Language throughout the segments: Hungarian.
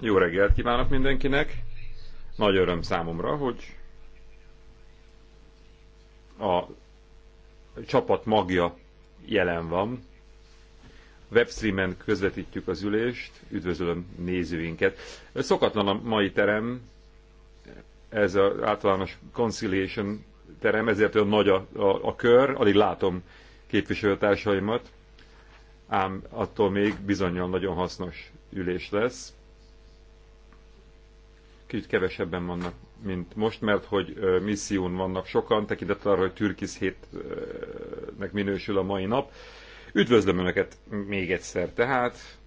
Jó reggelt kívánok mindenkinek! Nagy öröm számomra, hogy a csapat magja jelen van. Webstreamen közvetítjük az ülést, üdvözlöm nézőinket. Szokatlan a mai terem, ez az általános conciliation terem, ezért olyan nagy a, a, a kör, alig látom képviselőtársaimat, ám attól még bizonyal nagyon hasznos ülés lesz. Kicsit kevesebben vannak, mint most, mert hogy misszión vannak sokan, tekintettel arra, hogy Türkisz hétnek minősül a mai nap. Üdvözlöm Önöket még egyszer tehát.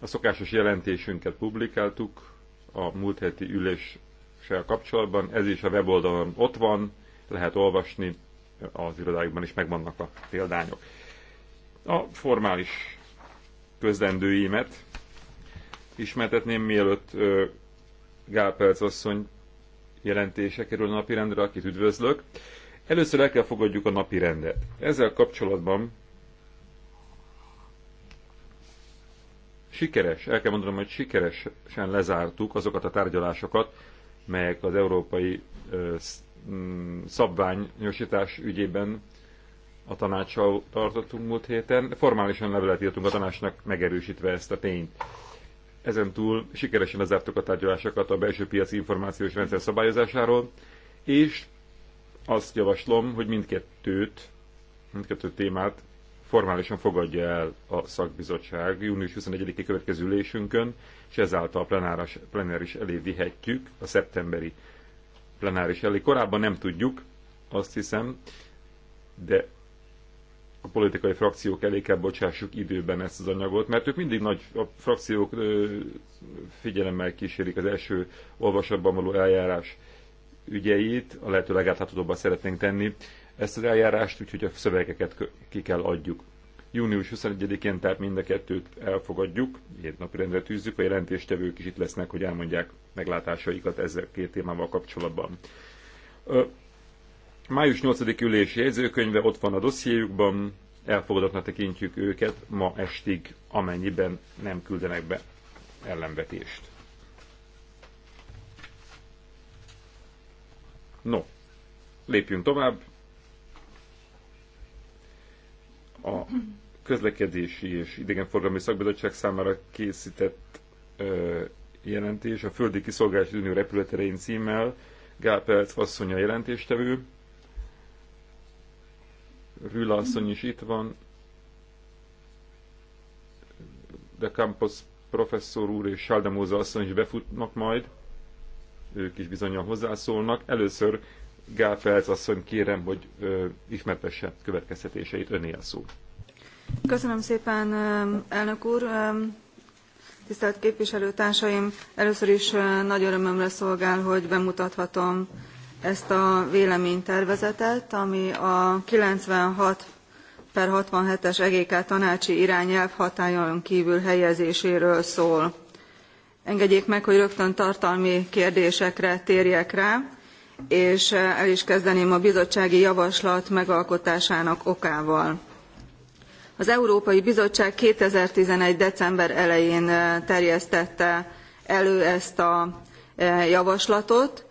A szokásos jelentésünket publikáltuk a múlt heti üléssel kapcsolatban. Ez is a weboldalon ott van, lehet olvasni, az irodájukban is megvannak a példányok. A formális közlendőimet ismertetném, mielőtt Gál Perc asszony jelentése kerül a napirendre, akit üdvözlök. Először el kell fogadjuk a napirendet. Ezzel kapcsolatban sikeres, el kell mondanom, hogy sikeresen lezártuk azokat a tárgyalásokat, melyek az európai szabványosítás ügyében a tanácssal tartottunk múlt héten. Formálisan levelet írtunk a tanácsnak megerősítve ezt a tényt. Ezen túl sikeresen lezártuk a tárgyalásokat a belső piaci információs rendszer szabályozásáról, és azt javaslom, hogy mindkettőt, mindkettő témát formálisan fogadja el a szakbizottság június 21-i következő ülésünkön, és ezáltal a plenáris, plenáris elé vihetjük a szeptemberi plenáris elé. Korábban nem tudjuk, azt hiszem, de a politikai frakciók elé kell bocsássuk időben ezt az anyagot, mert ők mindig nagy a frakciók figyelemmel kísérik az első olvasatban való eljárás ügyeit, a lehető legátláthatóbban szeretnénk tenni ezt az eljárást, úgyhogy a szövegeket ki kell adjuk. Június 21-én tehát mind a kettőt elfogadjuk, napi rendre tűzzük, a jelentéstevők is itt lesznek, hogy elmondják meglátásaikat ezzel két témával kapcsolatban. Május 8. ülési jegyzőkönyve ott van a dossziéjukban, elfogadatnak tekintjük őket ma estig, amennyiben nem küldenek be ellenvetést. No, lépjünk tovább. A közlekedési és idegenforgalmi szakbizottság számára készített ö, jelentés a Földi Kiszolgálási Unió repülőterein címmel Gál Pelc asszonya jelentéstevő. Rüla asszony is itt van, de Campos professzor úr és Saldemóza asszony is befutnak majd, ők is bizonyan hozzászólnak. Először Gál Felc asszony kérem, hogy ö, ismertesse következtetéseit, öné a szó. Köszönöm szépen, elnök úr! Tisztelt képviselőtársaim! Először is nagy örömömre szolgál, hogy bemutathatom ezt a véleménytervezetet ami a ninety six sixty es egk tanácsi irányelv hatályon kvül helyezéséről szól. engedjék meg hogy rögtön tartalmi kérdésekre térjek rá és el is kezdeném a bizottsági javaslat megalkotásának okával. az európai bizottság two thousand and eleven december elején terjesztette elő ezt a eh, javaslatot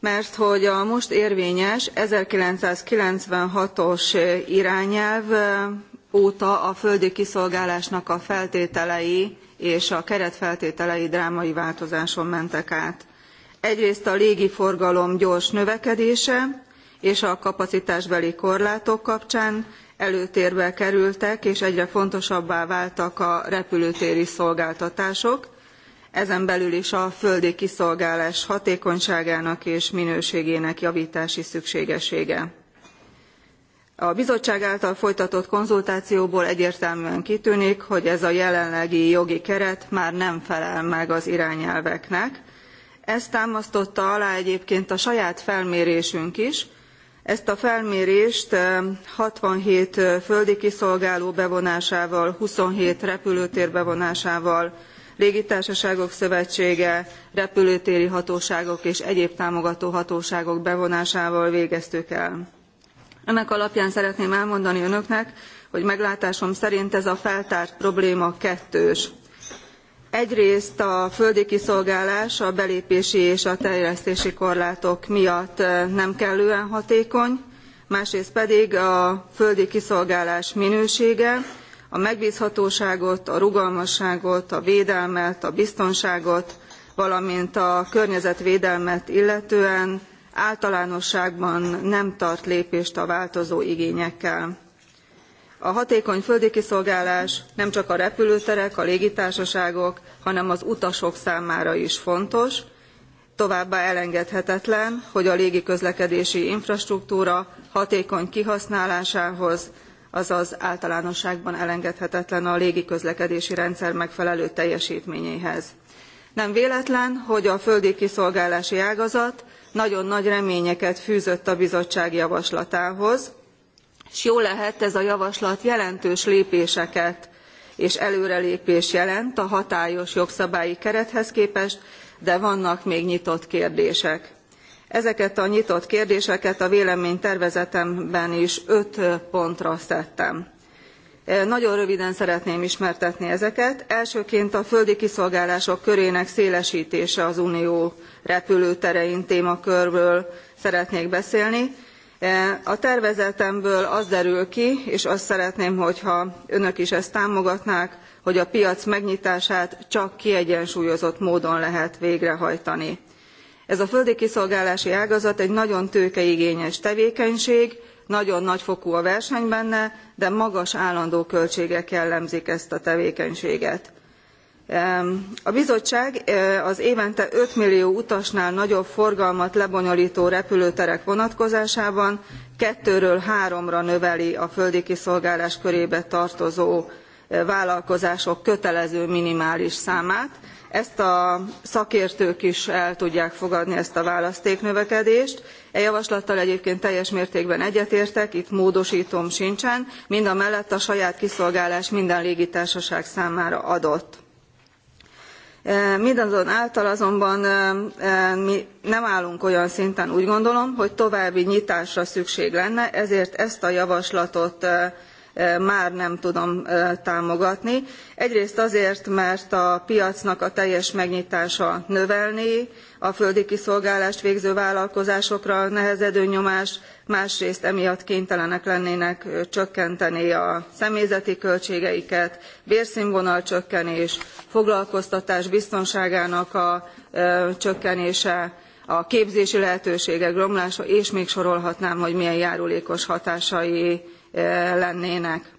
mert hogy a most érvényes one thousand nine hundred and ninety os irányelv óta a földi kiszolgálásnak a feltételei és a keretfeltételei drámai változáson mentek át. egyrészt a légiforgalom gyors növekedése és a kapacitásbeli korlátok kapcsán előtérbe kerültek és egyre fontosabbá váltak a repülőtéri szolgáltatások ezen belül is a földi kiszolgálás hatékonyságának és minőségének javtási szükségessége. a bizottság által folytatott konzultációból egyértelműen kitűnik hogy ez a jelenlegi jogi keret már nem felel meg az irányelveknek ezt támasztotta alá egyébként a saját felmérésünk is ezt a felmérést sixty eh, seven eh, földi kiszolgáló bevonásával twenty seven repülőtér bevonásával légitársaságok szövetsége repülőtéri hatóságok és egyéb támogató hatóságok bevonásával végeztük el. ennek alapján szeretném elmondani önöknek hogy meglátásom szerint ez a feltárt probléma kettős egyrészt a földi kiszolgálás a belépési és a terjesztési korlátok miatt eh, nem kellően hatékony másrészt pedig a földi kiszolgálás minősége a megbzhatóságot a rugalmasságot a védelmet a biztonságot valamint a környezetvédelmet illetően általánosságban nem tart lépést a változó igényekkel. a hatékony földi kiszolgálás nemcsak a repülőterek a légitársaságok hanem az utasok számára is fontos továbbá elengedhetetlen hogy a légiközlekedési infrastruktúra hatékony kihasználásához azaz általánosságban elengedhetetlen a légiközlekedési rendszer megfelelő teljestményéhez. nem véletlen hogy a földi kiszolgálási ágazat nagyon nagy reményeket fűzött a bizottság javaslatához s jó lehet ez a javaslat jelentős lépéseket és előrelépést jelent a hatályos jogszabályi kerethez képest de vannak még nyitott kérdések ezeket a nyitott kérdéseket a véleménytervezetemben is öt pontra szedtem. E, nagyon röviden szeretném ismertetni ezeket elsőként a földi kiszolgálások körének szélestése az unió repülőterein témakörről szeretnék beszélni e, a tervezetemből az derül ki és azt szeretném hogyha önök is ezt támogatnák hogy a piac megnyitását csak kiegyensúlyozott módon lehet végrehajtani ez a földi kiszolgálási ágazat egy nagyon tőkeigényes tevékenység nagyon nagyfokú a verseny benne de magas állandó költségek jellemzik ezt a tevékenységet. a bizottság az évente five millió utasnál nagyobb forgalmat lebonyoltó repülőterek vonatkozásában kettőről háromra növeli a földi kiszolgálás körébe tartozó vállalkozások kötelező minimális számát ezt a szakértők is el tudják fogadni ezt a választéknövekedést. e javaslattal egyébként teljes mértékben egyetértek itt módostom sincsen mindamellett a saját kiszolgálás minden légitársaság számára adott e, mindazonáltal azonban e, e, mi nem állunk olyan szinten úgy gondolom hogy további nyitásra szükség lenne ezért ezt a javaslatot már nem tudom támogatni egyrészt azért mert a piacnak a teljes megnyitása növelné a földi kiszolgálást végző vállalkozásokra nehezedő nyomást másrészt emiatt kénytelenek lennének csökkenteni a személyzeti költségeiket bérsznvonal csökkenés foglalkoztatás biztonságának a csökkenése a képzési lehetőségek romlása és még sorolhatnám hogy milyen járulékos hatásai lennének.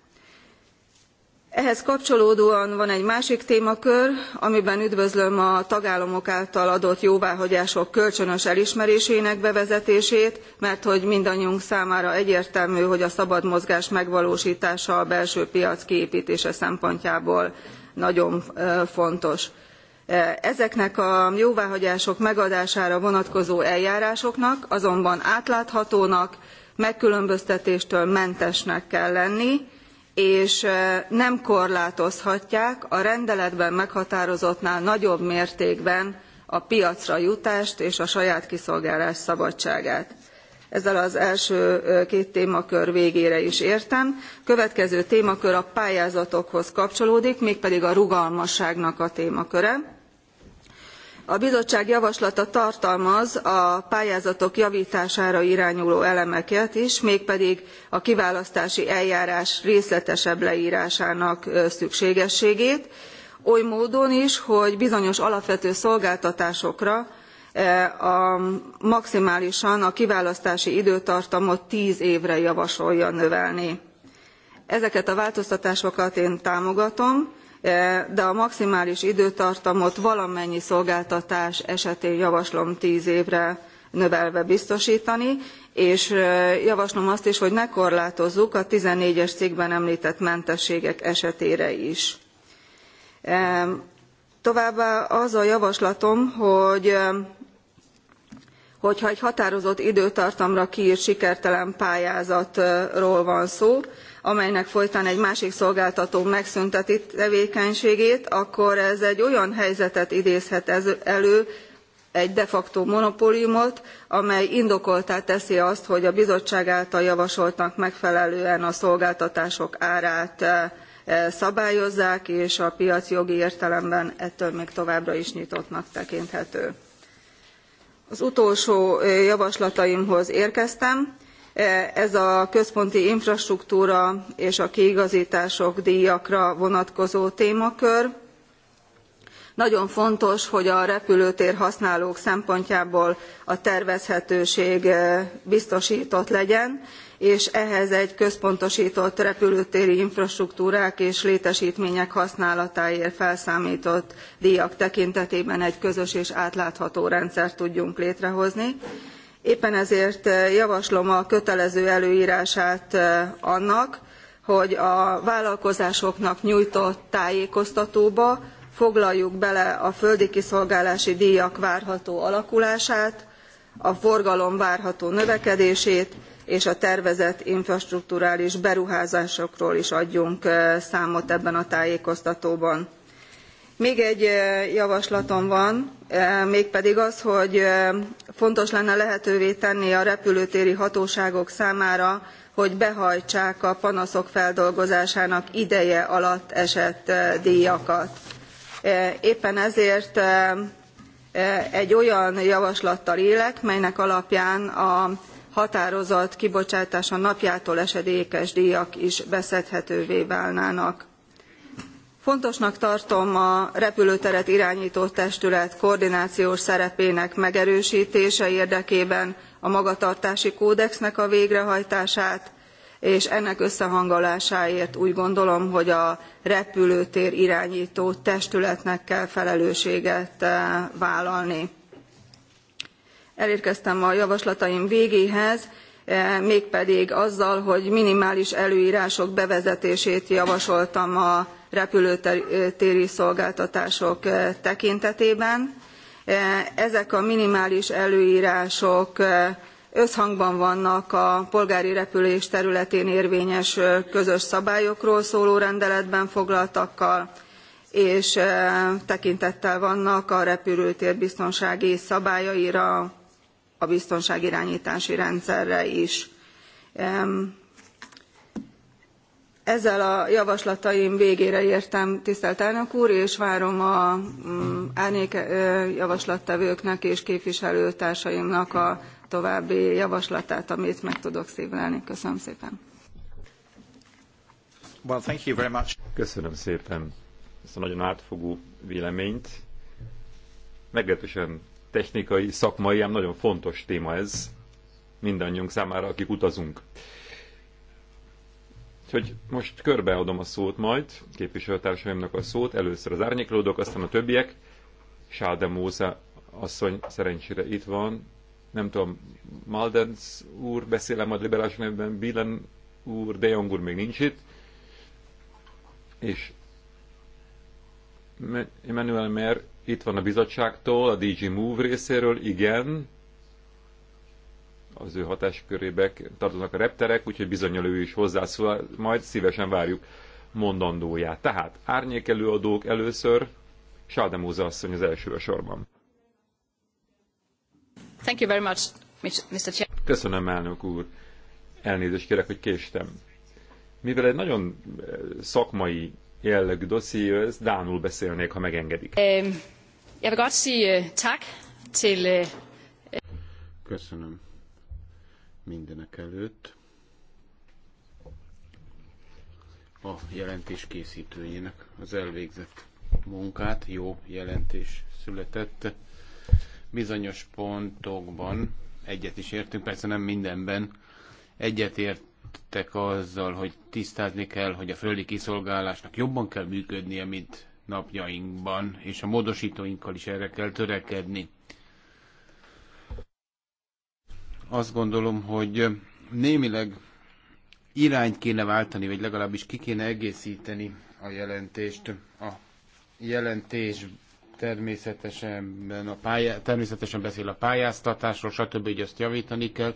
Ehhez kapcsolódóan van egy másik témakör, amiben üdvözlöm a tagállamok által adott jóváhagyások kölcsönös elismerésének bevezetését, mert hogy mindannyiunk számára egyértelmű, hogy a szabad mozgás megvalósítása a belső piac kiépítése szempontjából nagyon fontos ezeknek a jóváhagyások megadására vonatkozó eljárásoknak azonban átláthatónak megkülönböztetéstől mentesnek kell lenni és nem korlátozhatják a rendeletben meghatározottnál nagyobb mértékben a piacra jutást és a saját kiszolgálás szabadságát. ezzel az első két témakör végére is értem. következő témakör a pályázatokhoz kapcsolódik mégpedig a rugalmasságnak a témaköre a bizottság javaslata tartalmaz a pályázatok javtására irányuló elemeket is mégpedig a kiválasztási eljárás részletesebb lerásának szükségességét oly módon is hogy bizonyos alapvető szolgáltatásokra a, maximálisan a kiválasztási időtartamot ten évre javasolja növelni. ezeket a változtatásokat én támogatom E, de a maximális időtartamot valamennyi szolgáltatás esetén javaslom tz évre növelve biztostani és e, javaslom azt is hogy ne korlátozzuk a fourteen es cikkben emltett mentességek esetére is. E, továbbá az a javaslatom hogy ha egy határozott időtartamra kirt sikertelen pályázatról van szó amelynek folytán egy másik szolgáltató megszünteti tevékenységét akkor ez egy olyan helyzetet idézhet elő egy de facto monopóliumot amely indokolttá teszi azt hogy a bizottság által javasoltnak megfelelően a szolgáltatások árát eh, szabályozzák és a piac jogi értelemben ettől még továbbra is nyitottnak tekinthető. az utolsó eh, javaslataimhoz érkeztem ez a központi infrastruktúra és a kiigaztások djakra vonatkozó témakör. nagyon fontos hogy a repülőtér használók szempontjából a tervezhetőség eh, biztostott legyen és ehhez egy központostott repülőtéri infrastruktúrák és létestmények használatáért felszámtott djak tekintetében egy közös és átlátható rendszert tudjunk létrehozni éppen ezért eh, javaslom a kötelező előrását eh, annak hogy a vállalkozásoknak nyújtott tájékoztatóba foglaljuk bele a földi kiszolgálási djak várható alakulását a forgalom várható növekedését és a tervezett infrastrukturális beruházásokról is adjunk eh, számot ebben a tájékoztatóban még egy javaslatom van mégpedig az hogy fontos lenne lehetővé tenni a repülőtéri hatóságok számára hogy behajtsák a panaszok feldolgozásának ideje alatt esett djakat. éppen ezért egy olyan javaslattal élek melynek alapján a határozat kibocsátása napjától esedékes djak is beszedhetővé válnának fontosnak tartom a repülőteret iránytó testület koordinációs szerepének megerőstése érdekében a magatartási kódexnek a végrehajtását és ennek összehangolásáért úgy gondolom hogy a repülőtér iránytó testületnek kell felelősséget eh, vállalni. elérkeztem a javaslataim végéhez mégpedig azzal hogy minimális előrások bevezetését javasoltam a repülőtéri szolgáltatások eh, tekintetében. Eh, ezek a minimális előrások eh, összhangban vannak a polgári repülés területén érvényes közös szabályokról szóló rendeletben foglaltakkal és tekintettel vannak a repülőtér biztonsági szabályaira a biztonságirányítási rendszerre is. ezzel a javaslataim végére értem tisztelt elnök úr és várom az mm, árnyék javaslattevőknek és képviselőtársaimnak a további javaslatát amit meg tudok szvlelni. köszönöm szépen! Well, thank you very much. Köszönöm szépen ezt a nagyon átfogó véleményt. Meglehetősen technikai, szakmai, ám nagyon fontos téma ez mindannyiunk számára, akik utazunk. Úgyhogy most körbeadom a szót majd, képviselőtársaimnak a szót, először az árnyéklódok, aztán a többiek. Sáde Móza asszony szerencsére itt van, nem tudom, Maldens úr, beszélem majd liberális nevben, Bilen úr, De Jong úr még nincs itt, és Emmanuel Mer itt van a bizottságtól, a DG Move részéről, igen, az ő hatáskörébe tartoznak a repterek, úgyhogy bizonyal ő is hozzászól, majd szívesen várjuk mondandóját. Tehát árnyék előadók először, Sáldemóza asszony az első a sorban. Thank you very much, Mr. Chair. Köszönöm, elnök úr. Elnézést kérek, hogy késtem. Mivel egy nagyon eh, szakmai jellegű dosszié, ez Dánul beszélnék, ha megengedik. Um. Jeg vil godt sige øh, tak til... Øh, Köszönöm mindenek előtt. A jelentés készítőjének az elvégzett munkát, jó jelentés született. Bizonyos pontokban egyet is értünk, persze nem mindenben. Egyet értek azzal, hogy tisztázni kell, hogy a földi kiszolgálásnak jobban kell működnie, mint napjainkban, és a módosítóinkkal is erre kell törekedni. Azt gondolom, hogy némileg irányt kéne váltani, vagy legalábbis ki kéne egészíteni a jelentést. A jelentés természetesen, a pályá, természetesen beszél a pályáztatásról, stb. így azt javítani kell.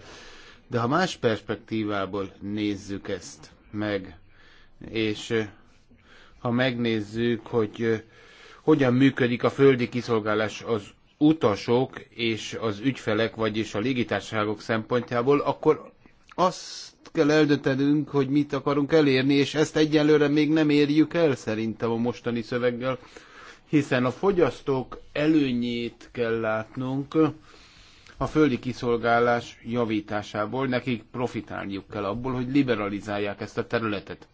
De ha más perspektívából nézzük ezt meg, és ha megnézzük, hogy hogyan működik a földi kiszolgálás az utasok és az ügyfelek, vagyis a légitársaságok szempontjából, akkor azt kell eldöntenünk, hogy mit akarunk elérni, és ezt egyelőre még nem érjük el szerintem a mostani szöveggel, hiszen a fogyasztók előnyét kell látnunk a földi kiszolgálás javításából, nekik profitálniuk kell abból, hogy liberalizálják ezt a területet.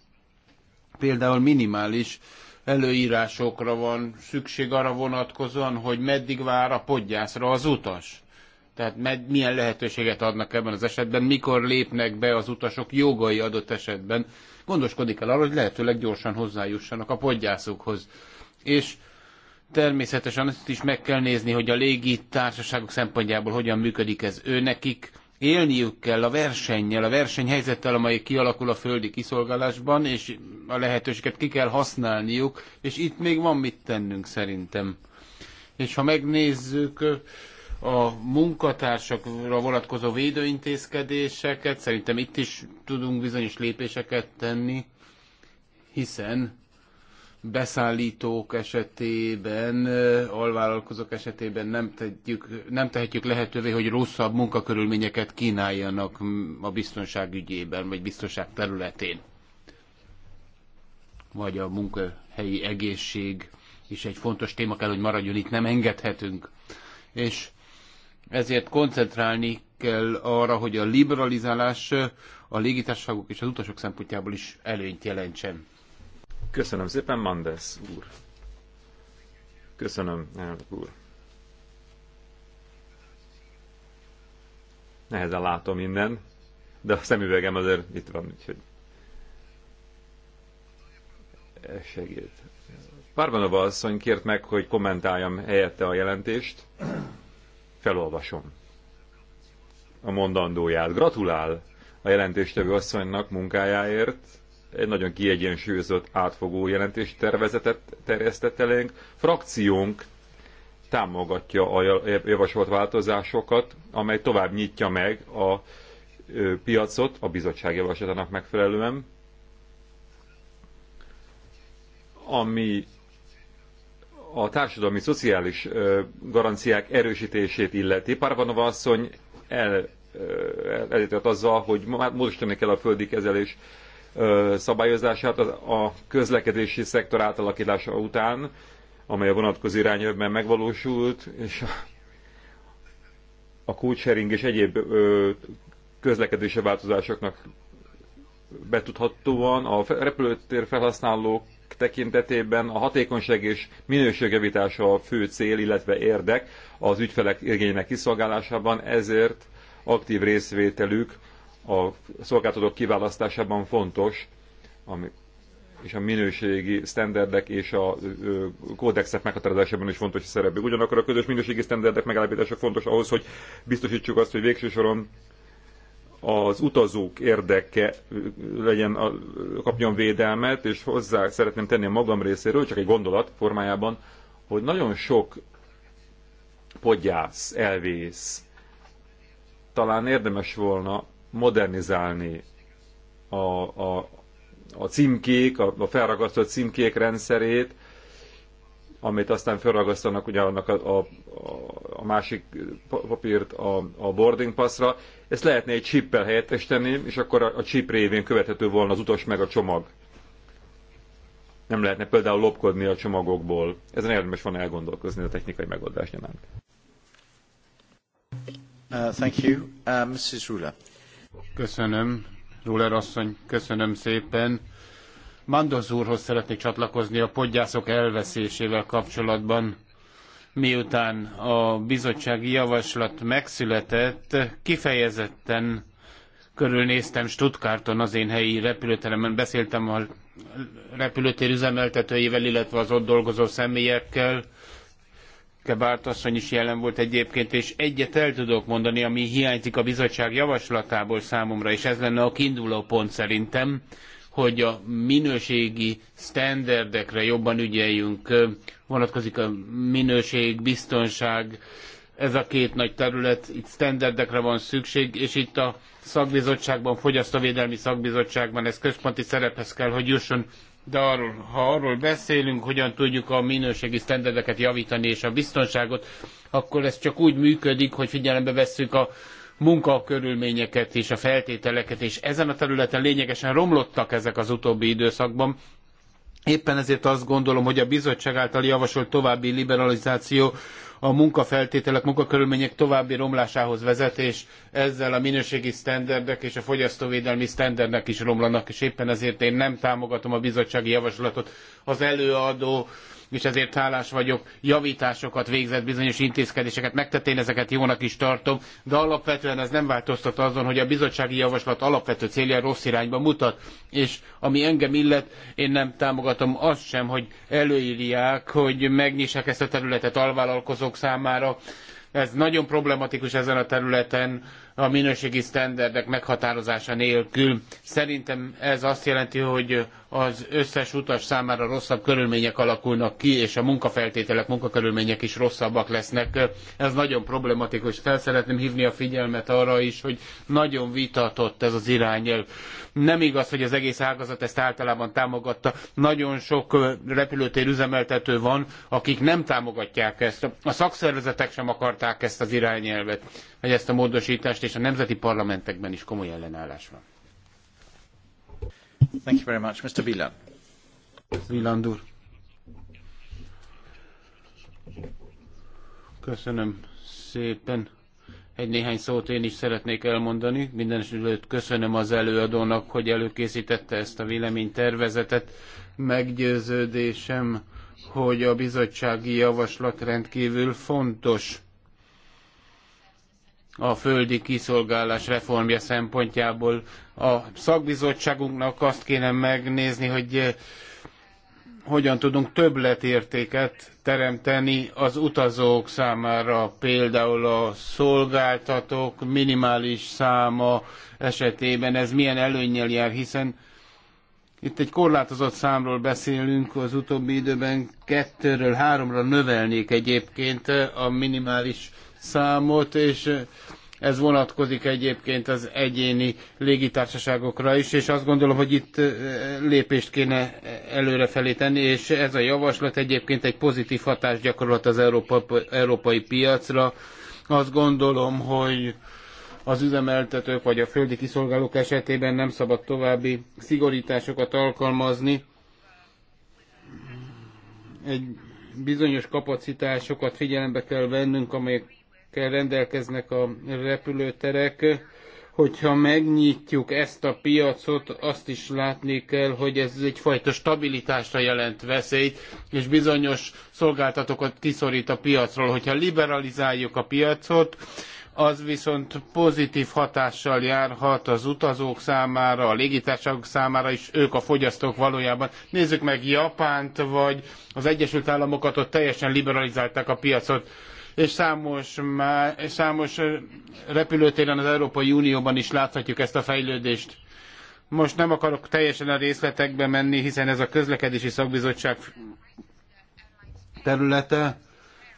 Például minimális előírásokra van szükség arra vonatkozóan, hogy meddig vár a podgyászra az utas. Tehát med, milyen lehetőséget adnak ebben az esetben, mikor lépnek be az utasok jogai adott esetben. Gondoskodik el arra, hogy lehetőleg gyorsan hozzájussanak a podgyászukhoz. És természetesen azt is meg kell nézni, hogy a légi társaságok szempontjából hogyan működik ez ő nekik élniük kell a versennyel, a versenyhelyzettel, amely kialakul a földi kiszolgálásban, és a lehetőséget ki kell használniuk, és itt még van mit tennünk szerintem. És ha megnézzük a munkatársakra vonatkozó védőintézkedéseket, szerintem itt is tudunk bizonyos lépéseket tenni, hiszen beszállítók esetében, alvállalkozók esetében nem, tegyük, nem tehetjük lehetővé, hogy rosszabb munkakörülményeket kínáljanak a biztonság ügyében, vagy biztonság területén. Vagy a munkahelyi egészség is egy fontos téma kell, hogy maradjon itt, nem engedhetünk. És ezért koncentrálni kell arra, hogy a liberalizálás a légitársaságok és az utasok szempontjából is előnyt jelentsen. Köszönöm szépen, Mandes úr. Köszönöm, elnök úr. Nehezen látom innen, de a szemüvegem azért itt van, úgyhogy ez segít. Párvanova asszony kért meg, hogy kommentáljam helyette a jelentést. Felolvasom a mondandóját. Gratulál a jelentéstevő asszonynak munkájáért, egy nagyon kiegyensúlyozott átfogó jelentést tervezetet terjesztett elénk. Frakciónk támogatja a javasolt változásokat, amely tovább nyitja meg a piacot a bizottság javaslatának megfelelően, ami a társadalmi szociális garanciák erősítését illeti. Parvanova asszony el, el, elített azzal, hogy módosítani kell a földi kezelés szabályozását a közlekedési szektor átalakítása után, amely a vonatkozó irányelvben megvalósult, és a kócsering és egyéb közlekedési változásoknak betudhatóan a repülőtér felhasználók tekintetében a hatékonyság és minőségjavítása a fő cél, illetve érdek az ügyfelek igényének kiszolgálásában, ezért aktív részvételük a szolgáltatók kiválasztásában fontos, ami, és a minőségi sztenderdek és a ö, kódexek meghatározásában is fontos szerepük. Ugyanakkor a közös minőségi sztenderdek megállapítása fontos ahhoz, hogy biztosítsuk azt, hogy végső soron az utazók érdeke legyen, a, kapjon védelmet, és hozzá szeretném tenni a magam részéről, csak egy gondolat formájában, hogy nagyon sok podgyász, elvész, talán érdemes volna modernizálni a, a, a címkék, a, a felragasztott címkék rendszerét, amit aztán felragasztanak ugye annak a, a, a másik papírt a, a boarding passra. Ezt lehetne egy chippel helyettesíteni, és akkor a, a chip révén követhető volna az utas meg a csomag. Nem lehetne például lopkodni a csomagokból. Ezen érdemes van elgondolkozni a technikai megoldás nyomán. Uh, thank you. Uh, Mrs. Ruler. Köszönöm, Ruler asszony, köszönöm szépen. Mandos úrhoz szeretnék csatlakozni a podgyászok elveszésével kapcsolatban. Miután a bizottsági javaslat megszületett, kifejezetten körülnéztem Stuttgarton az én helyi repülőteremen, beszéltem a repülőtér üzemeltetőivel, illetve az ott dolgozó személyekkel, Kebárt asszony is jelen volt egyébként, és egyet el tudok mondani, ami hiányzik a bizottság javaslatából számomra, és ez lenne a kiinduló pont szerintem, hogy a minőségi sztenderdekre jobban ügyeljünk. Vonatkozik a minőség, biztonság, ez a két nagy terület, itt sztenderdekre van szükség, és itt a szakbizottságban, fogyasztóvédelmi szakbizottságban ez központi szerephez kell, hogy jusson de arról, ha arról beszélünk, hogyan tudjuk a minőségi sztenderdeket javítani és a biztonságot, akkor ez csak úgy működik, hogy figyelembe vesszük a munkakörülményeket és a feltételeket, és ezen a területen lényegesen romlottak ezek az utóbbi időszakban, Éppen ezért azt gondolom, hogy a bizottság által javasolt további liberalizáció a munkafeltételek, munkakörülmények további romlásához vezet, és ezzel a minőségi sztenderdek és a fogyasztóvédelmi sztenderdek is romlanak, és éppen ezért én nem támogatom a bizottsági javaslatot. Az előadó és ezért hálás vagyok, javításokat végzett, bizonyos intézkedéseket megtett, én ezeket jónak is tartom, de alapvetően ez nem változtat azon, hogy a bizottsági javaslat alapvető célja rossz irányba mutat, és ami engem illet, én nem támogatom azt sem, hogy előírják, hogy megnyissák ezt a területet alvállalkozók számára, ez nagyon problematikus ezen a területen, a minőségi sztenderdek meghatározása nélkül. Szerintem ez azt jelenti, hogy az összes utas számára rosszabb körülmények alakulnak ki, és a munkafeltételek, munkakörülmények is rosszabbak lesznek. Ez nagyon problematikus. Fel szeretném hívni a figyelmet arra is, hogy nagyon vitatott ez az irányelv. Nem igaz, hogy az egész ágazat ezt általában támogatta. Nagyon sok repülőtér üzemeltető van, akik nem támogatják ezt. A szakszervezetek sem akarták ezt az irányelvet, vagy ezt a módosítást, és a nemzeti parlamentekben is komoly ellenállás van. Thank you very much. Mr. Wieland. Wieland úr. Köszönöm szépen. Egy néhány szót én is szeretnék elmondani. Mindenesetre köszönöm az előadónak, hogy előkészítette ezt a véleménytervezetet. Meggyőződésem, hogy a bizottsági javaslat rendkívül fontos a földi kiszolgálás reformja szempontjából. A szakbizottságunknak azt kéne megnézni, hogy eh, hogyan tudunk többletértéket teremteni az utazók számára, például a szolgáltatók minimális száma esetében ez milyen előnyel jár, hiszen itt egy korlátozott számról beszélünk, az utóbbi időben kettőről háromra növelnék egyébként a minimális számot, és ez vonatkozik egyébként az egyéni légitársaságokra is, és azt gondolom, hogy itt lépést kéne előrefelé tenni, és ez a javaslat egyébként egy pozitív hatást gyakorolt az Európa, európai piacra. Azt gondolom, hogy az üzemeltetők vagy a földi kiszolgálók esetében nem szabad további szigorításokat alkalmazni. Egy bizonyos kapacitásokat figyelembe kell vennünk, amelyek rendelkeznek a repülőterek. Hogyha megnyitjuk ezt a piacot, azt is látni kell, hogy ez egyfajta stabilitásra jelent veszélyt, és bizonyos szolgáltatókat kiszorít a piacról. Hogyha liberalizáljuk a piacot, az viszont pozitív hatással járhat az utazók számára, a légitársaságok számára is, ők a fogyasztók valójában. Nézzük meg Japánt, vagy az Egyesült Államokat, ott teljesen liberalizálták a piacot és számos, és számos repülőtéren az Európai Unióban is láthatjuk ezt a fejlődést. Most nem akarok teljesen a részletekbe menni, hiszen ez a közlekedési szakbizottság területe.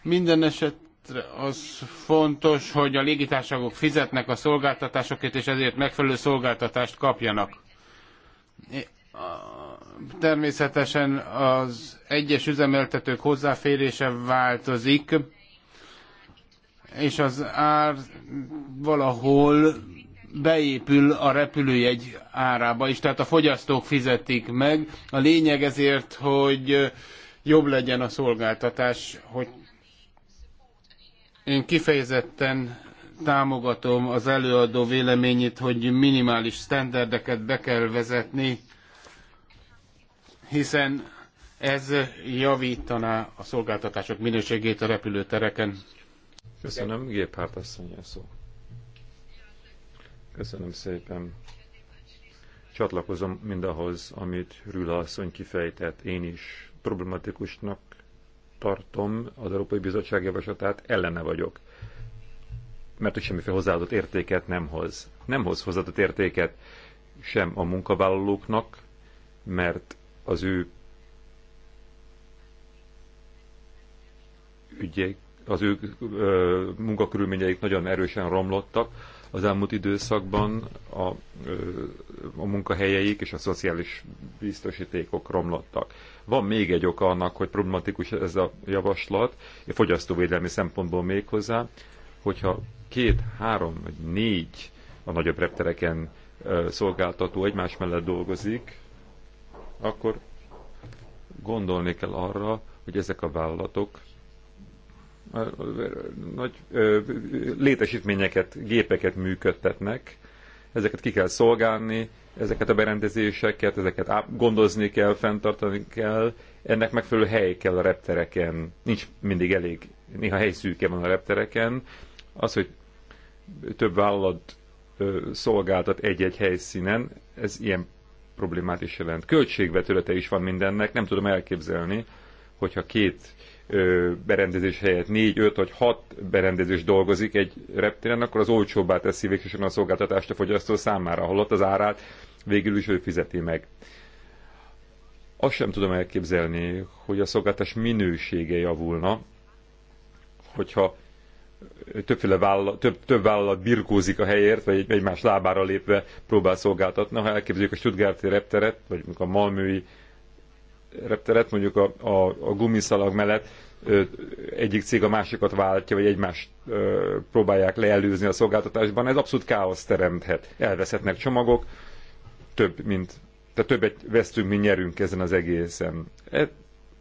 Minden esetre az fontos, hogy a légitársaságok fizetnek a szolgáltatásokért, és ezért megfelelő szolgáltatást kapjanak. Természetesen az egyes üzemeltetők hozzáférése változik és az ár valahol beépül a repülőjegy árába is, tehát a fogyasztók fizetik meg. A lényeg ezért, hogy jobb legyen a szolgáltatás, hogy én kifejezetten támogatom az előadó véleményét, hogy minimális sztenderdeket be kell vezetni, hiszen ez javítaná a szolgáltatások minőségét a repülőtereken. Köszönöm, Géphárt asszony szó. Köszönöm szépen. Csatlakozom mindahhoz, amit Rüla asszony kifejtett. Én is problematikusnak tartom az Európai Bizottság javaslatát, ellene vagyok. Mert hogy semmiféle hozzáadott értéket nem hoz. Nem hoz hozzáadott értéket sem a munkavállalóknak, mert az ő ügyek az ők munkakörülményeik nagyon erősen romlottak az elmúlt időszakban, a, a munkahelyeik és a szociális biztosítékok romlottak. Van még egy oka annak, hogy problematikus ez a javaslat, a fogyasztóvédelmi szempontból méghozzá, hogyha két, három vagy négy a nagyobb reptereken szolgáltató egymás mellett dolgozik, akkor gondolni kell arra, hogy ezek a vállalatok nagy ö, létesítményeket, gépeket működtetnek, ezeket ki kell szolgálni, ezeket a berendezéseket, ezeket áp, gondozni kell, fenntartani kell, ennek megfelelő hely kell a reptereken, nincs mindig elég, néha szűke van a reptereken, az, hogy több vállalat ö, szolgáltat egy-egy helyszínen, ez ilyen problémát is jelent. Költségvetülete is van mindennek, nem tudom elképzelni, hogyha két berendezés helyett 4, 5 vagy 6 berendezés dolgozik egy reptéren, akkor az olcsóbbá teszi végsősorban a szolgáltatást a fogyasztó számára, holott az árát végül is ő fizeti meg. Azt sem tudom elképzelni, hogy a szolgáltatás minősége javulna, hogyha többféle vállalat, több, több vállalat birkózik a helyért, vagy egymás lábára lépve próbál szolgáltatni. Ha elképzeljük a Stuttgarti repteret, vagy a Malmői repteret, mondjuk a, a, a gumiszalag mellett ö, egyik cég a másikat váltja, vagy egymást ö, próbálják leelőzni a szolgáltatásban, ez abszolút káoszt teremthet. Elveszhetnek csomagok, több, mint, tehát többet vesztünk, mint nyerünk ezen az egészen. E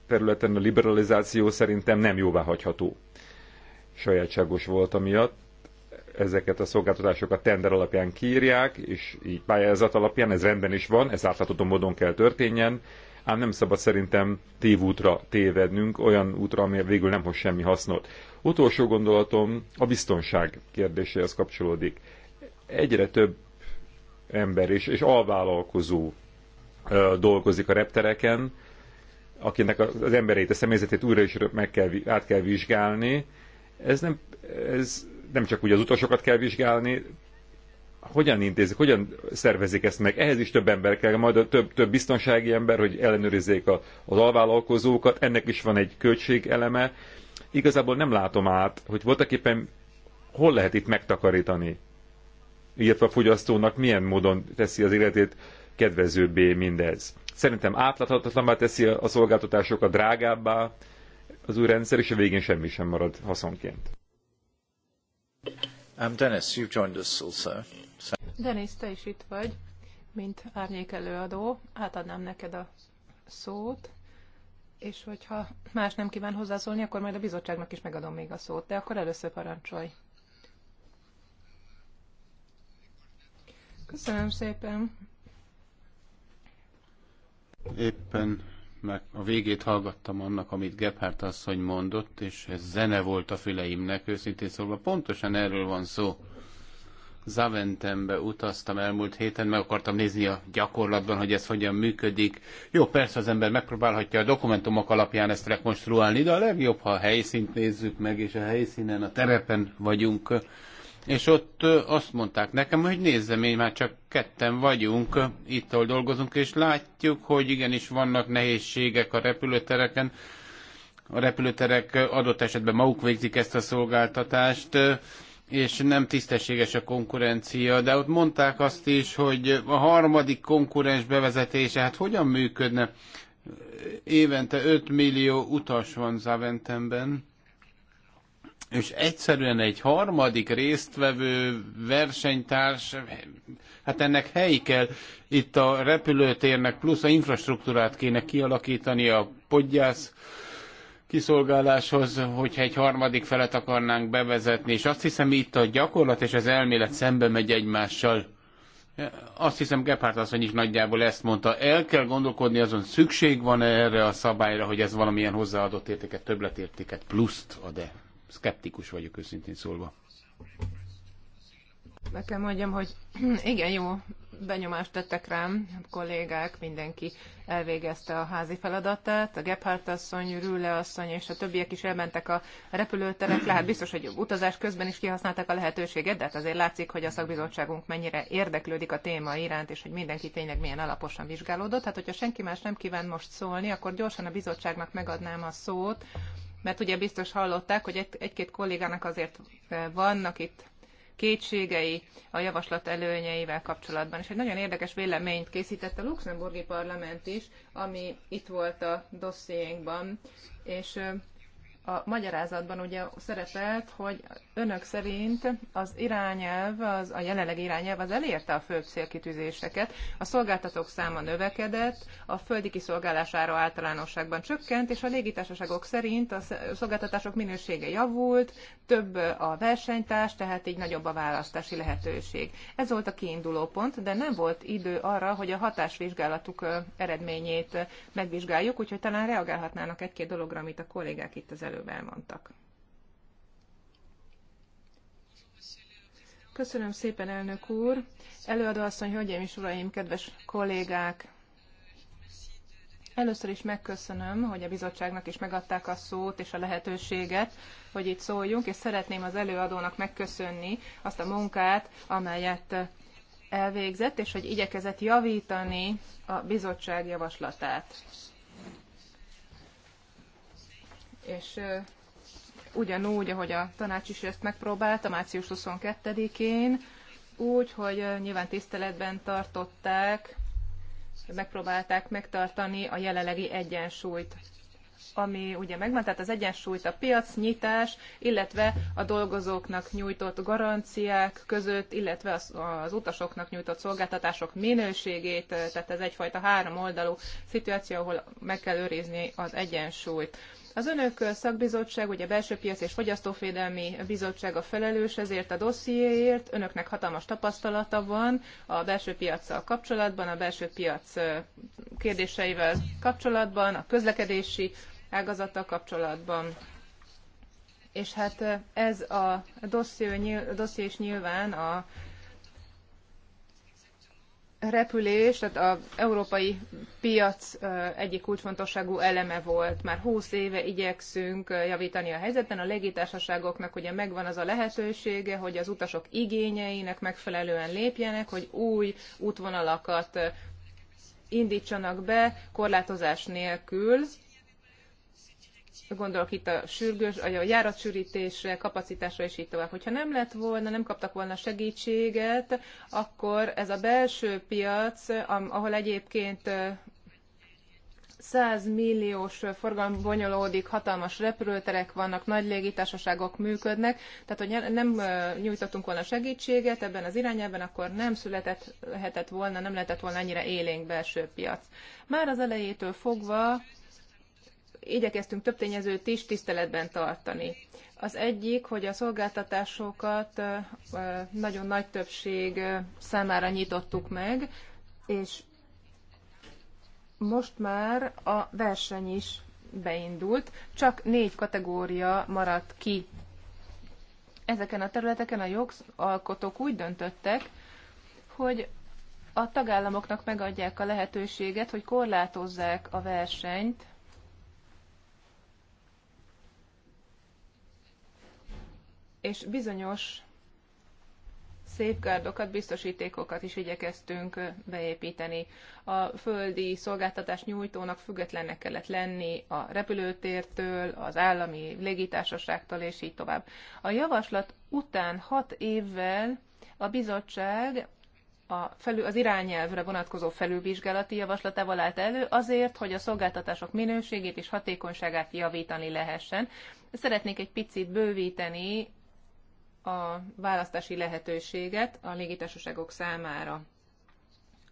területen a liberalizáció szerintem nem jóváhagyható. Sajátságos volt amiatt, ezeket a szolgáltatásokat tender alapján kírják és így pályázat alapján, ez rendben is van, ez átlátható módon kell történjen, ám nem szabad szerintem tévútra tévednünk, olyan útra, ami végül nem hoz semmi hasznot. Utolsó gondolatom a biztonság kérdéséhez kapcsolódik. Egyre több ember és, és alvállalkozó ö, dolgozik a reptereken, akinek az emberét, a személyzetét újra is meg kell, át kell vizsgálni. Ez nem, ez nem csak úgy az utasokat kell vizsgálni, hogyan intézik, hogyan szervezik ezt meg. Ehhez is több ember kell, majd a több, több biztonsági ember, hogy ellenőrizzék a, az alvállalkozókat, ennek is van egy költségeleme. Igazából nem látom át, hogy voltak éppen hol lehet itt megtakarítani, illetve a fogyasztónak milyen módon teszi az életét kedvezőbbé mindez. Szerintem átláthatatlaná teszi a szolgáltatásokat drágábbá az új rendszer, és a végén semmi sem marad haszonként. Um, Dennis, you've joined us also. Denis, te is itt vagy, mint árnyék előadó. Átadnám neked a szót, és hogyha más nem kíván hozzászólni, akkor majd a bizottságnak is megadom még a szót, de akkor először parancsolj. Köszönöm szépen. Éppen meg a végét hallgattam annak, amit Gebhardt asszony mondott, és ez zene volt a füleimnek, őszintén szólva. Pontosan erről van szó. Zaventembe utaztam elmúlt héten, meg akartam nézni a gyakorlatban, hogy ez hogyan működik. Jó, persze az ember megpróbálhatja a dokumentumok alapján ezt rekonstruálni, de a legjobb, ha a helyszínt nézzük meg, és a helyszínen, a terepen vagyunk. És ott azt mondták nekem, hogy nézzem, én már csak ketten vagyunk, itt, ahol dolgozunk, és látjuk, hogy igenis vannak nehézségek a repülőtereken, a repülőterek adott esetben maguk végzik ezt a szolgáltatást, és nem tisztességes a konkurencia, de ott mondták azt is, hogy a harmadik konkurens bevezetése, hát hogyan működne? Évente 5 millió utas van Zaventemben, és egyszerűen egy harmadik résztvevő versenytárs, hát ennek helyi kell. Itt a repülőtérnek plusz a infrastruktúrát kéne kialakítani, a podgyász kiszolgáláshoz, hogyha egy harmadik felet akarnánk bevezetni, és azt hiszem itt a gyakorlat és az elmélet szembe megy egymással. Azt hiszem Gephardt asszony is nagyjából ezt mondta, el kell gondolkodni azon, szükség van -e erre a szabályra, hogy ez valamilyen hozzáadott értéket, többletértéket, pluszt ad -e. Szkeptikus vagyok őszintén szólva. Meg kell mondjam, hogy igen, jó benyomást tettek rám, a kollégák, mindenki elvégezte a házi feladatát, a Gebhardt asszony, Rüle asszony és a többiek is elmentek a repülőterek. lehet biztos, hogy utazás közben is kihasználták a lehetőséget, de hát azért látszik, hogy a szakbizottságunk mennyire érdeklődik a téma iránt, és hogy mindenki tényleg milyen alaposan vizsgálódott. Hát, hogyha senki más nem kíván most szólni, akkor gyorsan a bizottságnak megadnám a szót, mert ugye biztos hallották, hogy egy-két kollégának azért eh, vannak itt kétségei a javaslat előnyeivel kapcsolatban. És egy nagyon érdekes véleményt készített a luxemburgi parlament is, ami itt volt a dossziénkban, és a magyarázatban ugye szerepelt, hogy önök szerint az irányelv, az, a jelenleg irányelv az elérte a főbb célkitűzéseket, a szolgáltatók száma növekedett, a földi kiszolgálására általánosságban csökkent, és a légitársaságok szerint a szolgáltatások minősége javult, több a versenytárs, tehát így nagyobb a választási lehetőség. Ez volt a kiinduló pont, de nem volt idő arra, hogy a hatásvizsgálatuk eredményét megvizsgáljuk, úgyhogy talán reagálhatnának egy-két dologra, amit a kollégák itt az elő előbb elmondtak. Köszönöm szépen, elnök úr. Előadóasszony, hölgyeim és uraim, kedves kollégák! Először is megköszönöm, hogy a bizottságnak is megadták a szót és a lehetőséget, hogy itt szóljunk, és szeretném az előadónak megköszönni azt a munkát, amelyet elvégzett, és hogy igyekezett javítani a bizottság javaslatát és ugyanúgy, ahogy a tanács is ezt megpróbálta március 22-én, úgy, hogy nyilván tiszteletben tartották, megpróbálták megtartani a jelenlegi egyensúlyt ami ugye megvan, tehát az egyensúlyt a piac, nyitás, illetve a dolgozóknak nyújtott garanciák között, illetve az, az utasoknak nyújtott szolgáltatások minőségét, tehát ez egyfajta három oldalú szituáció, ahol meg kell őrizni az egyensúlyt. Az önök szakbizottság, ugye belső piac és fogyasztóvédelmi bizottság a felelős ezért a dossziéért, önöknek hatalmas tapasztalata van a belső piaccal kapcsolatban, a belső piac kérdéseivel kapcsolatban, a közlekedési ágazattal kapcsolatban. És hát ez a dosszié, dosszié is nyilván a repülés, tehát az európai piac egyik kulcsfontosságú eleme volt. Már 20 éve igyekszünk javítani a helyzeten. A légitársaságoknak ugye megvan az a lehetősége, hogy az utasok igényeinek megfelelően lépjenek, hogy új útvonalakat indítsanak be korlátozás nélkül, gondolok itt a sürgős, a járatsűrítésre, kapacitásra és így tovább. Hogyha nem lett volna, nem kaptak volna segítséget, akkor ez a belső piac, ahol egyébként 100 milliós forgalom bonyolódik, hatalmas repülőterek vannak, nagy légitársaságok működnek, tehát hogy nem nyújtottunk volna segítséget ebben az irányában, akkor nem születhetett volna, nem lehetett volna ennyire élénk belső piac. Már az elejétől fogva igyekeztünk több tényezőt is tiszteletben tartani. Az egyik, hogy a szolgáltatásokat nagyon nagy többség számára nyitottuk meg, és most már a verseny is beindult, csak négy kategória maradt ki. Ezeken a területeken a jogalkotók úgy döntöttek, hogy a tagállamoknak megadják a lehetőséget, hogy korlátozzák a versenyt és bizonyos safeguardokat, biztosítékokat is igyekeztünk beépíteni. A földi szolgáltatás nyújtónak függetlennek kellett lenni a repülőtértől, az állami légitársaságtól, és így tovább. A javaslat után hat évvel a bizottság a felül, az irányelvre vonatkozó felülvizsgálati javaslatával állt elő azért, hogy a szolgáltatások minőségét és hatékonyságát javítani lehessen. Szeretnék egy picit bővíteni a választási lehetőséget a légitársaságok számára.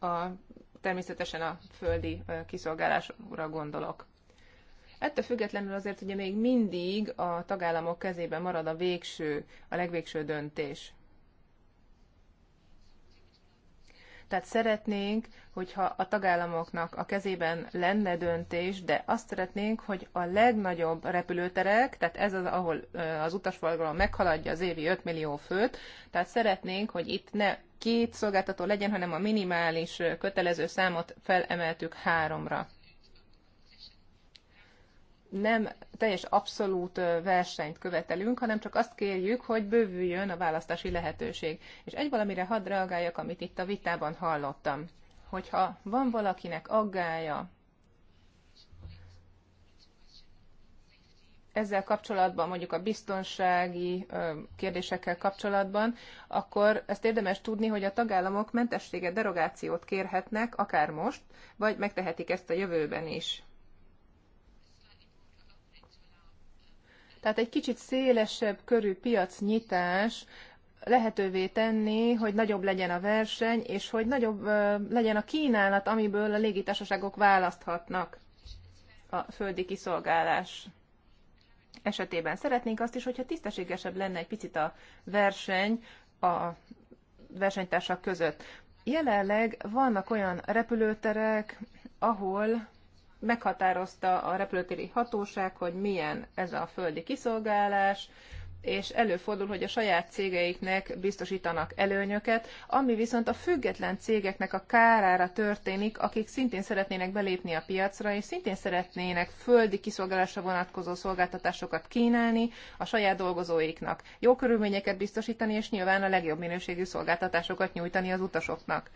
A, természetesen a földi kiszolgálásra gondolok. Ettől függetlenül azért ugye még mindig a tagállamok kezében marad a végső, a legvégső döntés. Tehát szeretnénk, hogyha a tagállamoknak a kezében lenne döntés, de azt szeretnénk, hogy a legnagyobb repülőterek, tehát ez az, ahol az utasforgalom meghaladja az évi 5 millió főt, tehát szeretnénk, hogy itt ne két szolgáltató legyen, hanem a minimális kötelező számot felemeltük háromra nem teljes abszolút versenyt követelünk, hanem csak azt kérjük, hogy bővüljön a választási lehetőség. És egy valamire hadd reagáljak, amit itt a vitában hallottam. Hogyha van valakinek aggája ezzel kapcsolatban, mondjuk a biztonsági kérdésekkel kapcsolatban, akkor ezt érdemes tudni, hogy a tagállamok mentességet, derogációt kérhetnek, akár most, vagy megtehetik ezt a jövőben is. Tehát egy kicsit szélesebb körű piacnyitás lehetővé tenni, hogy nagyobb legyen a verseny, és hogy nagyobb legyen a kínálat, amiből a légitársaságok választhatnak a földi kiszolgálás esetében. Szeretnénk azt is, hogyha tisztességesebb lenne egy picit a verseny a versenytársak között. Jelenleg vannak olyan repülőterek, ahol meghatározta a repülőtéri hatóság, hogy milyen ez a földi kiszolgálás, és előfordul, hogy a saját cégeiknek biztosítanak előnyöket, ami viszont a független cégeknek a kárára történik, akik szintén szeretnének belépni a piacra, és szintén szeretnének földi kiszolgálásra vonatkozó szolgáltatásokat kínálni a saját dolgozóiknak, jó körülményeket biztosítani, és nyilván a legjobb minőségű szolgáltatásokat nyújtani az utasoknak.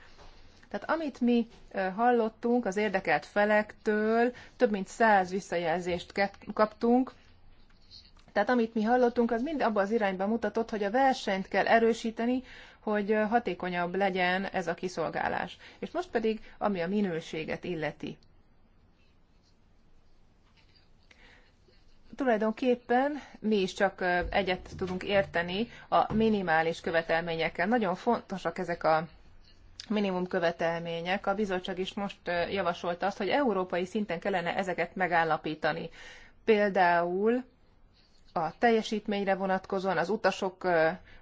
Tehát amit mi hallottunk az érdekelt felektől, több mint száz visszajelzést kaptunk, tehát amit mi hallottunk, az mind abba az irányba mutatott, hogy a versenyt kell erősíteni, hogy hatékonyabb legyen ez a kiszolgálás. És most pedig, ami a minőséget illeti. Tulajdonképpen mi is csak egyet tudunk érteni a minimális követelményekkel. Nagyon fontosak ezek a minimum követelmények. A bizottság is most javasolta azt, hogy európai szinten kellene ezeket megállapítani. Például a teljesítményre vonatkozóan, az utasok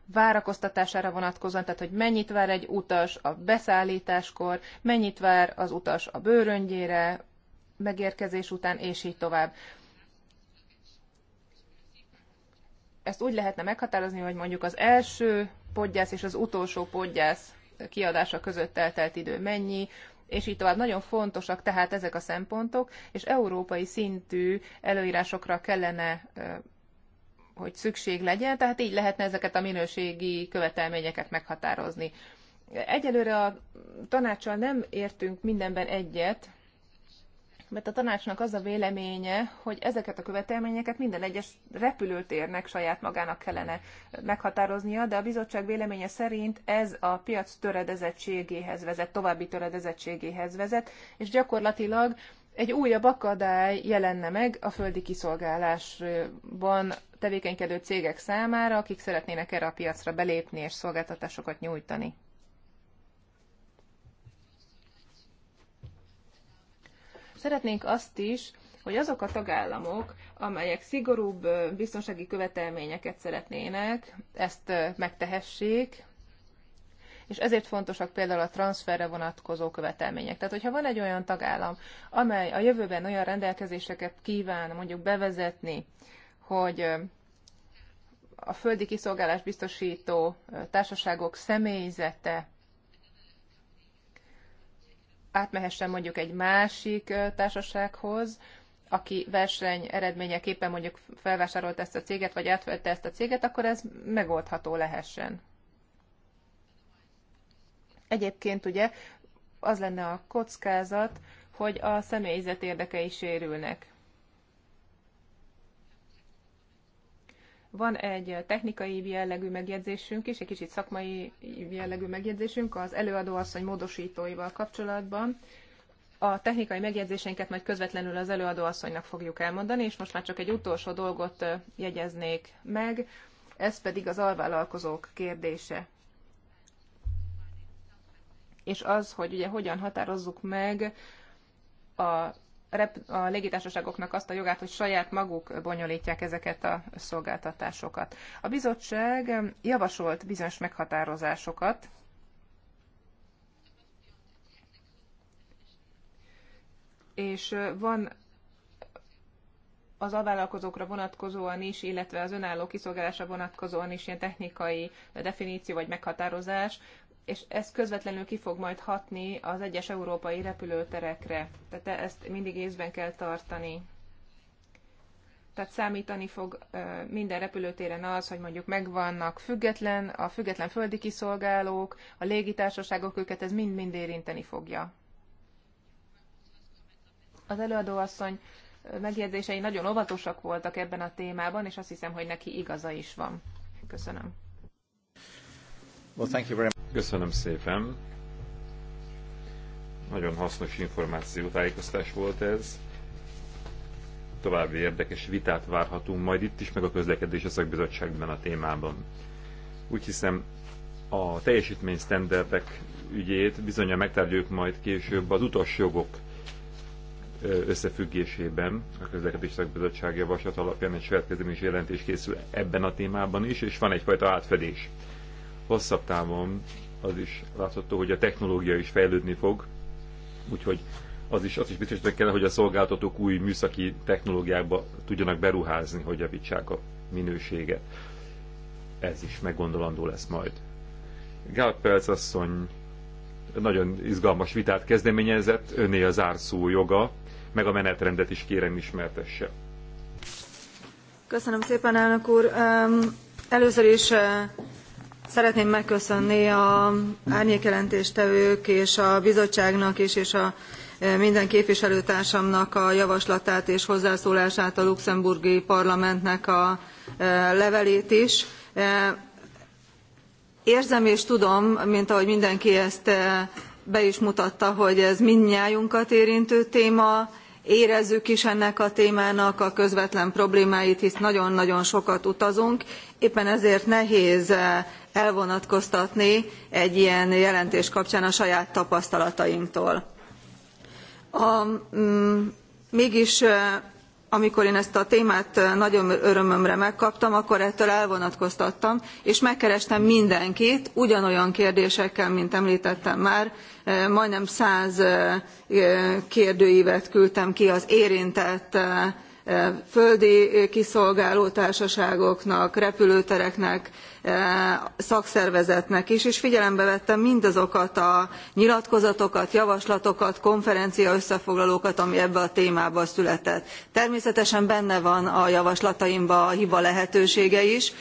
várakoztatására vonatkozóan, tehát hogy mennyit vár egy utas a beszállításkor, mennyit vár az utas a bőröngyére, megérkezés után, és így tovább. Ezt úgy lehetne meghatározni, hogy mondjuk az első podgyász és az utolsó podgyász kiadása között eltelt idő mennyi, és így tovább. Nagyon fontosak tehát ezek a szempontok, és európai szintű előírásokra kellene hogy szükség legyen, tehát így lehetne ezeket a minőségi követelményeket meghatározni. Egyelőre a tanácssal nem értünk mindenben egyet, mert a tanácsnak az a véleménye, hogy ezeket a követelményeket minden egyes repülőtérnek saját magának kellene meghatároznia, de a bizottság véleménye szerint ez a piac töredezettségéhez vezet, további töredezettségéhez vezet, és gyakorlatilag egy újabb akadály jelenne meg a földi kiszolgálásban tevékenykedő cégek számára, akik szeretnének erre a piacra belépni és szolgáltatásokat nyújtani. Szeretnénk azt is, hogy azok a tagállamok, amelyek szigorúbb biztonsági követelményeket szeretnének, ezt megtehessék, és ezért fontosak például a transferre vonatkozó követelmények. Tehát, hogyha van egy olyan tagállam, amely a jövőben olyan rendelkezéseket kíván mondjuk bevezetni, hogy a földi kiszolgálás biztosító társaságok személyzete átmehessen mondjuk egy másik társasághoz, aki verseny eredményeképpen mondjuk felvásárolt ezt a céget, vagy átvette ezt a céget, akkor ez megoldható lehessen. Egyébként ugye az lenne a kockázat, hogy a személyzet érdekei sérülnek. Van egy technikai jellegű megjegyzésünk is, egy kicsit szakmai jellegű megjegyzésünk az előadóasszony módosítóival kapcsolatban. A technikai megjegyzéseinket majd közvetlenül az előadóasszonynak fogjuk elmondani, és most már csak egy utolsó dolgot jegyeznék meg, ez pedig az alvállalkozók kérdése és az, hogy ugye hogyan határozzuk meg a rep- a légitársaságoknak azt a jogát, hogy saját maguk bonyolítják ezeket a szolgáltatásokat. A bizottság javasolt bizonyos meghatározásokat, és van az alvállalkozókra vonatkozóan is, illetve az önálló kiszolgálásra vonatkozóan is ilyen technikai definíció vagy meghatározás, és ez közvetlenül ki fog majd hatni az egyes európai repülőterekre. Tehát ezt mindig észben kell tartani. Tehát számítani fog minden repülőtéren az, hogy mondjuk megvannak független, a független földi kiszolgálók, a légitársaságok, őket ez mind-mind érinteni fogja. Az előadóasszony megjegyzései nagyon óvatosak voltak ebben a témában, és azt hiszem, hogy neki igaza is van. Köszönöm. Köszönöm szépen. Nagyon hasznos információ, tájékoztás volt ez. További érdekes vitát várhatunk majd itt is, meg a közlekedés a szakbizottságban a témában. Úgy hiszem, a teljesítmény standardek ügyét bizonyal megtárgyaljuk majd később az utas jogok összefüggésében a közlekedés szakbizottság javaslat alapján egy saját jelentés készül ebben a témában is, és van egyfajta átfedés hosszabb távon az is látható, hogy a technológia is fejlődni fog, úgyhogy az is, azt is hogy kell, hogy a szolgáltatók új műszaki technológiákba tudjanak beruházni, hogy javítsák a minőséget. Ez is meggondolandó lesz majd. Gál Pelc asszony nagyon izgalmas vitát kezdeményezett, öné a zárszó joga, meg a menetrendet is kérem ismertesse. Köszönöm szépen, elnök úr. Először is szeretném megköszönni az árnyékjelentéstevők és a bizottságnak is és a e, minden képviselőtársamnak a javaslatát és hozzászólását a luxemburgi parlamentnek a e, levelét is. E, érzem és tudom mint ahogy mindenki ezt be is mutatta hogy ez mindnyájunkat érintő téma érezzük is ennek a témának a közvetlen problémáit hisz nagyon nagyon sokat utazunk éppen ezért nehéz elvonatkoztatni egy ilyen jelentés kapcsán a saját tapasztalatainktól. A, mm, mégis amikor én ezt a témát nagyon örömömre megkaptam akkor ettől elvonatkoztattam és megkerestem mindenkit ugyanolyan kérdésekkel mint emltettem már majdnem száz kérdővet küldtem ki az érintett földi kiszolgáló társaságoknak repülőtereknek szakszervezetnek is és figyelembe vette mindazokat a nyilatkozatokat javaslatokat konferenciaösszefoglalókat ami ebbe a témába született. természetesen benne van a javaslataimban a hiba lehetősége is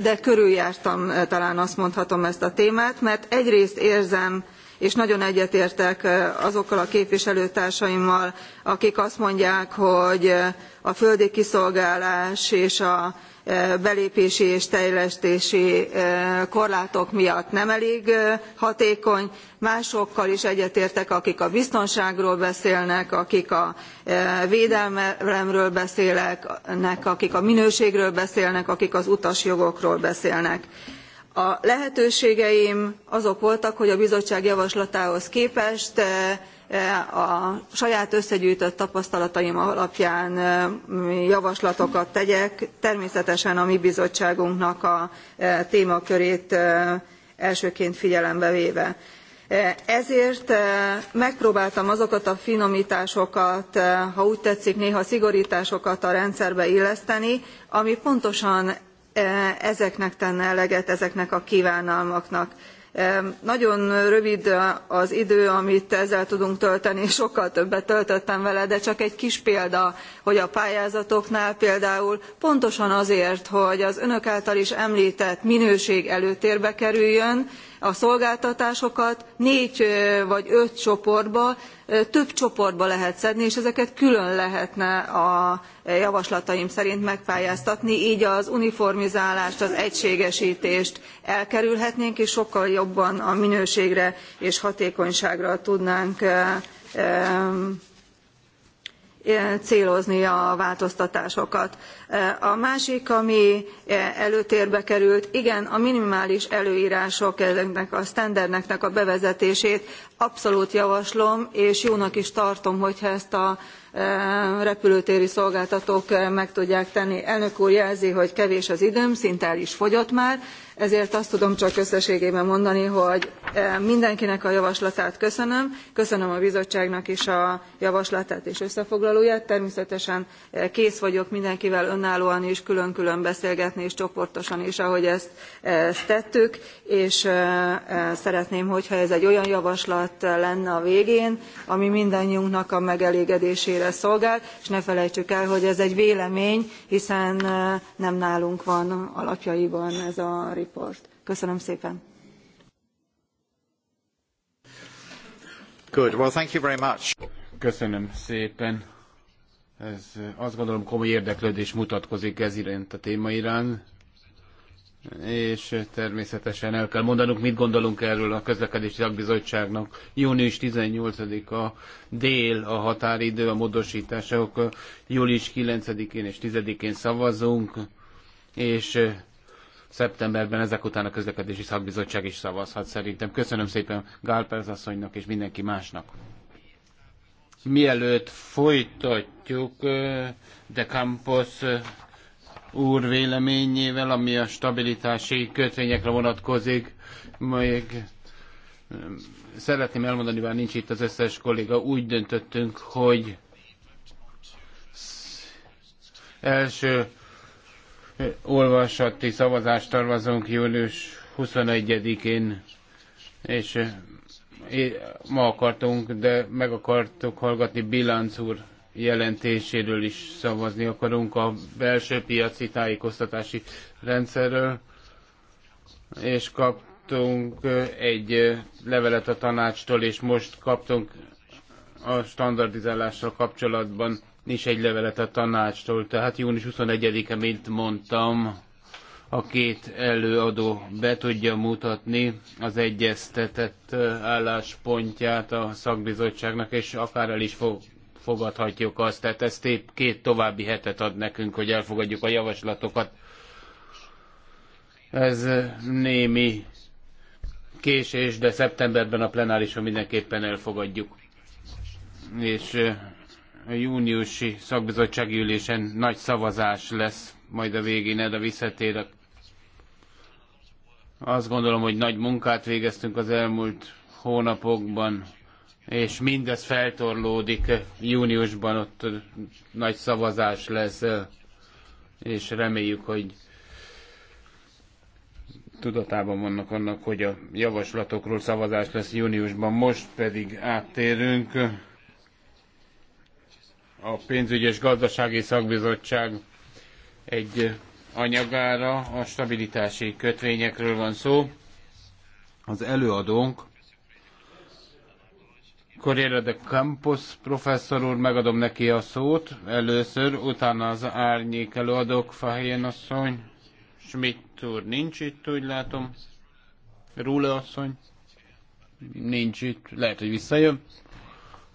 de körüljártam talán azt mondhatom ezt a témát mert egyrészt érzem és nagyon egyetértek azokkal a képviselőtársaimmal akik azt mondják hogy a földi kiszolgálás és a belépési és fejlesztési korlátok miatt nem elég hatékony másokkal is egyetértek akik a biztonságról beszélnek akik a védelemről beszélnek akik a minőségről beszélnek akik az utasjogokról beszélnek a lehetőségeim azok voltak hogy a bizottság javaslatához képest eh, eh, a saját összegyűjtött tapasztalataim alapján eh, javaslatokat tegyek természetesen a mi bizottságunknak a témakörét elsőként figyelembe véve. ezért megpróbáltam azokat a finomtásokat ha úgy tetszik néha szigortásokat a rendszerbe illeszteni ami pontosan ezeknek tenne eleget ezeknek a kvánalmaknak. nagyon rövid az idő amit ezzel tudunk tölteni sokkal többet töltöttem vele de csak egy kis példa hogy a pályázatoknál például pontosan azért hogy az önök által is emltett minőség előtérbe kerüljön a szolgáltatásokat négy vagy öt csoportba több csoportba lehet szedni és ezeket külön lehetne a javaslataim szerint megpályáztatni gy az uniformizálást az egységestést elkerülhetnénk és sokkal jobban a minőségre és hatékonyságra tudnánk célozni a változtatásokat. a másik ami előtérbe került igen a minimális előrások ezeknek a sztenderdeknek a bevezetését abszolút javaslom és jónak is tartom hogyha ezt a e, repülőtéri szolgáltatók meg tudják tenni. elnök úr jelzi hogy kevés az időm szinte el is fogyott már ezért azt tudom csak összességében mondani hogy eh, mindenkinek a javaslatát köszönöm köszönöm a bizottságnak is a javaslatát és összefoglalóját természetesen eh, kész vagyok mindenkivel önállóan is külön külön beszélgetni és csoportosan is ahogy ezt, eh, tettük és szeretném hogyha ez egy olyan javaslat lenne a végén ami mindannyiunknak a megelégedésére szolgál és ne felejtsük el hogy ez egy vélemény hiszen nem nálunk van alapjaiban ez a report. Köszönöm szépen. Good. Well, thank you very much. Köszönöm szépen. Ez, azt gondolom komoly érdeklődés mutatkozik ez iránt a téma irán, és természetesen el kell mondanunk, mit gondolunk erről a közlekedési szakbizottságnak. Június 18-a dél a határidő, a módosítások, július 9-én és 10-én szavazunk, és szeptemberben ezek után a közlekedési szakbizottság is szavazhat szerintem. Köszönöm szépen Gálperz asszonynak és mindenki másnak. Mielőtt folytatjuk De Campos úr véleményével, ami a stabilitási kötvényekre vonatkozik, még szeretném elmondani, bár nincs itt az összes kolléga, úgy döntöttünk, hogy első olvasati szavazást tervezünk július 21-én, és eh, ma akartunk, de meg akartuk hallgatni Bilánc úr jelentéséről is szavazni akarunk a belső piaci tájékoztatási rendszerről, és kaptunk eh, egy eh, levelet a tanácstól, és most kaptunk a standardizálással kapcsolatban nincs egy levelet a tanácstól, tehát június 21-e, mint mondtam, a két előadó be tudja mutatni az egyeztetett álláspontját a szakbizottságnak, és akár el is fog, fogadhatjuk azt. Tehát ezt épp két további hetet ad nekünk, hogy elfogadjuk a javaslatokat. Ez némi késés, de szeptemberben a plenárison mindenképpen elfogadjuk. És a júniusi szakbizottsági ülésen nagy szavazás lesz, majd a végén a visszatérek. Azt gondolom, hogy nagy munkát végeztünk az elmúlt hónapokban, és mindez feltorlódik júniusban, ott nagy szavazás lesz, és reméljük, hogy tudatában vannak annak, hogy a javaslatokról szavazás lesz júniusban, most pedig áttérünk a pénzügyi és gazdasági szakbizottság egy anyagára, a stabilitási kötvényekről van szó. Az előadónk Corriere de Campos professzor úr, megadom neki a szót először, utána az árnyék előadók, Fahén asszony, Schmidt úr nincs itt, úgy látom, Rule asszony nincs itt, lehet, hogy visszajön,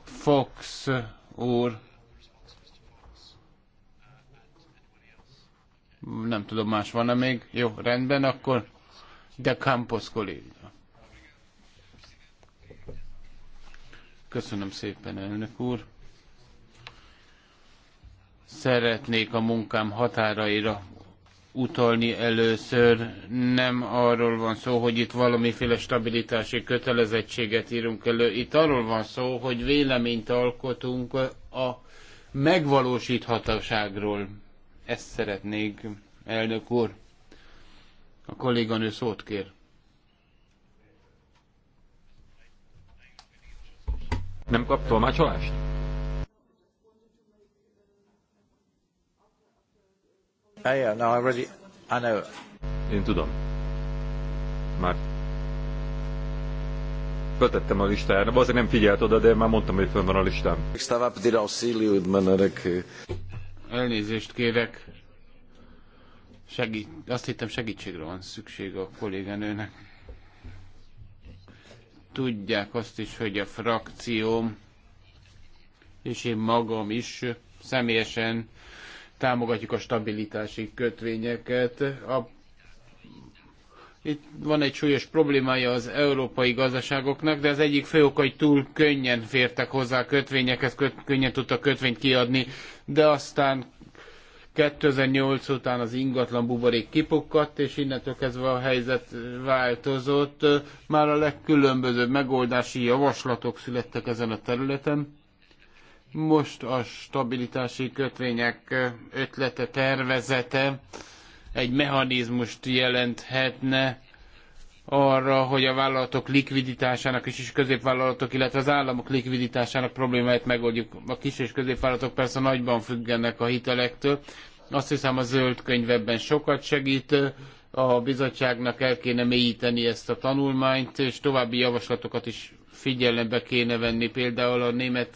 Fox úr, Nem tudom, más van-e még? Jó, rendben, akkor de Campos kolléga. Köszönöm szépen, elnök úr. Szeretnék a munkám határaira utalni először. Nem arról van szó, hogy itt valamiféle stabilitási kötelezettséget írunk elő. Itt arról van szó, hogy véleményt alkotunk a megvalósíthatóságról ezt szeretnék, elnök úr. A kolléganő szót kér. Nem kap tolmácsolást? Oh, yeah, no, I already, I know. Én tudom. Már föltettem a listára. Azért nem figyelt oda, de már mondtam, hogy fönn van a listám. Elnézést kérek. Segít, azt hittem segítségre van szükség a kolléganőnek. Tudják azt is, hogy a frakcióm és én magam is személyesen támogatjuk a stabilitási kötvényeket. A itt van egy súlyos problémája az európai gazdaságoknak, de az egyik fő oka, hogy túl könnyen fértek hozzá a kötvényekhez, köt, könnyen tudtak kötvényt kiadni, de aztán 2008 után az ingatlan buborék kipukkadt, és innentől kezdve a helyzet változott. Már a legkülönbözőbb megoldási javaslatok születtek ezen a területen. Most a stabilitási kötvények ötlete, tervezete egy mechanizmust jelenthetne arra, hogy a vállalatok likviditásának és is középvállalatok, illetve az államok likviditásának problémáját megoldjuk. A kis és középvállalatok persze nagyban függenek a hitelektől. Azt hiszem a zöld könyv ebben sokat segít. A bizottságnak el kéne mélyíteni ezt a tanulmányt, és további javaslatokat is figyelembe kéne venni. Például a német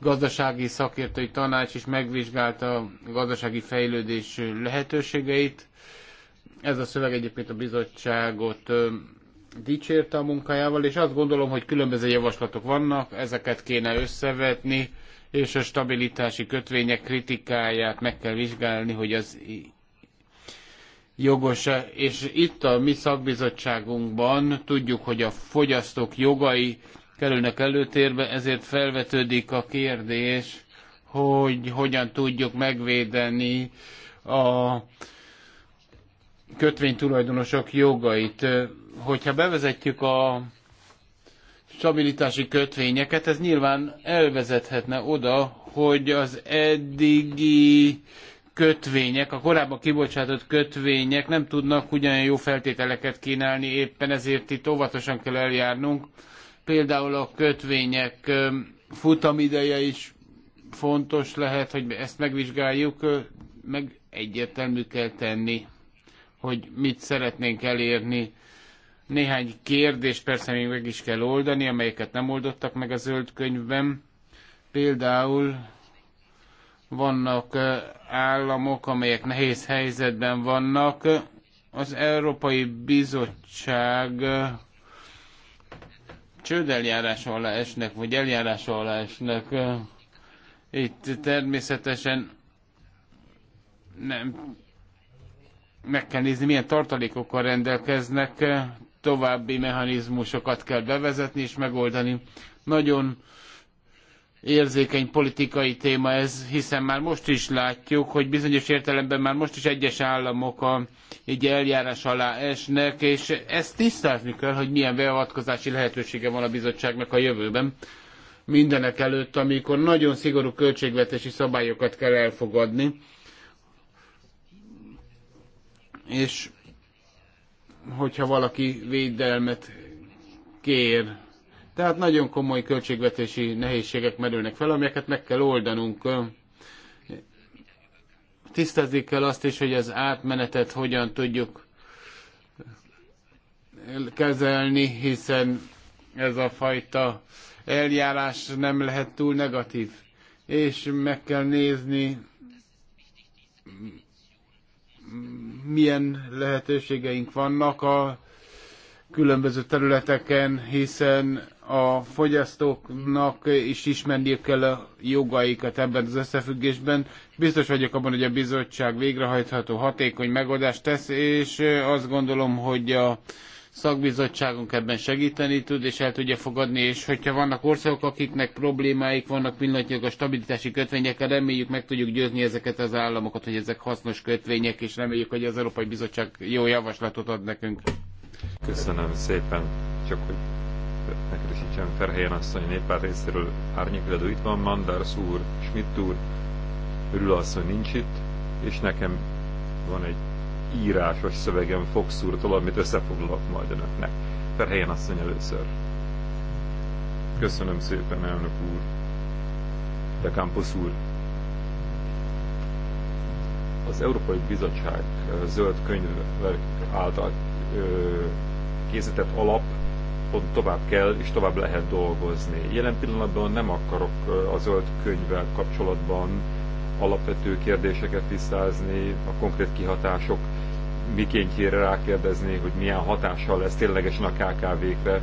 gazdasági szakértői tanács is megvizsgálta a gazdasági fejlődés lehetőségeit. Ez a szöveg egyébként a bizottságot dicsérte a munkájával, és azt gondolom, hogy különböző javaslatok vannak, ezeket kéne összevetni, és a stabilitási kötvények kritikáját meg kell vizsgálni, hogy az jogos -e. És itt a mi szakbizottságunkban tudjuk, hogy a fogyasztók jogai kerülnek előtérbe, ezért felvetődik a kérdés, hogy hogyan tudjuk megvédeni a kötvénytulajdonosok jogait. Hogyha bevezetjük a stabilitási kötvényeket, ez nyilván elvezethetne oda, hogy az eddigi kötvények, a korábban kibocsátott kötvények nem tudnak ugyanolyan jó feltételeket kínálni, éppen ezért itt óvatosan kell eljárnunk. Például a kötvények futamideje is fontos lehet, hogy ezt megvizsgáljuk, meg egyértelmű kell tenni, hogy mit szeretnénk elérni. Néhány kérdés persze még meg is kell oldani, amelyeket nem oldottak meg a zöld könyvben. Például vannak államok, amelyek nehéz helyzetben vannak. Az Európai Bizottság csődeljárás alá esnek, vagy eljárás alá esnek. Itt természetesen nem meg kell nézni, milyen tartalékokkal rendelkeznek, további mechanizmusokat kell bevezetni és megoldani. Nagyon érzékeny politikai téma ez, hiszen már most is látjuk, hogy bizonyos értelemben már most is egyes államok a, így eljárás alá esnek, és ezt tisztázni kell, hogy milyen beavatkozási lehetősége van a bizottságnak a jövőben. Mindenek előtt, amikor nagyon szigorú költségvetési szabályokat kell elfogadni, és hogyha valaki védelmet kér tehát nagyon komoly költségvetési nehézségek merülnek fel, amelyeket meg kell oldanunk. Tisztázni kell azt is, hogy az átmenetet hogyan tudjuk kezelni, hiszen ez a fajta eljárás nem lehet túl negatív. És meg kell nézni, milyen lehetőségeink vannak a különböző területeken, hiszen a fogyasztóknak is ismerniük kell a jogaikat ebben az összefüggésben. Biztos vagyok abban, hogy a bizottság végrehajtható hatékony megoldást tesz, és azt gondolom, hogy a szakbizottságunk ebben segíteni tud, és el tudja fogadni, és hogyha vannak országok, akiknek problémáik vannak pillanatnyilag a stabilitási kötvényekkel, reméljük meg tudjuk győzni ezeket az államokat, hogy ezek hasznos kötvények, és reméljük, hogy az Európai Bizottság jó javaslatot ad nekünk. Köszönöm szépen, csak hogy helyettesítsen Ferhelyen asszony néppárt részéről árnyékledő itt van, Mandars úr, Schmidt úr, Rüla asszony nincs itt, és nekem van egy írásos szövegem Fox úrtól, amit összefoglalok majd önöknek. Ferhelyen asszony először. Köszönöm szépen, elnök úr. De Campos úr. Az Európai Bizottság zöld könyv által készített alap pont tovább kell és tovább lehet dolgozni. Jelen pillanatban nem akarok a zöld könyvvel kapcsolatban alapvető kérdéseket tisztázni, a konkrét kihatások mikéntjére rákérdezni, hogy milyen hatással lesz ténylegesen a KKV-kre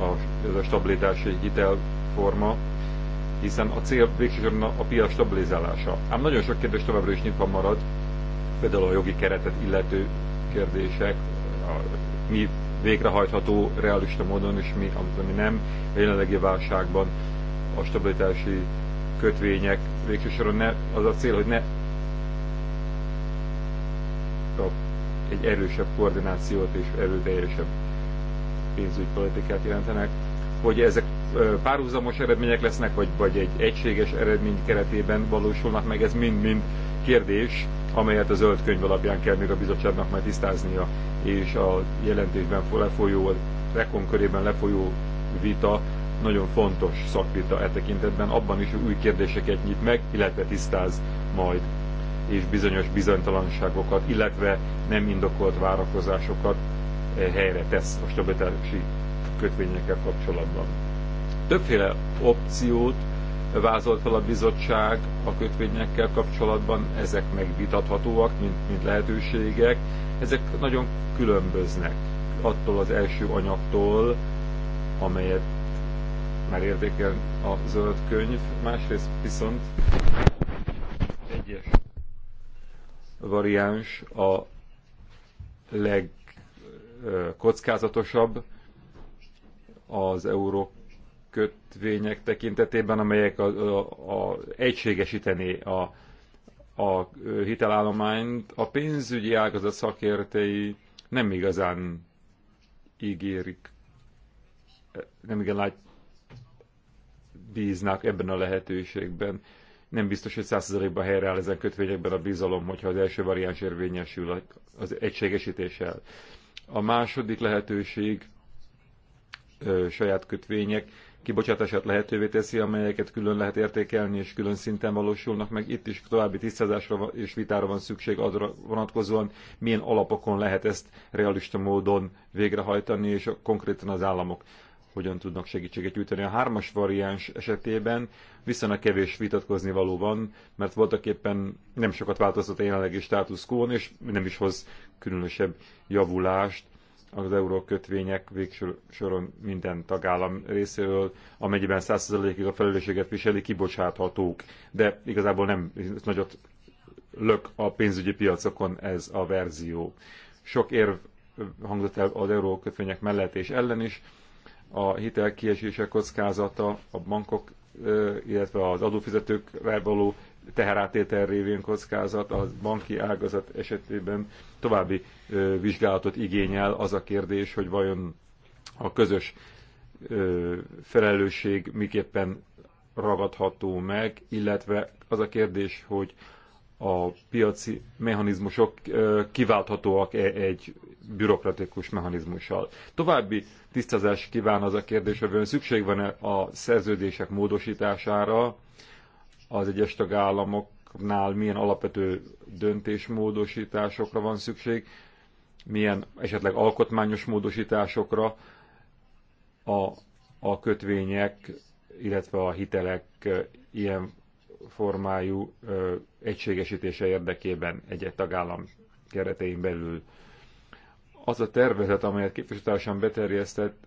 a, ez a stabilitási hitelforma, hiszen a cél végsősorban a piac stabilizálása. Ám nagyon sok kérdés továbbra is nyitva marad, például a jogi keretet illető kérdések, a, mi végrehajtható realista módon, és mi, ami nem. A jelenlegi válságban a stabilitási kötvények végső soron ne, az a cél, hogy ne egy erősebb koordinációt és erőteljesebb pénzügypolitikát jelentenek, hogy ezek párhuzamos eredmények lesznek, vagy, vagy egy egységes eredmény keretében valósulnak meg, ez mind-mind kérdés, amelyet a zöld könyv alapján kell még a bizottságnak majd tisztáznia, és a jelentésben lefolyó, a Rekon körében lefolyó vita nagyon fontos szakvita e tekintetben, abban is, hogy új kérdéseket nyit meg, illetve tisztáz majd, és bizonyos bizonytalanságokat, illetve nem indokolt várakozásokat e, helyre tesz a stabilitási kötvényekkel kapcsolatban. Többféle opciót vázolt fel a bizottság a kötvényekkel kapcsolatban, ezek megvitathatóak, mint, mint lehetőségek. Ezek nagyon különböznek attól az első anyagtól, amelyet már értékel a zöld könyv, másrészt viszont egyes variáns a legkockázatosabb az euró kötvények tekintetében, amelyek a, a, a egységesíteni a, a hitelállományt, a pénzügyi ágazat szakértei nem igazán ígérik, nem igen lát, bíznak ebben a lehetőségben. Nem biztos, hogy százszerzalékban helyreáll ezen kötvényekben a bizalom, hogyha az első variáns érvényesül az egységesítéssel. A második lehetőség ö, saját kötvények kibocsátását lehetővé teszi, amelyeket külön lehet értékelni és külön szinten valósulnak, meg itt is további tisztázásra és vitára van szükség arra vonatkozóan, milyen alapokon lehet ezt realista módon végrehajtani, és konkrétan az államok hogyan tudnak segítséget nyújtani. A hármas variáns esetében viszonylag kevés vitatkozni való van, mert voltak éppen nem sokat változtat a jelenlegi státuszkón, és nem is hoz különösebb javulást az eurókötvények végső soron minden tagállam részéről, amennyiben 100%-ig a felelősséget viseli, kibocsáthatók. De igazából nem nagyot lök a pénzügyi piacokon ez a verzió. Sok érv hangzott el az eurókötvények mellett és ellen is. A hitelkiesések kockázata, a bankok, illetve az adófizetőkre való teherátétel révén kockázat, a banki ágazat esetében további vizsgálatot igényel az a kérdés, hogy vajon a közös felelősség miképpen ragadható meg, illetve az a kérdés, hogy a piaci mechanizmusok kiválthatóak -e egy bürokratikus mechanizmussal. További tisztázás kíván az a kérdés, hogy szükség van-e a szerződések módosítására, az egyes tagállamoknál milyen alapvető döntésmódosításokra van szükség, milyen esetleg alkotmányos módosításokra a, a kötvények, illetve a hitelek ilyen formájú ö, egységesítése érdekében egy-egy tagállam keretein belül. Az a tervezet, amelyet képviselőtársam beterjesztett,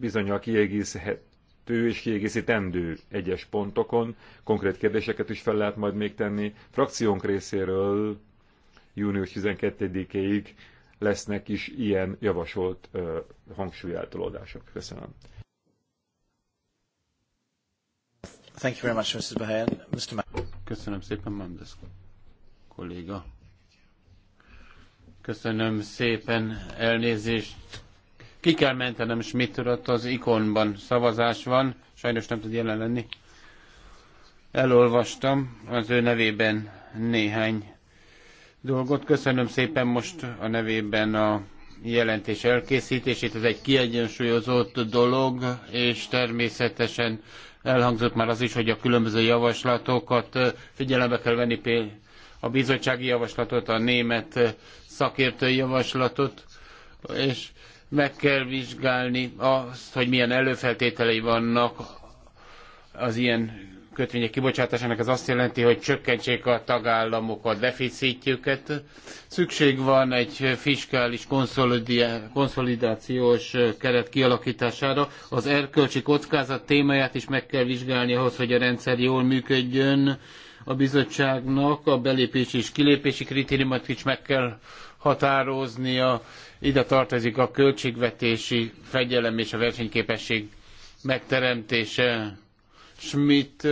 bizonyal kiegészhet, kiegészíthető és kiegészítendő egyes pontokon. Konkrét kérdéseket is fel lehet majd még tenni. Frakciónk részéről június 12-ig lesznek is ilyen javasolt ö, hangsúlyeltolódások. Köszönöm. Thank you very much, Mr. Bahayan. Mr. Ma- Köszönöm szépen, Mendes kolléga. Köszönöm szépen, elnézést ki kell mentenem Schmidt ott az ikonban szavazás van, sajnos nem tud jelen lenni. Elolvastam az ő nevében néhány dolgot. Köszönöm szépen most a nevében a jelentés elkészítését. Ez egy kiegyensúlyozott dolog, és természetesen elhangzott már az is, hogy a különböző javaslatokat eh, figyelembe kell venni, például a bizottsági javaslatot, a német eh, szakértői javaslatot, és meg kell vizsgálni azt, hogy milyen előfeltételei vannak az ilyen kötvények kibocsátásának, ez azt jelenti, hogy csökkentsék a tagállamok a deficitjüket. Szükség van egy fiskális konszolidációs keret kialakítására. Az erkölcsi kockázat témáját is meg kell vizsgálni ahhoz, hogy a rendszer jól működjön. A bizottságnak a belépési és kilépési kritériumot is meg kell határoznia, ide tartozik a költségvetési fegyelem és a versenyképesség megteremtése. Schmidt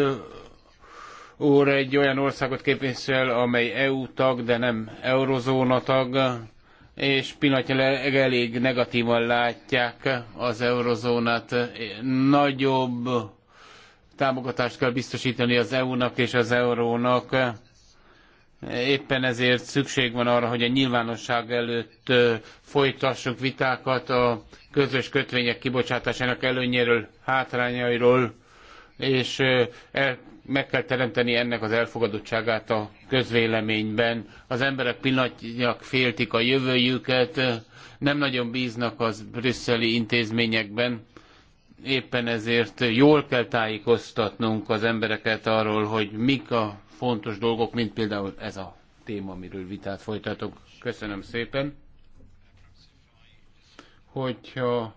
úr egy olyan országot képvisel, amely EU tag, de nem eurozóna tag, és pillanatnyilag elég negatívan látják az eurozónát. Nagyobb támogatást kell biztosítani az EU-nak és az eurónak Éppen ezért szükség van arra, hogy a nyilvánosság előtt folytassunk vitákat a közös kötvények kibocsátásának előnyéről, hátrányairól, és el, meg kell teremteni ennek az elfogadottságát a közvéleményben. Az emberek pillanatnyilag féltik a jövőjüket, nem nagyon bíznak az brüsszeli intézményekben. Éppen ezért jól kell tájékoztatnunk az embereket arról, hogy mik a fontos dolgok, mint például ez a téma, amiről vitát folytatok. Köszönöm szépen. Hogyha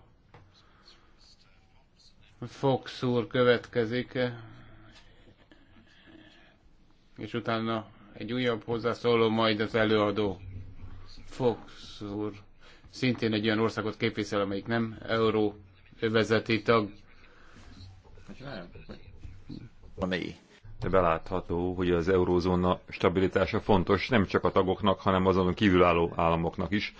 Fox úr következik, és utána egy újabb hozzászóló, majd az előadó Fox úr szintén egy olyan országot képvisel, amelyik nem euró övezeti tag. Van belátható, hogy az eurózóna stabilitása fontos nem csak a tagoknak, hanem azon kívülálló államoknak is.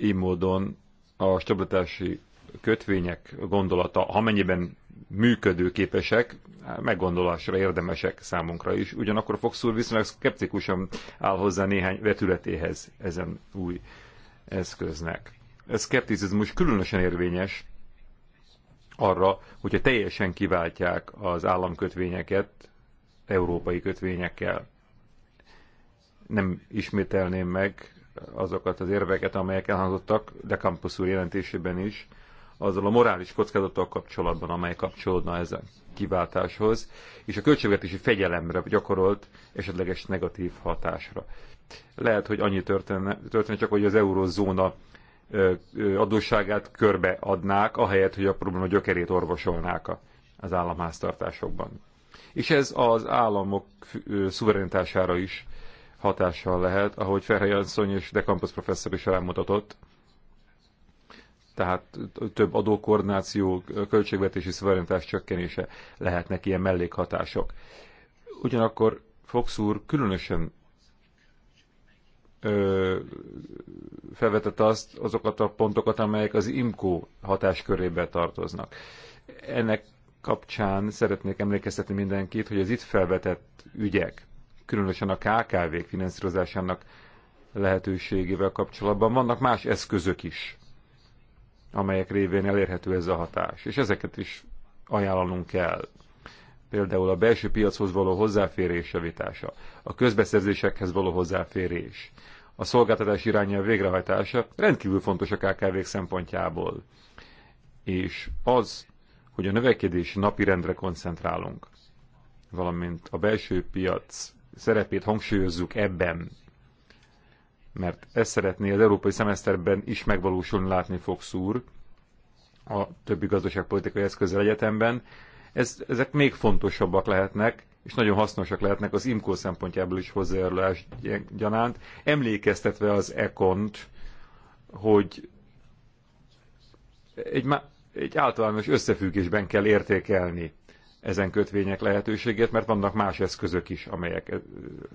Így módon a stabilitási kötvények gondolata, ha mennyiben működőképesek, meggondolásra érdemesek számunkra is. Ugyanakkor Fox úr viszonylag szkeptikusan áll hozzá néhány vetületéhez ezen új eszköznek. Ez szkepticizmus különösen érvényes arra, hogyha teljesen kiváltják az államkötvényeket európai kötvényekkel. Nem ismételném meg azokat az érveket, amelyek elhangzottak, de Campus úr jelentésében is, azzal a morális kockázattal kapcsolatban, amely kapcsolódna ezen kiváltáshoz, és a költségvetési fegyelemre gyakorolt esetleges negatív hatásra. Lehet, hogy annyi történne, történne csak, hogy az eurozóna adósságát körbeadnák, ahelyett, hogy a probléma gyökerét orvosolnák az államháztartásokban és ez az államok szuverenitására is hatással lehet, ahogy Ferhely Anszony és De Campos professzor is elmutatott. Tehát több adókoordináció, költségvetési szuverenitás csökkenése lehetnek ilyen mellékhatások. Ugyanakkor Fox úr különösen ö, felvetett azt, azokat a pontokat, amelyek az IMCO hatáskörébe tartoznak. Ennek kapcsán szeretnék emlékeztetni mindenkit, hogy az itt felvetett ügyek, különösen a KKV-k finanszírozásának lehetőségével kapcsolatban vannak más eszközök is, amelyek révén elérhető ez a hatás, és ezeket is ajánlanunk kell. Például a belső piachoz való hozzáférés javítása, a közbeszerzésekhez való hozzáférés, a szolgáltatás irányja végrehajtása rendkívül fontos a KKV-k szempontjából. És az, hogy a növekedési napirendre koncentrálunk, valamint a belső piac szerepét hangsúlyozzuk ebben, mert ezt szeretné az európai szemeszterben is megvalósulni látni fog szúr a többi gazdaságpolitikai eszközzel egyetemben. Ez, ezek még fontosabbak lehetnek, és nagyon hasznosak lehetnek az IMCO szempontjából is hozzájárulás gyanánt, emlékeztetve az ekont, hogy egy, egy általános összefüggésben kell értékelni ezen kötvények lehetőségét, mert vannak más eszközök is, amelyek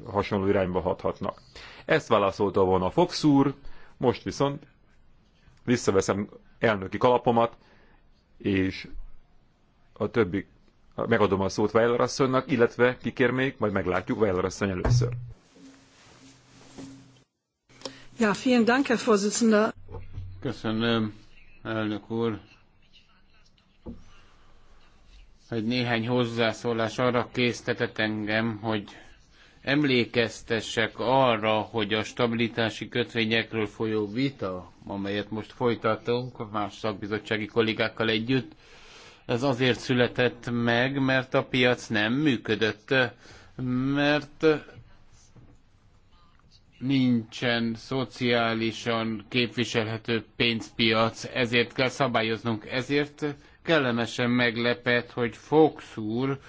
hasonló irányba hathatnak. Ezt válaszolta volna Fox úr, most viszont visszaveszem elnöki kalapomat, és a többi megadom a szót Weiler asszonynak, illetve kikér még, majd meglátjuk Weiler asszony először. Ja, vielen Dank, Herr Vorsitzender. Köszönöm, elnök úr hogy néhány hozzászólás arra késztetett engem, hogy emlékeztessek arra, hogy a stabilitási kötvényekről folyó vita, amelyet most folytatunk más szakbizottsági kollégákkal együtt, ez azért született meg, mert a piac nem működött, mert nincsen szociálisan képviselhető pénzpiac, ezért kell szabályoznunk, ezért kellemesen meglepett, hogy Fox úr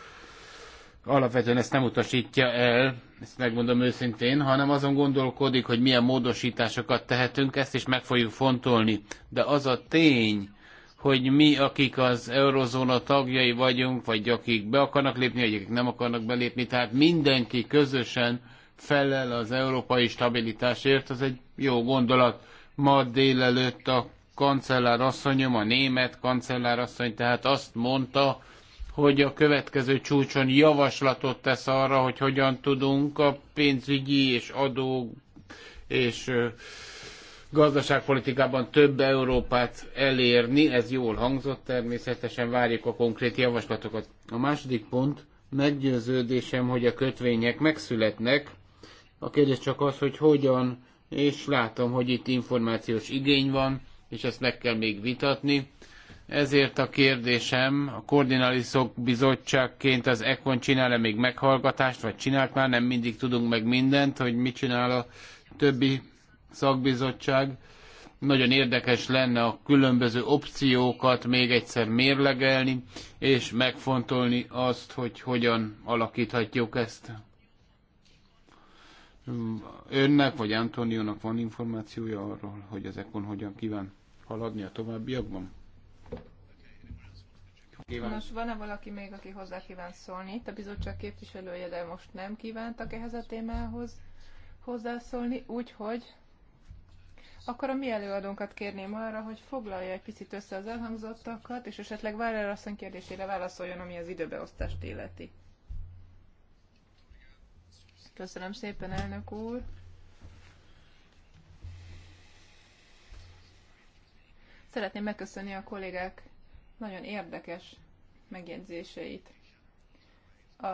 alapvetően ezt nem utasítja el, ezt megmondom őszintén, hanem azon gondolkodik, hogy milyen módosításokat tehetünk, ezt is meg fogjuk fontolni. De az a tény, hogy mi, akik az eurozóna tagjai vagyunk, vagy akik be akarnak lépni, vagy akik nem akarnak belépni, tehát mindenki közösen felel az európai stabilitásért, az egy jó gondolat. Ma délelőtt a kancellár asszonyom, a német kancellár asszony tehát azt mondta, hogy a következő csúcson javaslatot tesz arra, hogy hogyan tudunk a pénzügyi és adó és gazdaságpolitikában több Európát elérni. Ez jól hangzott, természetesen várjuk a konkrét javaslatokat. A második pont, meggyőződésem, hogy a kötvények megszületnek. A kérdés csak az, hogy hogyan, és látom, hogy itt információs igény van és ezt meg kell még vitatni. Ezért a kérdésem, a koordinálisok bizottságként az ECON csinál-e még meghallgatást, vagy csinált már, nem mindig tudunk meg mindent, hogy mit csinál a többi szakbizottság. Nagyon érdekes lenne a különböző opciókat még egyszer mérlegelni, és megfontolni azt, hogy hogyan alakíthatjuk ezt Önnek vagy Antoniónak van információja arról, hogy ezekon hogyan kíván haladni a továbbiakban? Kíván. Most van-e valaki még, aki hozzá kíván szólni? Itt a bizottság képviselője, de most nem kívántak ehhez a témához hozzászólni, úgyhogy akkor a mi előadónkat kérném arra, hogy foglalja egy picit össze az elhangzottakat, és esetleg Várer a kérdésére válaszoljon, ami az időbeosztást illeti. Köszönöm szépen, elnök úr. Szeretném megköszönni a kollégák nagyon érdekes megjegyzéseit. A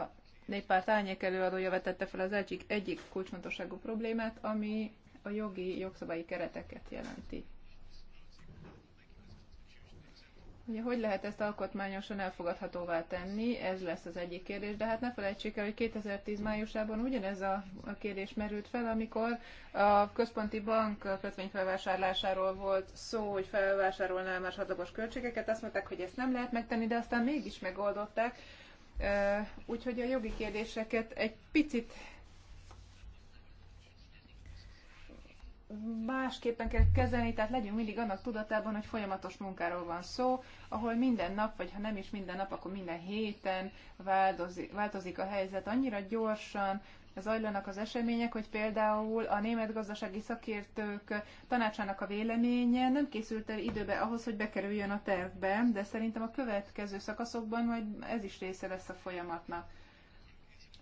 néppárt árnyék előadója vetette fel az egyik, egyik kulcsfontosságú problémát, ami a jogi jogszabályi kereteket jelenti. Ugye, hogy lehet ezt alkotmányosan elfogadhatóvá tenni, ez lesz az egyik kérdés, de hát ne felejtsék el, hogy 2010 májusában ugyanez a kérdés merült fel, amikor a központi bank kötvényfelvásárlásáról volt szó, hogy felvásárolná hatagos költségeket, azt mondták, hogy ezt nem lehet megtenni, de aztán mégis megoldották. Úgyhogy a jogi kérdéseket egy picit másképpen kell kezelni, tehát legyünk mindig annak tudatában, hogy folyamatos munkáról van szó, ahol minden nap, vagy ha nem is minden nap, akkor minden héten változik, változik a helyzet annyira gyorsan, zajlanak az események, hogy például a német gazdasági szakértők tanácsának a véleménye nem készült el időbe ahhoz, hogy bekerüljön a tervbe, de szerintem a következő szakaszokban majd ez is része lesz a folyamatnak.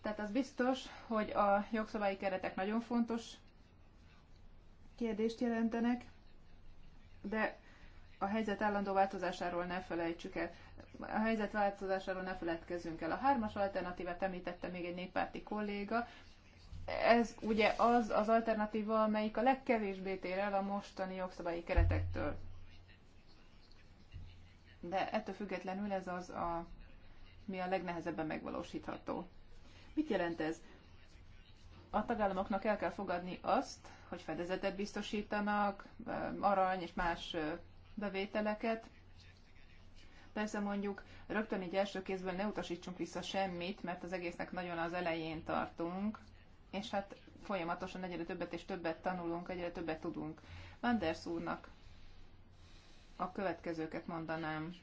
Tehát az biztos, hogy a jogszabályi keretek nagyon fontos kérdést jelentenek, de a helyzet állandó változásáról ne felejtsük el. A helyzet változásáról ne feledkezzünk el. A hármas alternatívát említette még egy néppárti kolléga. Ez ugye az az alternatíva, amelyik a legkevésbé tér el a mostani jogszabályi keretektől. De ettől függetlenül ez az, a, mi a legnehezebben megvalósítható. Mit jelent ez? a tagállamoknak el kell fogadni azt, hogy fedezetet biztosítanak, arany és más bevételeket. Persze mondjuk rögtön így első kézből ne utasítsunk vissza semmit, mert az egésznek nagyon az elején tartunk, és hát folyamatosan egyre többet és többet tanulunk, egyre többet tudunk. Anders úrnak a következőket mondanám.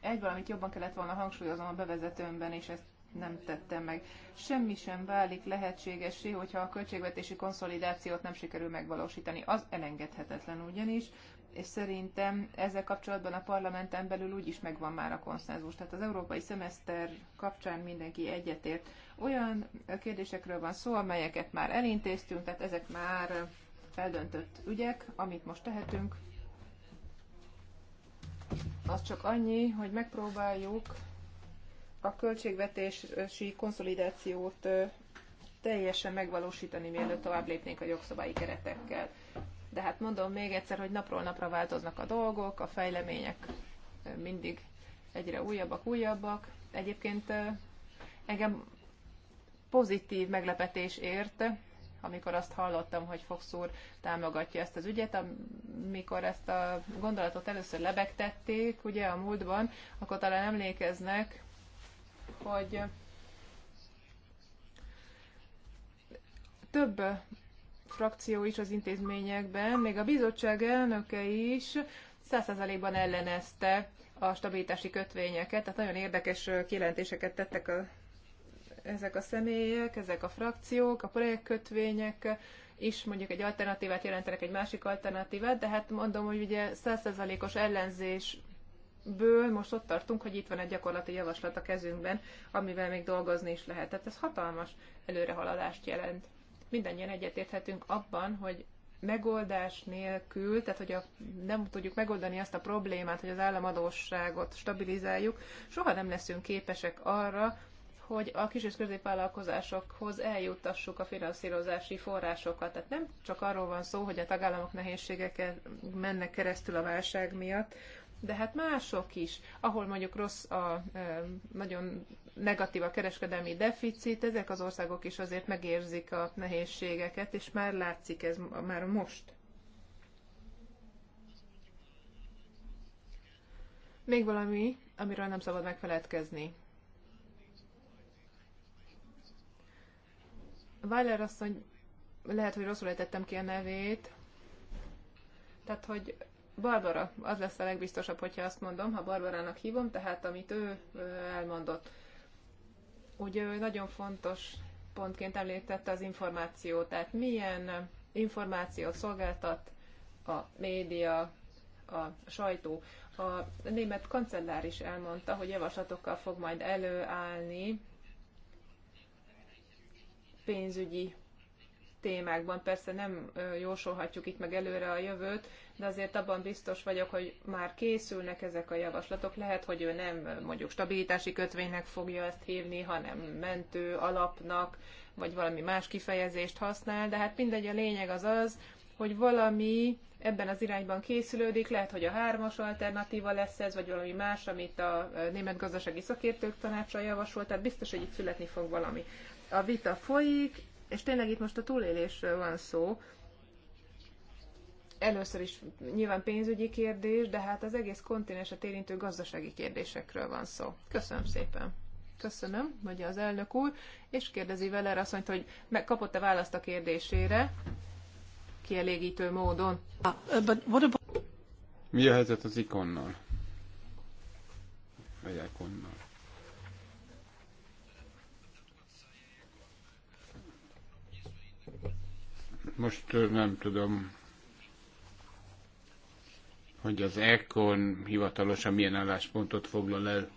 Egy valamit jobban kellett volna hangsúlyoznom a bevezetőmben, és ezt nem tette meg. Semmi sem válik lehetségesé, hogyha a költségvetési konszolidációt nem sikerül megvalósítani. Az elengedhetetlen ugyanis, és szerintem ezzel kapcsolatban a parlamenten belül is megvan már a konszenzus. Tehát az európai szemeszter kapcsán mindenki egyetért. Olyan kérdésekről van szó, amelyeket már elintéztünk, tehát ezek már feldöntött ügyek, amit most tehetünk. Az csak annyi, hogy megpróbáljuk a költségvetési konszolidációt teljesen megvalósítani, mielőtt tovább lépnénk a jogszabályi keretekkel. De hát mondom még egyszer, hogy napról napra változnak a dolgok, a fejlemények mindig egyre újabbak, újabbak. Egyébként engem pozitív meglepetés ért, amikor azt hallottam, hogy Fox úr támogatja ezt az ügyet, amikor ezt a gondolatot először lebegtették, ugye a múltban, akkor talán emlékeznek, hogy több frakció is az intézményekben, még a bizottság elnöke is 100%-ban ellenezte a stabilitási kötvényeket, tehát nagyon érdekes kijelentéseket tettek a, ezek a személyek, ezek a frakciók, a projektkötvények is mondjuk egy alternatívát jelentenek, egy másik alternatívát, de hát mondom, hogy ugye 100%-os ellenzés ből most ott tartunk, hogy itt van egy gyakorlati javaslat a kezünkben, amivel még dolgozni is lehet. Tehát ez hatalmas előrehaladást jelent. Mindannyian egyetérthetünk abban, hogy megoldás nélkül, tehát hogy a, nem tudjuk megoldani azt a problémát, hogy az államadóságot stabilizáljuk, soha nem leszünk képesek arra, hogy a kis és középvállalkozásokhoz eljuttassuk a finanszírozási forrásokat. Tehát nem csak arról van szó, hogy a tagállamok nehézségekkel mennek keresztül a válság miatt, de hát mások is, ahol mondjuk rossz a nagyon negatív a kereskedelmi deficit, ezek az országok is azért megérzik a nehézségeket, és már látszik ez már most. Még valami, amiről nem szabad megfeledkezni. Weiler asszony, lehet, hogy rosszul ejtettem ki a nevét, tehát, hogy Barbara, az lesz a legbiztosabb, hogyha azt mondom, ha Barbarának hívom, tehát amit ő elmondott. Ugye ő nagyon fontos pontként említette az információt, tehát milyen információt szolgáltat a média, a sajtó. A német kancellár is elmondta, hogy javaslatokkal fog majd előállni pénzügyi témákban. Persze nem jósolhatjuk itt meg előre a jövőt, de azért abban biztos vagyok, hogy már készülnek ezek a javaslatok. Lehet, hogy ő nem mondjuk stabilitási kötvénynek fogja ezt hívni, hanem mentő alapnak, vagy valami más kifejezést használ, de hát mindegy, a lényeg az az, hogy valami ebben az irányban készülődik, lehet, hogy a hármas alternatíva lesz ez, vagy valami más, amit a Német Gazdasági Szakértők Tanácsa javasolt, tehát biztos, hogy itt születni fog valami. A vita folyik, és tényleg itt most a túlélésről van szó, először is nyilván pénzügyi kérdés, de hát az egész kontinenset érintő gazdasági kérdésekről van szó. Köszönöm szépen. Köszönöm, mondja az elnök úr, és kérdezi vele mondja, hogy megkapott-e választ a kérdésére kielégítő módon. Uh, Mi a helyzet az ikonnal? Egy ikonnal? Most uh, nem tudom, hogy az ECON hivatalosan milyen álláspontot foglal el.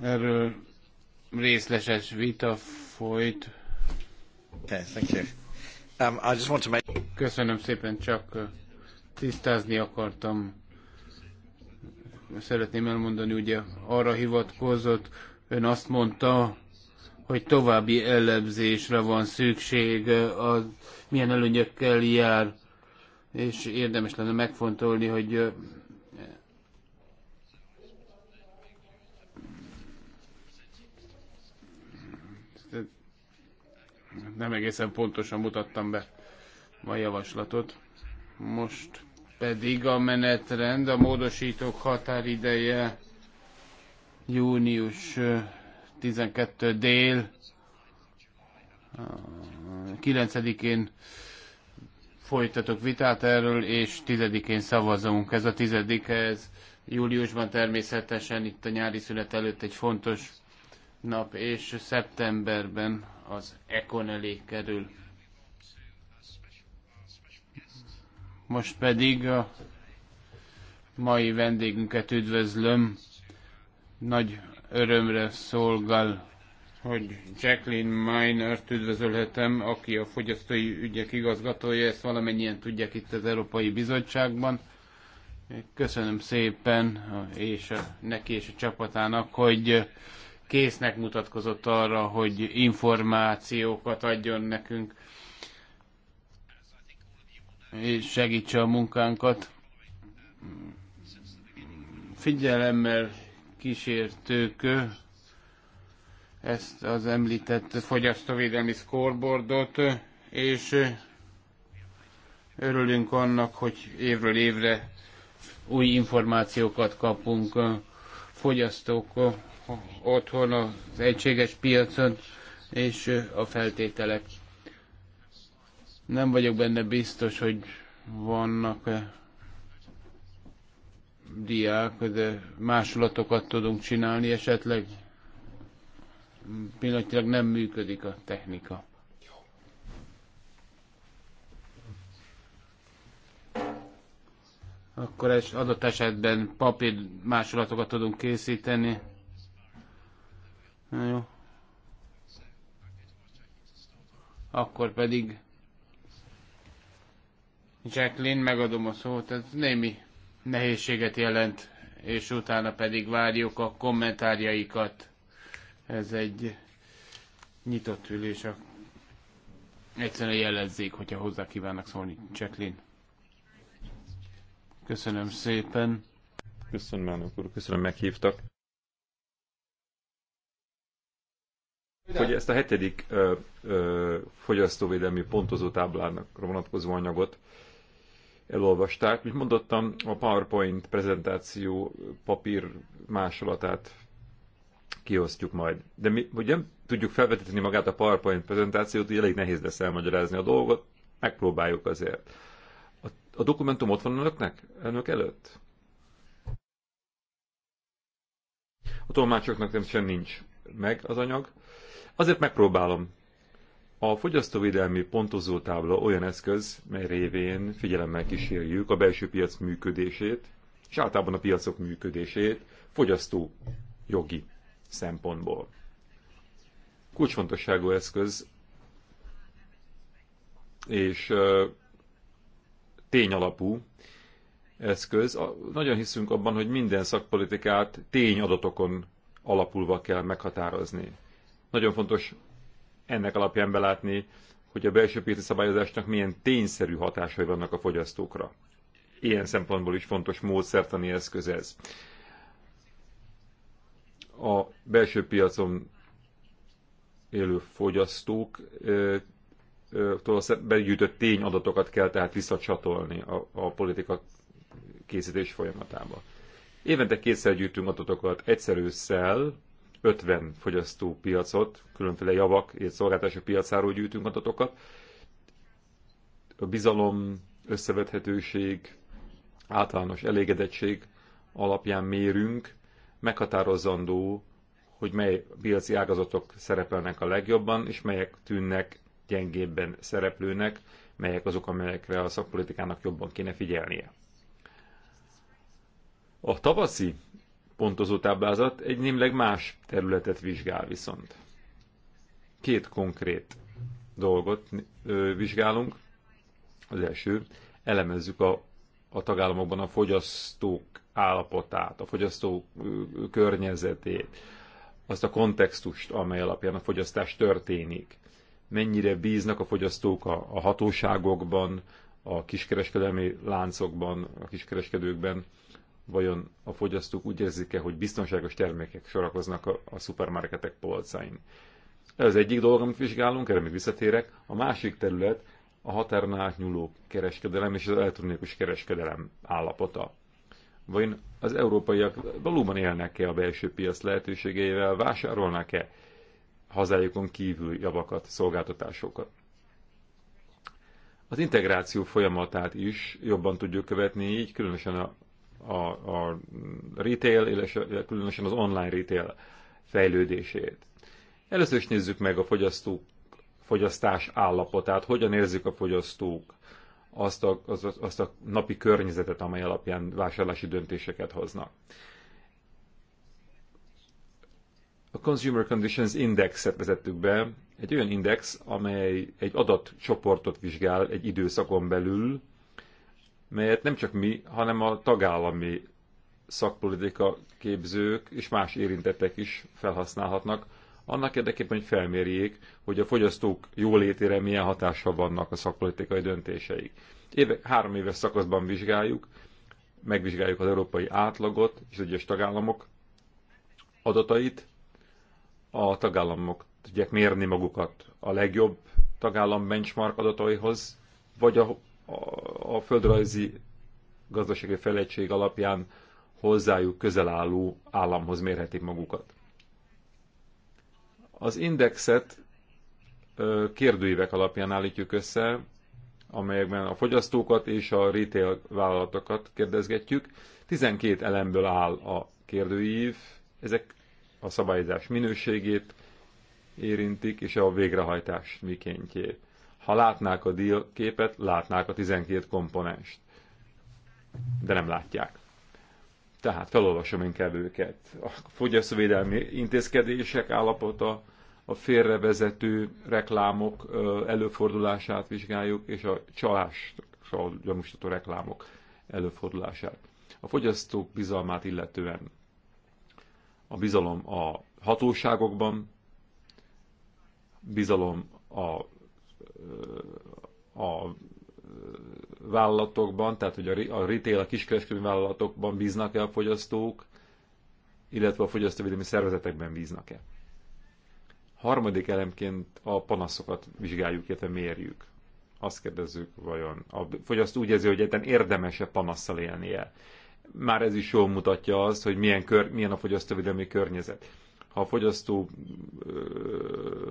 Erről részletes vita folyt. Okay, thank you. Um, I just want to make... Köszönöm szépen, csak uh, tisztázni akartam. Szeretném elmondani, ugye arra hivatkozott, ön azt mondta, hogy további elemzésre van szükség, uh, az, milyen előnyökkel jár és érdemes lenne megfontolni, hogy nem egészen pontosan mutattam be a javaslatot. Most pedig a menetrend, a módosítók határideje június 12 dél 9-én folytatok vitát erről, és tizedikén szavazunk. Ez a tizedik, ez júliusban természetesen itt a nyári szület előtt egy fontos nap, és szeptemberben az Econ elé kerül. Most pedig a mai vendégünket üdvözlöm. Nagy örömre szolgál hogy Jacqueline Minert üdvözölhetem, aki a fogyasztói ügyek igazgatója, ezt valamennyien tudják itt az Európai Bizottságban. Köszönöm szépen és a, neki és a csapatának, hogy késznek mutatkozott arra, hogy információkat adjon nekünk, és segítse a munkánkat. Figyelemmel kísértők ezt az említett fogyasztóvédelmi scoreboardot, és örülünk annak, hogy évről évre új információkat kapunk fogyasztók otthon az egységes piacon, és a feltételek. Nem vagyok benne biztos, hogy vannak -e diák, de másolatokat tudunk csinálni esetleg pillanatilag nem működik a technika. Akkor egy adott esetben papír másolatokat tudunk készíteni. Na jó. Akkor pedig Jacqueline, megadom a szót, ez némi nehézséget jelent, és utána pedig várjuk a kommentárjaikat ez egy nyitott ülés. Egyszerűen jelezzék, hogyha hozzá kívánnak szólni. Cseklin. Köszönöm szépen. Köszönöm, elnök úr. Köszönöm, meghívtak. hogy ezt a hetedik ö, ö, fogyasztóvédelmi pontozó táblának vonatkozó anyagot elolvasták. Mint mondottam, a PowerPoint prezentáció papír másolatát kiosztjuk majd. De mi, hogy nem tudjuk felvetíteni magát a PowerPoint prezentációt, így elég nehéz lesz elmagyarázni a dolgot, megpróbáljuk azért. A, a dokumentum ott van önöknek? Önök előtt? A tolmácsoknak nem sem nincs meg az anyag. Azért megpróbálom. A fogyasztóvédelmi pontozó tábla olyan eszköz, mely révén figyelemmel kísérjük a belső piac működését, és általában a piacok működését fogyasztó jogi szempontból. Kulcsfontosságú eszköz, és tényalapú eszköz. Nagyon hiszünk abban, hogy minden szakpolitikát tényadatokon alapulva kell meghatározni. Nagyon fontos ennek alapján belátni, hogy a belső piaci szabályozásnak milyen tényszerű hatásai vannak a fogyasztókra. Ilyen szempontból is fontos módszertani eszköz ez a belső piacon élő fogyasztók begyűjtött tényadatokat kell tehát visszacsatolni a, a politika készítés folyamatába. Évente kétszer gyűjtünk adatokat, egyszerű szel, 50 fogyasztópiacot, különféle javak és szolgáltások piacáról gyűjtünk adatokat. A bizalom, összevethetőség, általános elégedettség alapján mérünk meghatározandó, hogy mely piaci ágazatok szerepelnek a legjobban, és melyek tűnnek gyengébben szereplőnek, melyek azok, amelyekre a szakpolitikának jobban kéne figyelnie. A tavaszi pontozó táblázat egy némleg más területet vizsgál viszont. Két konkrét dolgot vizsgálunk. Az első, elemezzük a, a tagállamokban a fogyasztók állapotát, a fogyasztó környezetét, azt a kontextust, amely alapján a fogyasztás történik. Mennyire bíznak a fogyasztók a, hatóságokban, a kiskereskedelmi láncokban, a kiskereskedőkben, vajon a fogyasztók úgy érzik-e, hogy biztonságos termékek sorakoznak a, a szupermarketek polcain. Ez az egyik dolog, amit vizsgálunk, erre még visszatérek. A másik terület a határon átnyúló kereskedelem és az elektronikus kereskedelem állapota. Vajon az európaiak valóban élnek-e a belső piac lehetőségeivel, vásárolnák e hazájukon kívül javakat, szolgáltatásokat? Az integráció folyamatát is jobban tudjuk követni, így különösen a, a, a retail, illetve különösen az online retail fejlődését. Először is nézzük meg a fogyasztók fogyasztás állapotát, hogyan érzik a fogyasztók azt a, az, azt a napi környezetet, amely alapján vásárlási döntéseket hoznak. A Consumer Conditions Indexet vezettük be, egy olyan index, amely egy adatcsoportot vizsgál egy időszakon belül, melyet nem csak mi, hanem a tagállami szakpolitika képzők és más érintettek is felhasználhatnak annak érdekében, hogy felmérjék, hogy a fogyasztók jólétére milyen hatással vannak a szakpolitikai döntéseik. Éve, három éves szakaszban vizsgáljuk, megvizsgáljuk az európai átlagot és egyes tagállamok adatait. A tagállamok tudják mérni magukat a legjobb tagállam benchmark adataihoz, vagy a, a, a földrajzi gazdasági fejlettség alapján hozzájuk közel álló államhoz mérhetik magukat. Az indexet kérdőívek alapján állítjuk össze, amelyekben a fogyasztókat és a retail vállalatokat kérdezgetjük. 12 elemből áll a kérdőív, ezek a szabályozás minőségét érintik, és a végrehajtás mikéntjét. Ha látnák a deal képet, látnák a 12 komponenst. De nem látják. Tehát felolvasom inkább őket. A fogyasztóvédelmi intézkedések állapota, a félrevezető reklámok előfordulását vizsgáljuk, és a csalással gyanúsító reklámok előfordulását. A fogyasztók bizalmát illetően a bizalom a hatóságokban, bizalom a, a vállalatokban, tehát hogy a retail, a kiskereskedelmi vállalatokban bíznak-e a fogyasztók, illetve a fogyasztóvédelmi szervezetekben bíznak-e. Harmadik elemként a panaszokat vizsgáljuk, illetve mérjük. Azt kérdezzük, vajon a fogyasztó úgy érzi, hogy egyetlen érdemese panasszal élnie. Már ez is jól mutatja azt, hogy milyen, kör, milyen a fogyasztóvédelmi környezet ha a fogyasztó ö,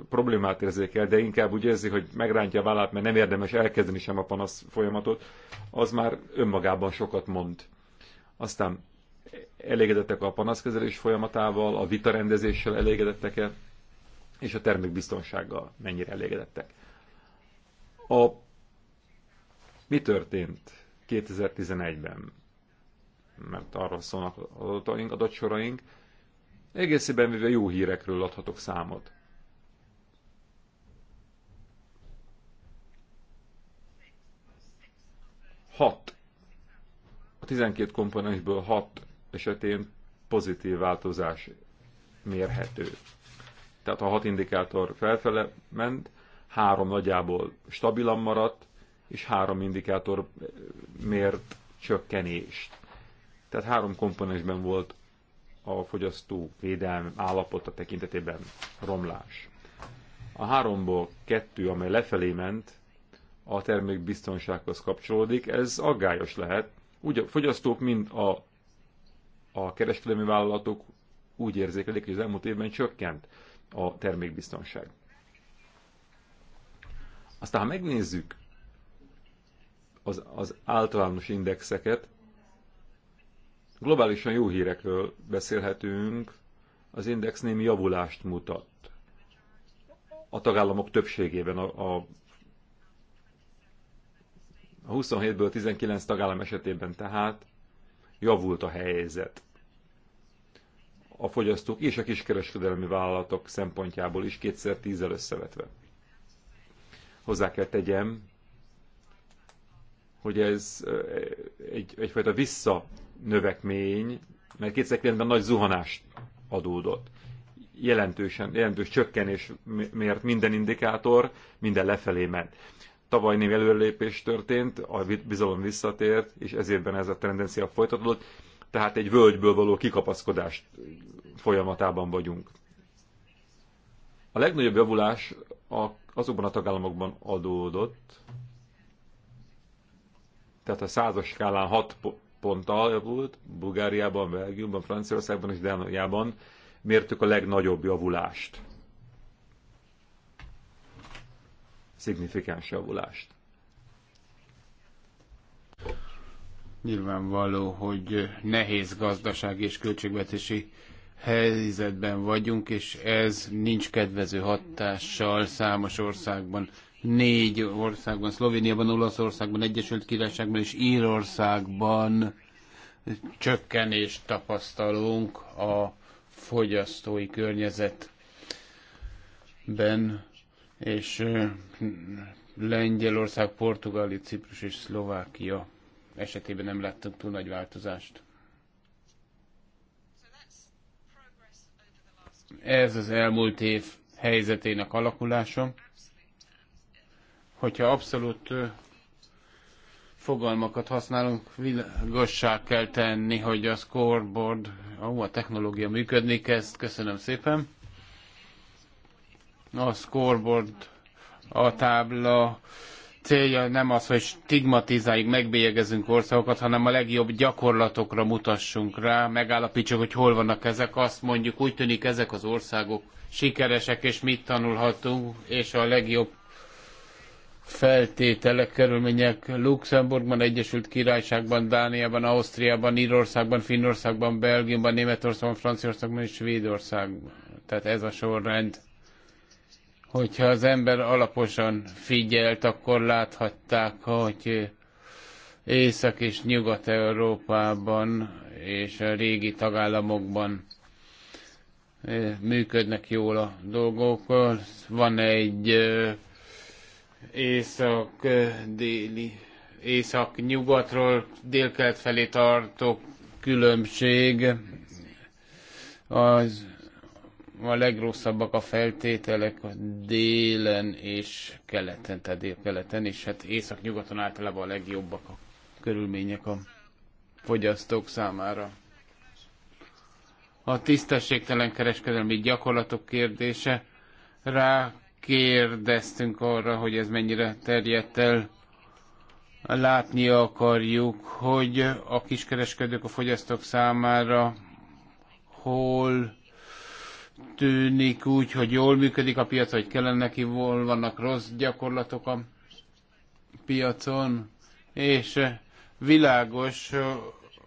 problémát érzékel, de inkább úgy érzi, hogy megrántja a vállát, mert nem érdemes elkezdeni sem a panasz folyamatot, az már önmagában sokat mond. Aztán elégedettek a panaszkezelés folyamatával, a vitarendezéssel elégedettek-e, és a termékbiztonsággal mennyire elégedettek. A, mi történt 2011-ben? Mert arról szólnak adataink, adatsoraink, Egészében véve jó hírekről adhatok számot. Hat. A 12 komponensből hat esetén pozitív változás mérhető. Tehát a hat indikátor felfele ment, három nagyjából stabilan maradt, és három indikátor mért csökkenést. Tehát három komponensben volt a fogyasztó védelm állapota tekintetében romlás. A háromból kettő, amely lefelé ment, a termék biztonsághoz kapcsolódik, ez aggályos lehet. Úgy a fogyasztók, mint a, a kereskedelmi vállalatok úgy érzékelik, hogy az elmúlt évben csökkent a termékbiztonság. Aztán, ha megnézzük az, az általános indexeket, Globálisan jó hírekről beszélhetünk, az index némi javulást mutat a tagállamok többségében a, a 27-ből 19 tagállam esetében tehát javult a helyzet. A fogyasztók és a kiskereskedelmi vállalatok szempontjából is kétszer tízzel összevetve. Hozzá kell tegyem, hogy ez eh, egy, egyfajta vissza növekmény, mert 2009-ben nagy zuhanást adódott. Jelentősen, jelentős csökkenés miért minden indikátor, minden lefelé ment. Tavaly név előrelépés történt, a bizalom visszatért, és ezértben ez a tendencia folytatódott, tehát egy völgyből való kikapaszkodást folyamatában vagyunk. A legnagyobb javulás azokban a tagállamokban adódott, tehát a százas skálán 6 ponttal javult, Bulgáriában, Belgiumban, Franciaországban és Dániában mértük a legnagyobb javulást. Szignifikáns javulást. Nyilvánvaló, hogy nehéz gazdasági és költségvetési helyzetben vagyunk, és ez nincs kedvező hatással számos országban négy országban, Szlovéniában, Olaszországban, Egyesült Királyságban és Írországban csökkenést tapasztalunk a fogyasztói környezetben, és Lengyelország, Portugália, Ciprus és Szlovákia esetében nem láttunk túl nagy változást. Ez az elmúlt év helyzetének alakulása hogyha abszolút fogalmakat használunk, világossá kell tenni, hogy a scoreboard, ó, a technológia működni kezd, köszönöm szépen. A scoreboard, a tábla célja nem az, hogy stigmatizáljuk, megbélyegezünk országokat, hanem a legjobb gyakorlatokra mutassunk rá, megállapítsuk, hogy hol vannak ezek, azt mondjuk, úgy tűnik ezek az országok sikeresek, és mit tanulhatunk, és a legjobb feltételek, körülmények Luxemburgban, Egyesült Királyságban, Dániában, Ausztriában, Írországban, Finnországban, Belgiumban, Németországban, Franciaországban és Svédországban. Tehát ez a sorrend. Hogyha az ember alaposan figyelt, akkor láthatták, hogy Észak- és Nyugat-Európában és a régi tagállamokban eh, működnek jól a dolgok. Van egy eh, észak-déli, eh, észak-nyugatról délkelet felé tartó különbség az a legrosszabbak a feltételek a délen és keleten, tehát délkeleten, és hát észak-nyugaton általában a legjobbak a körülmények a fogyasztók számára. A tisztességtelen kereskedelmi gyakorlatok kérdése rá kérdeztünk arra, hogy ez mennyire terjedt el. Látni akarjuk, hogy a kiskereskedők a fogyasztók számára hol tűnik úgy, hogy jól működik a piac, hogy kellene neki, hol vannak rossz gyakorlatok a piacon, és világos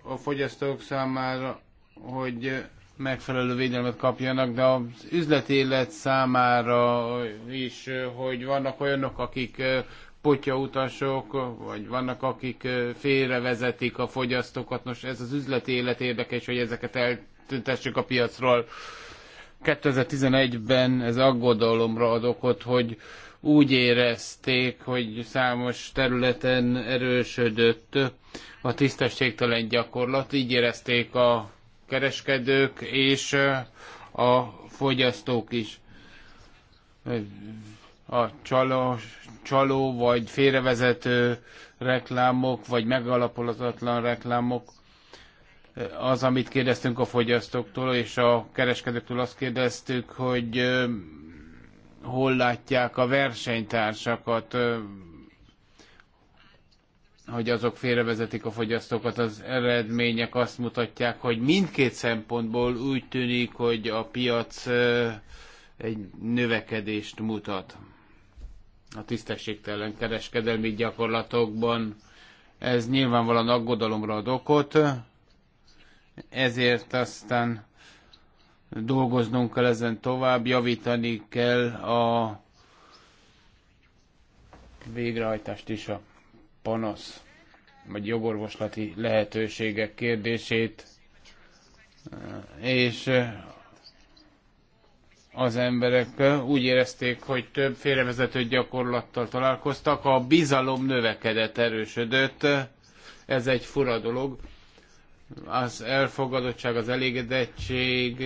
a fogyasztók számára, hogy megfelelő védelmet kapjanak, de az üzletélet számára is, hogy vannak olyanok, akik potyautasok, vagy vannak, akik félrevezetik a fogyasztókat. Nos, ez az üzleti élet érdekes, hogy ezeket eltüntessük a piacról. 2011-ben ez aggodalomra ad okot, hogy úgy érezték, hogy számos területen erősödött a tisztességtelen gyakorlat, így érezték a kereskedők és a fogyasztók is. A csaló, csaló vagy félrevezető reklámok, vagy megalapolatlan reklámok, az, amit kérdeztünk a fogyasztóktól és a kereskedőktől azt kérdeztük, hogy hol látják a versenytársakat, hogy azok félrevezetik a fogyasztókat, az eredmények azt mutatják, hogy mindkét szempontból úgy tűnik, hogy a piac egy növekedést mutat a tisztességtelen kereskedelmi gyakorlatokban. Ez nyilvánvalóan aggodalomra ad okot, ezért aztán dolgoznunk kell ezen tovább, javítani kell a végrehajtást is a panasz vagy jogorvoslati lehetőségek kérdését, és az emberek úgy érezték, hogy több félrevezető gyakorlattal találkoztak, a bizalom növekedett, erősödött, ez egy fura dolog. Az elfogadottság, az elégedettség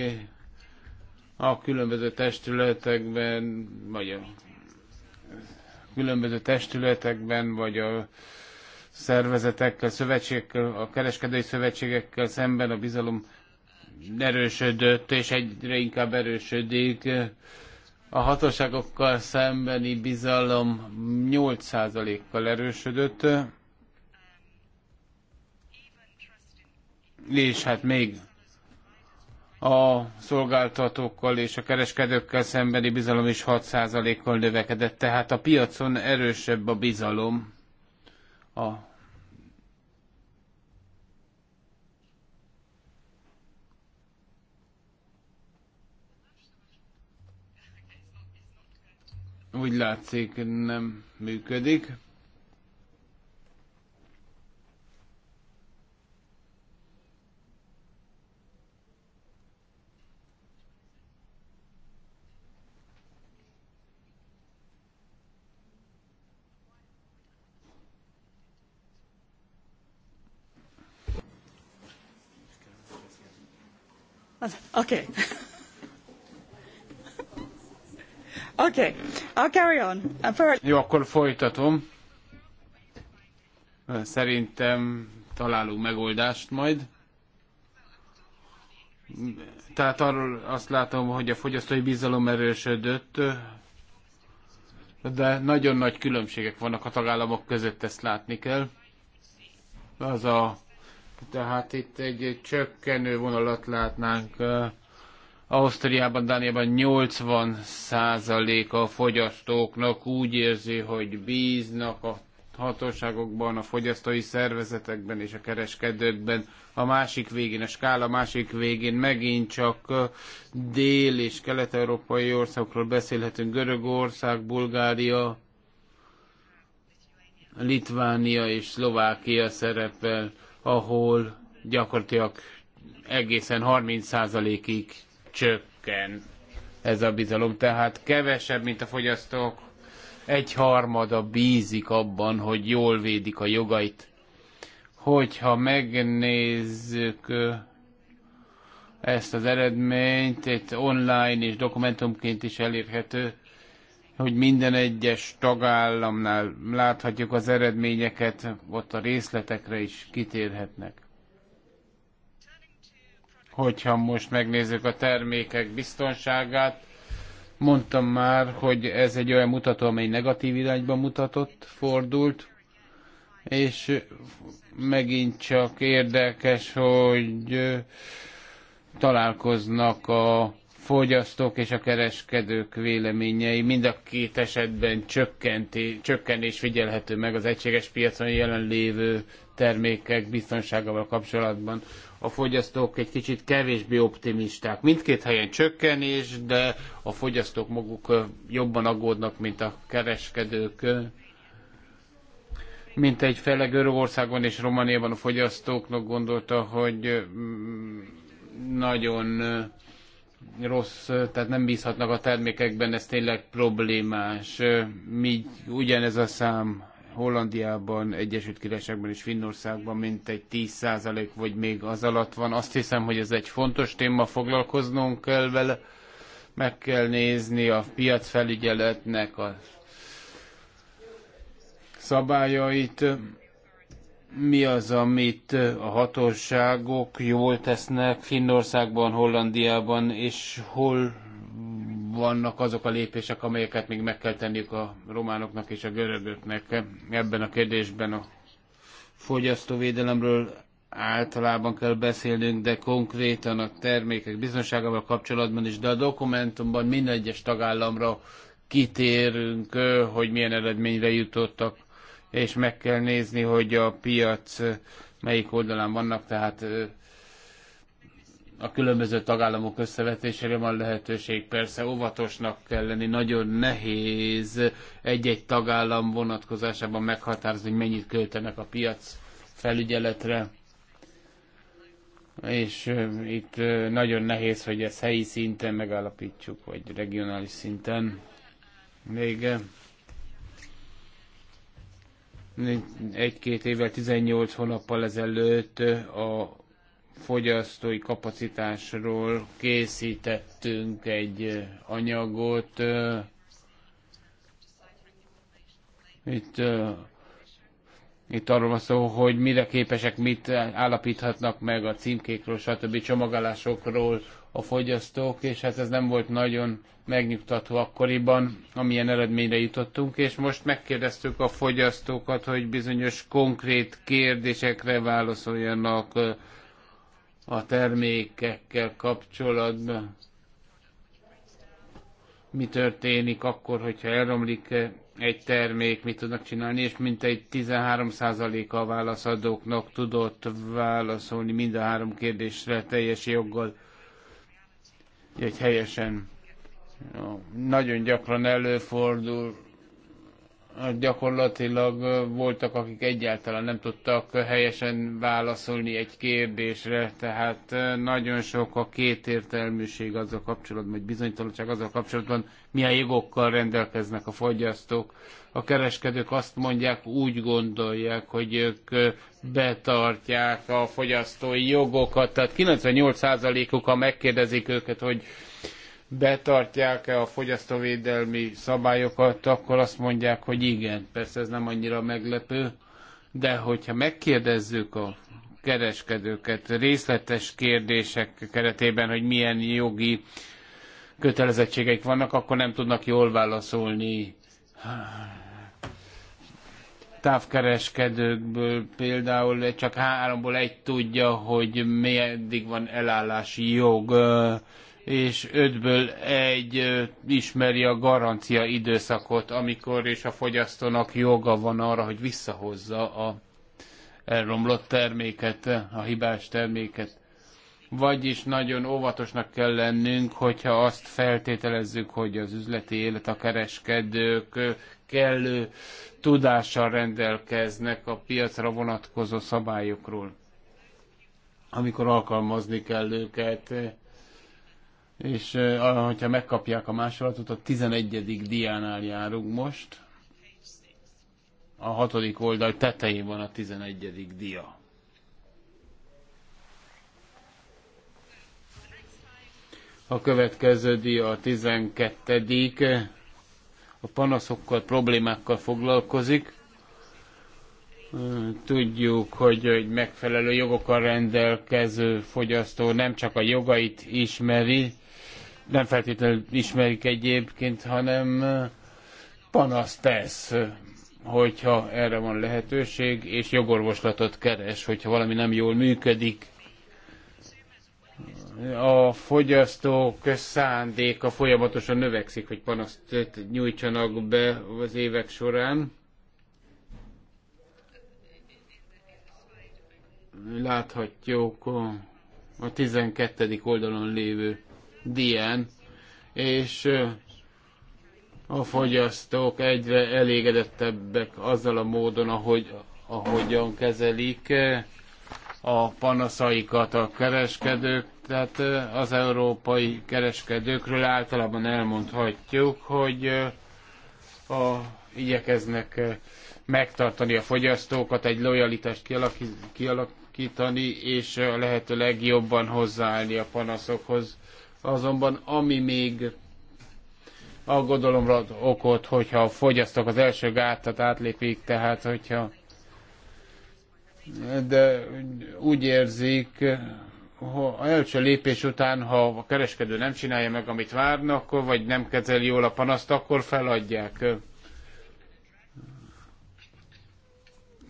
a különböző testületekben, vagy a különböző testületekben, vagy a szervezetekkel, szövetségekkel, a kereskedői szövetségekkel szemben a bizalom erősödött, és egyre inkább erősödik. A hatóságokkal szembeni bizalom 8%-kal erősödött, és hát még a szolgáltatókkal és a kereskedőkkel szembeni bizalom is 6%-kal növekedett, tehát a piacon erősebb a bizalom a Úgy látszik, nem működik. Okay. okay. I'll carry on. Uh, Jó, akkor folytatom. Szerintem találunk megoldást majd. Tehát arról azt látom, hogy a fogyasztói bizalom erősödött, de nagyon nagy különbségek vannak a tagállamok között, ezt látni kell. Az a tehát itt egy csökkenő vonalat látnánk. Ausztriában, Dániában 80 százalék a fogyasztóknak úgy érzi, hogy bíznak a hatóságokban, a fogyasztói szervezetekben és a kereskedőkben. A másik végén, a skála másik végén megint csak dél- és kelet-európai országokról beszélhetünk, Görögország, Bulgária, Litvánia és Szlovákia szerepel ahol gyakorlatilag egészen 30%-ig csökken ez a bizalom. Tehát kevesebb, mint a fogyasztók egy harmada bízik abban, hogy jól védik a jogait. Hogyha megnézzük ezt az eredményt, itt online és dokumentumként is elérhető, hogy minden egyes tagállamnál láthatjuk az eredményeket, ott a részletekre is kitérhetnek. Hogyha most megnézzük a termékek biztonságát, mondtam már, hogy ez egy olyan mutató, amely negatív irányba mutatott, fordult, és megint csak érdekes, hogy találkoznak a fogyasztók és a kereskedők véleményei mind a két esetben csökkenti, csökkenés figyelhető meg az egységes piacon jelenlévő termékek biztonságával kapcsolatban. A fogyasztók egy kicsit kevésbé optimisták. Mindkét helyen csökkenés, de a fogyasztók maguk jobban aggódnak, mint a kereskedők mint egy főleg Görögországon és Romániában a fogyasztóknak gondolta, hogy mm, nagyon rossz, tehát nem bízhatnak a termékekben, ez tényleg problémás. Mi ugyanez a szám Hollandiában, Egyesült Királyságban és Finnországban mintegy 10% vagy még az alatt van. Azt hiszem, hogy ez egy fontos téma, foglalkoznunk kell vele. Meg kell nézni a piacfelügyeletnek a szabályait mi az, amit a hatóságok jól tesznek Finnországban, Hollandiában, és hol vannak azok a lépések, amelyeket még meg kell tenniük a románoknak és a görögöknek ebben a kérdésben a fogyasztóvédelemről általában kell beszélnünk, de konkrétan a termékek biztonságával kapcsolatban is, de a dokumentumban minden egyes tagállamra kitérünk, hogy milyen eredményre jutottak és meg kell nézni, hogy a piac melyik oldalán vannak, tehát a különböző tagállamok összevetésére van lehetőség. Persze óvatosnak kell lenni, nagyon nehéz egy-egy tagállam vonatkozásában meghatározni, hogy mennyit költenek a piac felügyeletre. És itt nagyon nehéz, hogy ezt helyi szinten megállapítsuk, vagy regionális szinten. Még egy-két évvel, 18 hónappal ezelőtt a fogyasztói kapacitásról készítettünk egy anyagot. Itt, itt arról van szó, hogy mire képesek, mit állapíthatnak meg a címkékről, stb. csomagolásokról a fogyasztók, és hát ez nem volt nagyon megnyugtató akkoriban, amilyen eredményre jutottunk, és most megkérdeztük a fogyasztókat, hogy bizonyos konkrét kérdésekre válaszoljanak a termékekkel kapcsolatban. Mi történik akkor, hogyha elromlik egy termék, mit tudnak csinálni, és mintegy 13%-a a válaszadóknak tudott válaszolni mind a három kérdésre teljes joggal, egy helyesen nagyon gyakran előfordul, gyakorlatilag voltak, akik egyáltalán nem tudtak helyesen válaszolni egy kérdésre, tehát nagyon sok a kétértelműség azzal kapcsolatban, vagy bizonytalanság azzal kapcsolatban, milyen jogokkal rendelkeznek a fogyasztók. A kereskedők azt mondják, úgy gondolják, hogy ők betartják a fogyasztói jogokat, tehát 98%-uk, ha megkérdezik őket, hogy betartják-e a fogyasztóvédelmi szabályokat, akkor azt mondják, hogy igen, persze ez nem annyira meglepő, de hogyha megkérdezzük a kereskedőket részletes kérdések keretében, hogy milyen jogi kötelezettségeik vannak, akkor nem tudnak jól válaszolni távkereskedőkből például csak háromból egy tudja, hogy meddig van elállási jog, és ötből egy ismeri a garancia időszakot, amikor és a fogyasztónak joga van arra, hogy visszahozza a elromlott terméket, a hibás terméket. Vagyis nagyon óvatosnak kell lennünk, hogyha azt feltételezzük, hogy az üzleti élet, a kereskedők kellő tudással rendelkeznek a piacra vonatkozó szabályokról, amikor alkalmazni kell őket és ha megkapják a másolatot, a 11. diánál járunk most. A hatodik oldal tetején van a 11. dia. A következő dia a 12. A panaszokkal, problémákkal foglalkozik. Tudjuk, hogy egy megfelelő jogokkal rendelkező fogyasztó nem csak a jogait ismeri, nem feltétlenül ismerik egyébként, hanem panaszt tesz, hogyha erre van lehetőség, és jogorvoslatot keres, hogyha valami nem jól működik. A fogyasztók szándéka folyamatosan növekszik, hogy panaszt nyújtsanak be az évek során. Láthatjuk a 12. oldalon lévő Dien, és a fogyasztók egyre elégedettebbek azzal a módon, ahogy, ahogyan kezelik a panaszaikat a kereskedők, tehát az európai kereskedőkről általában elmondhatjuk, hogy a, igyekeznek megtartani a fogyasztókat, egy lojalitást kialakítani, és a lehető legjobban hozzáállni a panaszokhoz. Azonban ami még aggodalomra okot, hogyha fogyasztok az első gátat átlépik, tehát hogyha de úgy érzik, ha a első lépés után, ha a kereskedő nem csinálja meg, amit várnak, akkor vagy nem kezeli jól a panaszt, akkor feladják.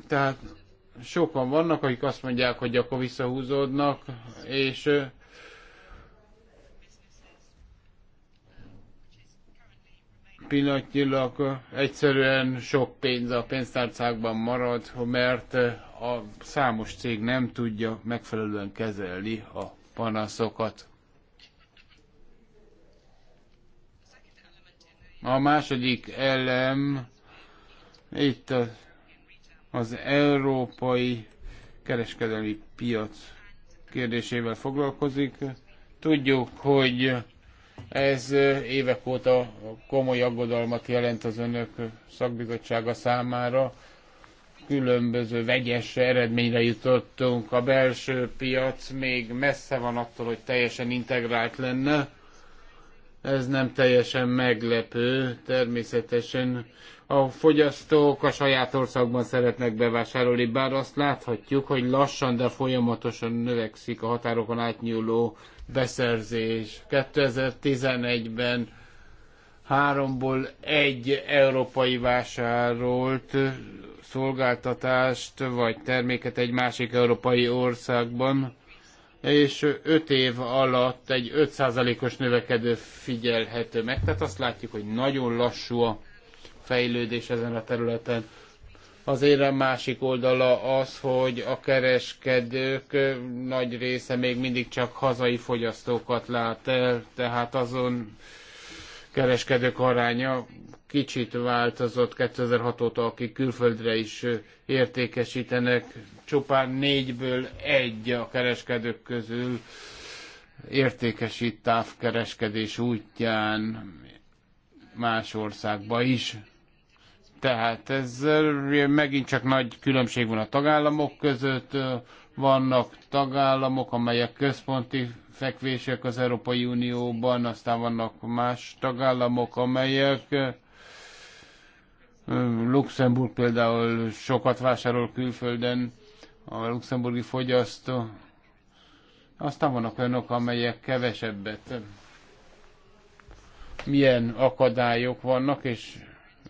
Tehát sokan vannak, akik azt mondják, hogy akkor visszahúzódnak, és pillanatnyilag egyszerűen sok pénz a pénztárcákban marad, mert a számos cég nem tudja megfelelően kezelni a panaszokat. A második elem itt az, az európai kereskedelmi piac kérdésével foglalkozik. Tudjuk, hogy ez évek óta komoly aggodalmat jelent az önök szakbizottsága számára. Különböző vegyes eredményre jutottunk. A belső piac még messze van attól, hogy teljesen integrált lenne. Ez nem teljesen meglepő, természetesen a fogyasztók a saját országban szeretnek bevásárolni, bár azt láthatjuk, hogy lassan, de folyamatosan növekszik a határokon átnyúló beszerzés. 2011-ben háromból egy európai vásárolt szolgáltatást vagy terméket egy másik európai országban, és 5 év alatt egy 5%-os növekedő figyelhető meg. Tehát azt látjuk, hogy nagyon lassú a fejlődés ezen a területen. Az a másik oldala az, hogy a kereskedők nagy része még mindig csak hazai fogyasztókat lát el, tehát azon kereskedők aránya kicsit változott 2006 óta, akik külföldre is értékesítenek. Csupán négyből egy a kereskedők közül értékesít távkereskedés útján más országba is. Tehát ez megint csak nagy különbség van a tagállamok között. Vannak tagállamok, amelyek központi fekvések az Európai Unióban, aztán vannak más tagállamok, amelyek Luxemburg például sokat vásárol külföldön, a luxemburgi fogyasztó. Aztán vannak olyanok, amelyek kevesebbet. Milyen akadályok vannak, és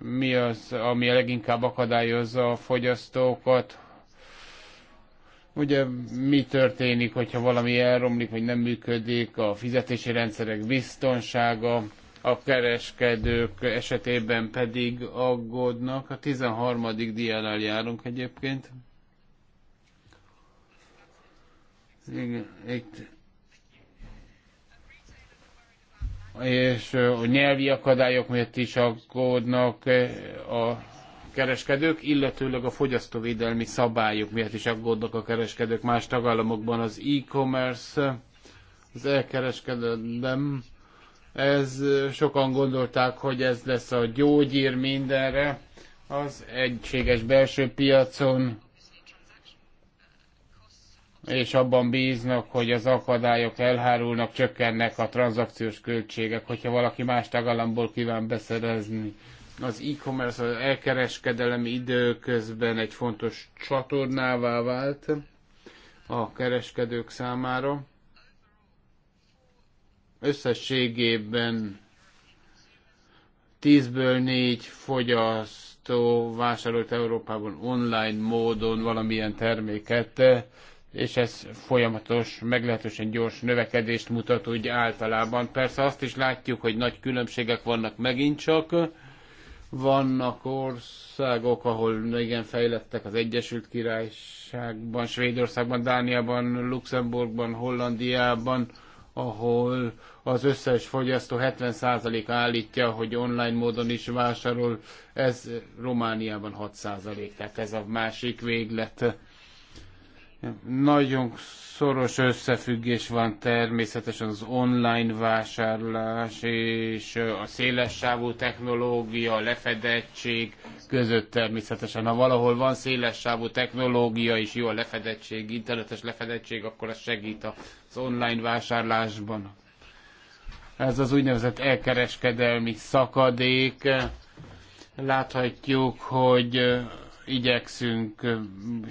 mi az, ami a leginkább akadályozza a fogyasztókat, Ugye mi történik, hogyha valami elromlik, vagy nem működik, a fizetési rendszerek biztonsága, a kereskedők esetében pedig aggódnak. A 13. diánál járunk egyébként. Igen, itt és a nyelvi akadályok miatt is aggódnak a kereskedők, illetőleg a fogyasztóvédelmi szabályok miatt is aggódnak a kereskedők más tagállamokban az e-commerce, az elkereskedelem. Ez sokan gondolták, hogy ez lesz a gyógyír mindenre az egységes belső piacon, és abban bíznak, hogy az akadályok elhárulnak, csökkennek a tranzakciós költségek, hogyha valaki más tagállamból kíván beszerezni. Az e-commerce, az elkereskedelem időközben egy fontos csatornává vált a kereskedők számára. Összességében 10-ből 4 fogyasztó vásárolt Európában online módon valamilyen terméket, és ez folyamatos, meglehetősen gyors növekedést mutat úgy általában. Persze azt is látjuk, hogy nagy különbségek vannak megint csak. Vannak országok, ahol igen fejlettek az Egyesült Királyságban, Svédországban, Dániában, Luxemburgban, Hollandiában, ahol az összes fogyasztó 70% állítja, hogy online módon is vásárol, ez Romániában 6%, tehát ez a másik véglet nagyon szoros összefüggés van természetesen az online vásárlás és a szélessávú technológia, a lefedettség között természetesen. Ha valahol van szélessávú technológia és jó a lefedettség, internetes lefedettség, akkor ez segít az online vásárlásban. Ez az úgynevezett elkereskedelmi szakadék. Láthatjuk, hogy igyekszünk,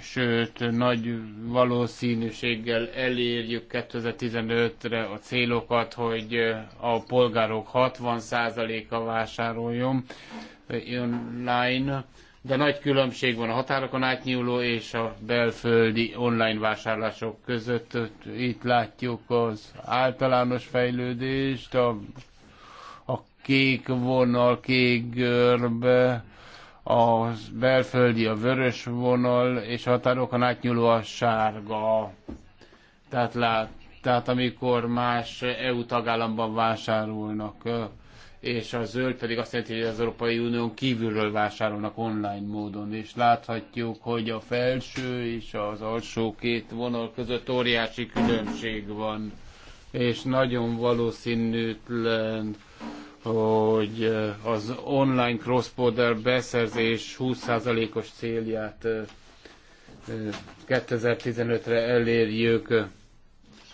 sőt nagy valószínűséggel elérjük 2015-re a célokat, hogy a polgárok 60%-a vásároljon online, de nagy különbség van a határokon átnyúló és a belföldi online vásárlások között. Itt látjuk az általános fejlődést, a, a kék vonal, kék görbe, a belföldi a vörös vonal, és a határokon átnyúló a sárga. Tehát, lát, tehát amikor más EU tagállamban vásárolnak, és a zöld pedig azt jelenti, hogy az Európai Unión kívülről vásárolnak online módon, és láthatjuk, hogy a felső és az alsó két vonal között óriási különbség van, és nagyon valószínűtlen hogy az online cross-border beszerzés 20%-os célját 2015-re elérjük.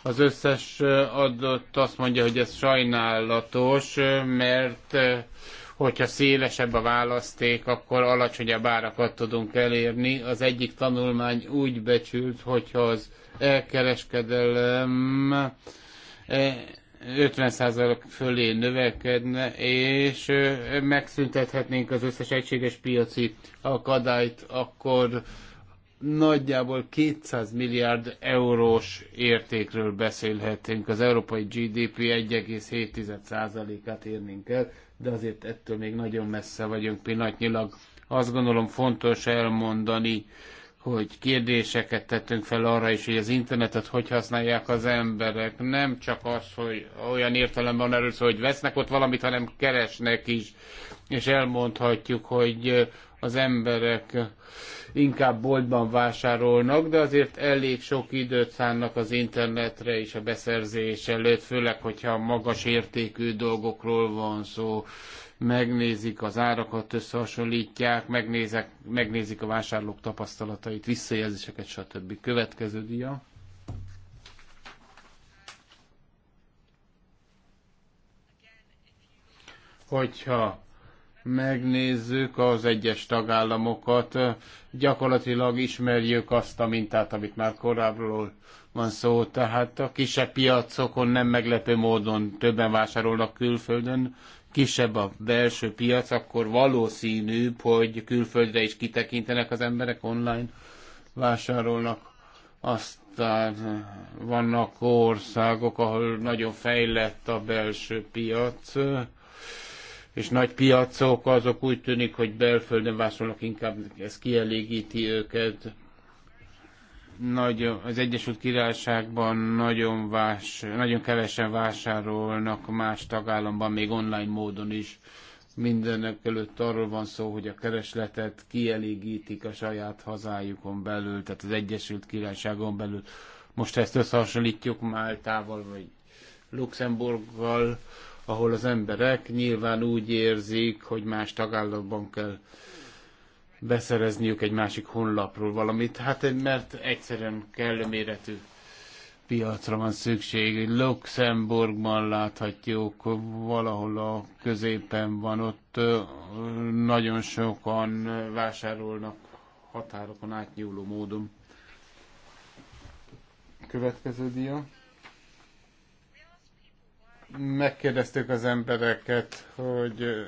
Az összes adott azt mondja, hogy ez sajnálatos, mert hogyha szélesebb a választék, akkor alacsonyabb árakat tudunk elérni. Az egyik tanulmány úgy becsült, hogyha az elkereskedelem 50% fölé növekedne, és megszüntethetnénk az összes egységes piaci akadályt, akkor nagyjából 200 milliárd eurós értékről beszélhetünk. Az európai GDP 1,7%-át érnénk el, de azért ettől még nagyon messze vagyunk pillanatnyilag. Azt gondolom fontos elmondani, hogy kérdéseket tettünk fel arra is, hogy az internetet hogy használják az emberek. Nem csak az, hogy olyan értelemben erről szó, hogy vesznek ott valamit, hanem keresnek is. És elmondhatjuk, hogy az emberek inkább boltban vásárolnak, de azért elég sok időt szánnak az internetre és a beszerzés előtt, főleg, hogyha magas értékű dolgokról van szó megnézik az árakat, összehasonlítják, megnézek, megnézik a vásárlók tapasztalatait, visszajelzéseket, stb. Következő dia. Hogyha megnézzük az egyes tagállamokat, gyakorlatilag ismerjük azt a mintát, amit már korábbról van szó, tehát a kisebb piacokon nem meglepő módon többen vásárolnak külföldön, kisebb a belső piac, akkor valószínűbb, hogy külföldre is kitekintenek az emberek, online vásárolnak. Aztán vannak országok, ahol nagyon fejlett a belső piac, és nagy piacok, azok úgy tűnik, hogy belföldön vásárolnak, inkább ez kielégíti őket nagyon, az Egyesült Királyságban nagyon, vás, nagyon kevesen vásárolnak más tagállamban, még online módon is. Mindenek előtt arról van szó, hogy a keresletet kielégítik a saját hazájukon belül, tehát az Egyesült Királyságon belül. Most ezt összehasonlítjuk Máltával, vagy Luxemburggal, ahol az emberek nyilván úgy érzik, hogy más tagállamban kell beszerezniük egy másik honlapról valamit, hát mert egyszerűen kellő méretű piacra van szükség. Luxemburgban láthatjuk, valahol a középen van, ott nagyon sokan vásárolnak határokon átnyúló módon. Következő dia. Megkérdeztük az embereket, hogy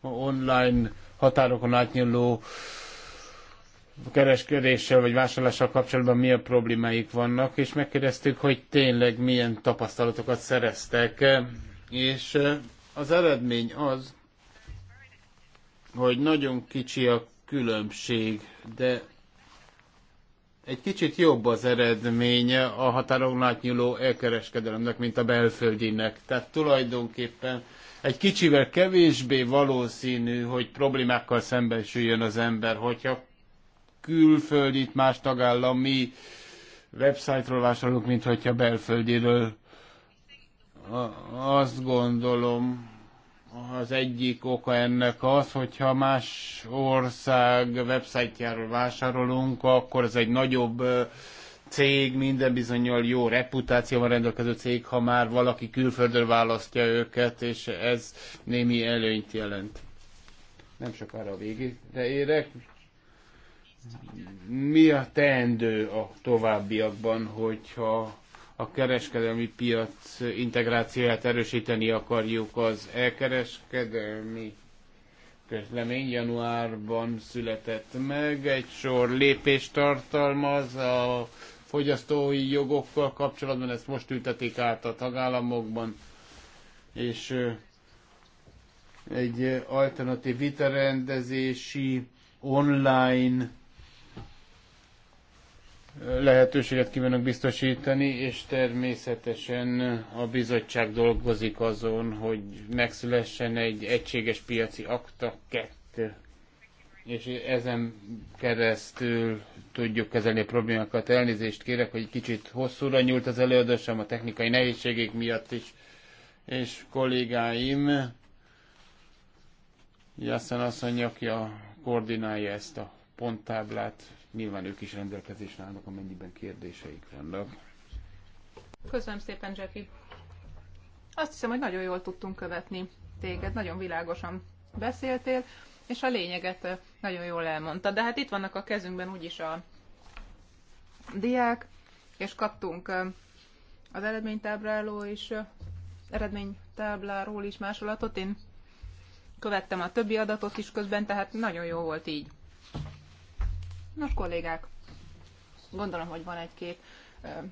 online határokon átnyúló kereskedéssel vagy vásárlással kapcsolatban milyen problémáik vannak, és megkérdeztük, hogy tényleg milyen tapasztalatokat szereztek. És az eredmény az, hogy nagyon kicsi a különbség, de egy kicsit jobb az eredménye a határon átnyúló elkereskedelemnek, mint a belföldinek. Tehát tulajdonképpen egy kicsivel kevésbé valószínű, hogy problémákkal szembesüljön az ember, hogyha külföldi más tagállami websájtról vásárolunk, mint hogyha belföldiről. Azt gondolom, az egyik oka ennek az, hogyha más ország websájtjáról vásárolunk, akkor ez egy nagyobb cég, minden bizonyal jó reputációval rendelkező cég, ha már valaki külföldről választja őket, és ez némi előnyt jelent. Nem sokára a végére érek. Mi a teendő a továbbiakban, hogyha a kereskedelmi piac integrációját erősíteni akarjuk az elkereskedelmi közlemény januárban született meg, egy sor lépést tartalmaz a fogyasztói jogokkal kapcsolatban, ezt most ültetik át a tagállamokban, és egy alternatív vitarendezési online lehetőséget kívánok biztosítani, és természetesen a bizottság dolgozik azon, hogy megszülessen egy egységes piaci akta 2, és ezen keresztül tudjuk kezelni a problémákat. Elnézést kérek, hogy kicsit hosszúra nyúlt az előadásom a technikai nehézségek miatt is, és kollégáim, Jasszan mondja, aki a, koordinálja ezt a ponttáblát, nyilván ők is rendelkezésre állnak, amennyiben kérdéseik vannak. Köszönöm szépen, Jeffy. Azt hiszem, hogy nagyon jól tudtunk követni téged, nagyon világosan beszéltél és a lényeget nagyon jól elmondta. De hát itt vannak a kezünkben úgyis a diák, és kaptunk az eredménytábláról is, eredménytábláról is másolatot. Én követtem a többi adatot is közben, tehát nagyon jó volt így. Nos, kollégák, gondolom, hogy van egy-két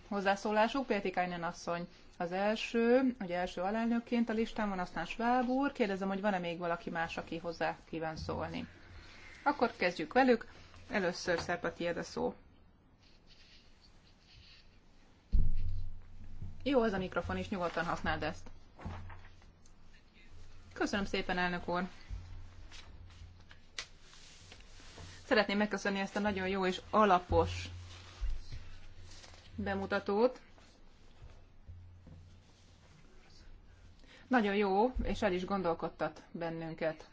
hozzászólásuk. Pétikainen asszony az első, hogy első alelnökként a listán van, aztán Schwab úr. Kérdezem, hogy van-e még valaki más, aki hozzá kíván szólni. Akkor kezdjük velük. Először Szerpa tiéd a szó. Jó, az a mikrofon is, nyugodtan használd ezt. Köszönöm szépen, elnök úr. Szeretném megköszönni ezt a nagyon jó és alapos bemutatót. nagyon jó, és el is gondolkodtat bennünket.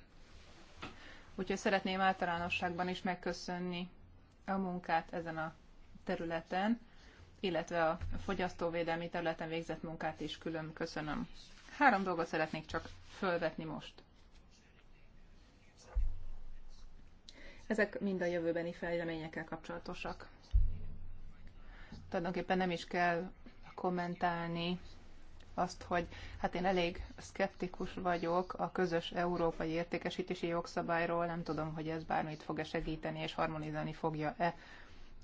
Úgyhogy szeretném általánosságban is megköszönni a munkát ezen a területen, illetve a fogyasztóvédelmi területen végzett munkát is külön köszönöm. Három dolgot szeretnék csak fölvetni most. Ezek mind a jövőbeni fejleményekkel kapcsolatosak. Tulajdonképpen nem is kell kommentálni azt, hogy hát én elég szkeptikus vagyok a közös európai értékesítési jogszabályról, nem tudom, hogy ez bármit fog-e segíteni és harmonizálni fogja-e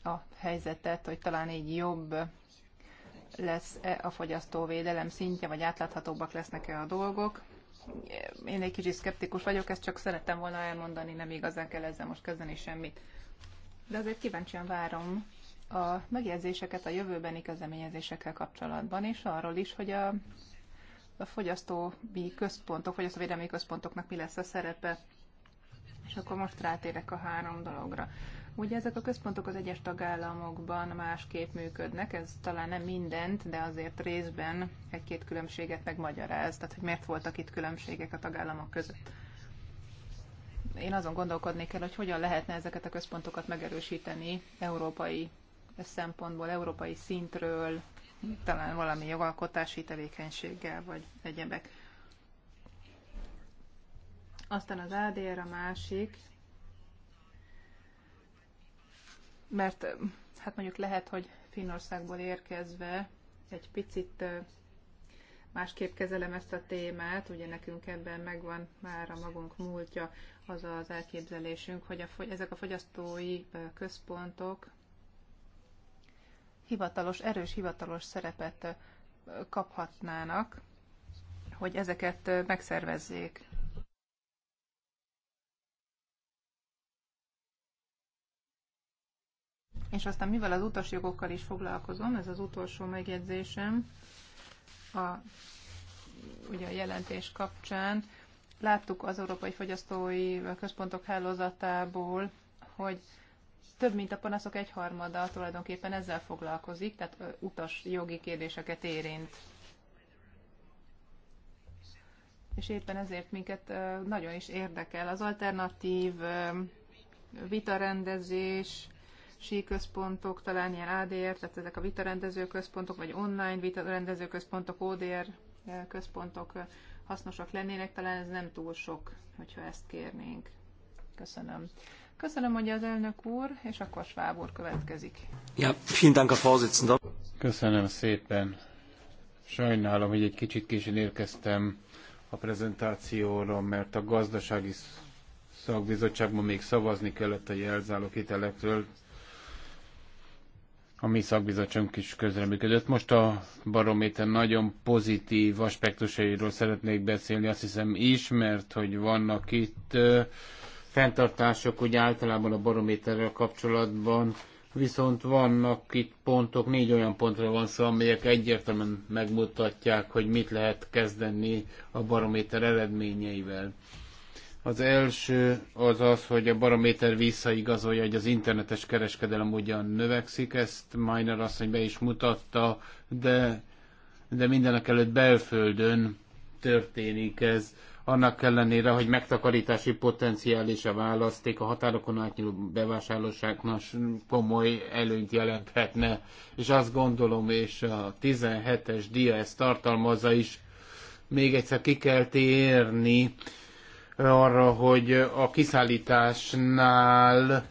a helyzetet, hogy talán így jobb lesz-e a fogyasztóvédelem szintje, vagy átláthatóbbak lesznek-e a dolgok. Én egy kicsit szkeptikus vagyok, ezt csak szerettem volna elmondani, nem igazán kell ezzel most kezdeni semmit. De azért kíváncsian várom, a megjegyzéseket a jövőbeni kezdeményezésekkel kapcsolatban, és arról is, hogy a, a fogyasztói központok, fogyasztóvédelmi központoknak mi lesz a szerepe. És akkor most rátérek a három dologra. Ugye ezek a központok az egyes tagállamokban másképp működnek, ez talán nem mindent, de azért részben egy-két különbséget megmagyaráz, tehát hogy miért voltak itt különbségek a tagállamok között. Én azon gondolkodnék el, hogy hogyan lehetne ezeket a központokat megerősíteni európai szempontból, európai szintről, talán valami jogalkotási tevékenységgel, vagy egyebek. Aztán az ADR a másik, mert hát mondjuk lehet, hogy Finnországból érkezve egy picit másképp kezelem ezt a témát, ugye nekünk ebben megvan már a magunk múltja, az az elképzelésünk, hogy a, ezek a fogyasztói központok hivatalos, erős hivatalos szerepet kaphatnának, hogy ezeket megszervezzék. És aztán mivel az utasjogokkal is foglalkozom, ez az utolsó megjegyzésem a, ugye a jelentés kapcsán, láttuk az Európai Fogyasztói Központok hálózatából, hogy több mint a panaszok egyharmada tulajdonképpen ezzel foglalkozik, tehát utas jogi kérdéseket érint. És éppen ezért minket nagyon is érdekel az alternatív vitarendezés, síközpontok, talán ilyen ADR, tehát ezek a vitarendező központok, vagy online vitarendező központok, ODR központok hasznosak lennének, talán ez nem túl sok, hogyha ezt kérnénk. Köszönöm. Köszönöm, hogy az elnök úr, és akkor Schwab úr következik. Ja, vielen Dank, Herr Vorsitzender. Köszönöm szépen. Sajnálom, hogy egy kicsit későn érkeztem a prezentációra, mert a gazdasági szakbizottságban még szavazni kellett a jelzálók hitelekről. A mi szakbizottságunk is közreműködött. Most a barométer nagyon pozitív aspektusairól szeretnék beszélni, azt hiszem ismert, hogy vannak itt fenntartások úgy általában a barométerrel kapcsolatban, viszont vannak itt pontok, négy olyan pontra van szó, amelyek egyértelműen megmutatják, hogy mit lehet kezdeni a barométer eredményeivel. Az első az az, hogy a barométer visszaigazolja, hogy az internetes kereskedelem ugyan növekszik, ezt Miner asszony be is mutatta, de, de mindenek előtt belföldön történik ez annak ellenére, hogy megtakarítási potenciális a választék, a határokon átnyúló bevásárlóságnak komoly előnyt jelenthetne. És azt gondolom, és a 17-es dia ezt tartalmazza is, még egyszer ki kell térni arra, hogy a kiszállításnál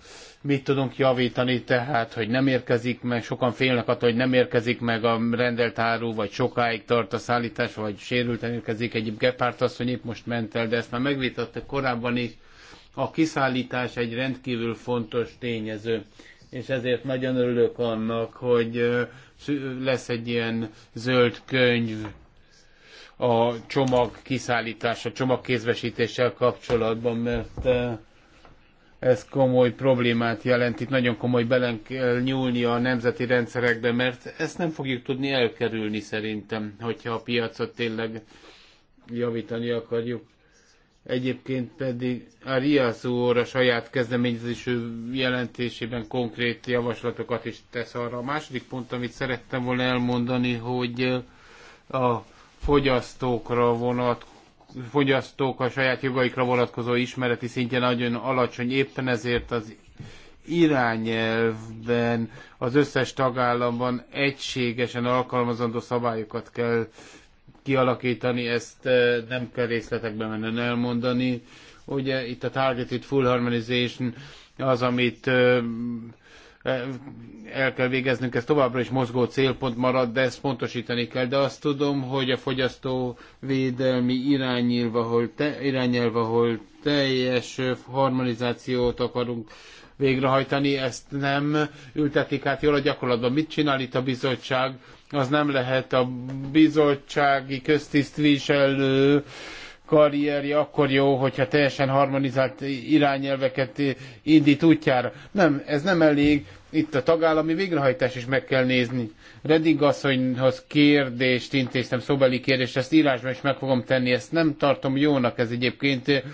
mit tudunk javítani, tehát, hogy nem érkezik meg, sokan félnek attól, hogy nem érkezik meg a rendelt áru, vagy sokáig tart a szállítás, vagy sérülten érkezik. Egyéb Gepárt asszony épp most ment el, de ezt már megvitatta korábban is. A kiszállítás egy rendkívül fontos tényező, és ezért nagyon örülök annak, hogy lesz egy ilyen zöld könyv a csomag kiszállítása, csomagkézbesítéssel kapcsolatban, mert ez komoly problémát jelent, itt nagyon komoly belen kell nyúlni a nemzeti rendszerekbe, mert ezt nem fogjuk tudni elkerülni szerintem, hogyha a piacot tényleg javítani akarjuk. Egyébként pedig a úr óra saját kezdeményezésű jelentésében konkrét javaslatokat is tesz arra. A második pont, amit szerettem volna elmondani, hogy a fogyasztókra vonat fogyasztók a saját jogaikra vonatkozó ismereti szintje nagyon alacsony, éppen ezért az irányelvben az összes tagállamban egységesen alkalmazandó szabályokat kell kialakítani, ezt eh, nem kell részletekbe menni elmondani. Ugye itt a Targeted Full Harmonization az, amit eh, Eh, el kell végeznünk, ez továbbra is mozgó célpont marad, de ezt pontosítani kell. De azt tudom, hogy a fogyasztóvédelmi irányelv, ahol, te, irányelv, ahol teljes eh, harmonizációt akarunk végrehajtani, ezt nem ültetik át jól a gyakorlatban. Mit csinál itt a bizottság? Az nem lehet a bizottsági köztisztviselő karrierje akkor jó, hogyha teljesen harmonizált irányelveket indít útjára. Nem, ez nem elég. Itt a tagállami végrehajtás is meg kell nézni. Reddig asszonyhoz kérdést intéztem, szóbeli kérdést, ezt írásban is meg fogom tenni, ezt nem tartom jónak, ez egyébként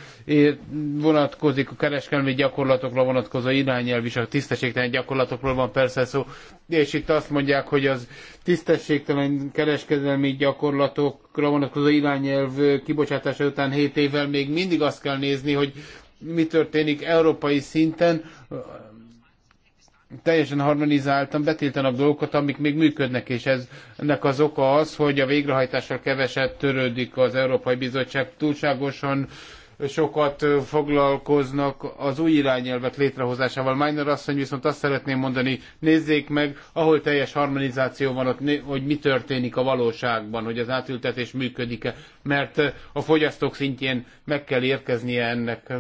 vonatkozik a kereskedelmi gyakorlatokra vonatkozó irányelv is, a tisztességtelen gyakorlatokról van persze szó, és itt azt mondják, hogy az tisztességtelen kereskedelmi gyakorlatokra vonatkozó irányelv kibocsátása után 7 évvel még mindig azt kell nézni, hogy mi történik európai szinten, teljesen harmonizáltan betiltanak dolgokat, amik még működnek, és ez, ennek az oka az, hogy a végrehajtással keveset törődik az Európai Bizottság túlságosan sokat foglalkoznak az új irányelvek létrehozásával. Minor asszony viszont azt szeretném mondani, nézzék meg, ahol teljes harmonizáció van, ott, hogy mi történik a valóságban, hogy az átültetés működik-e, mert a fogyasztók szintjén meg kell érkeznie ennek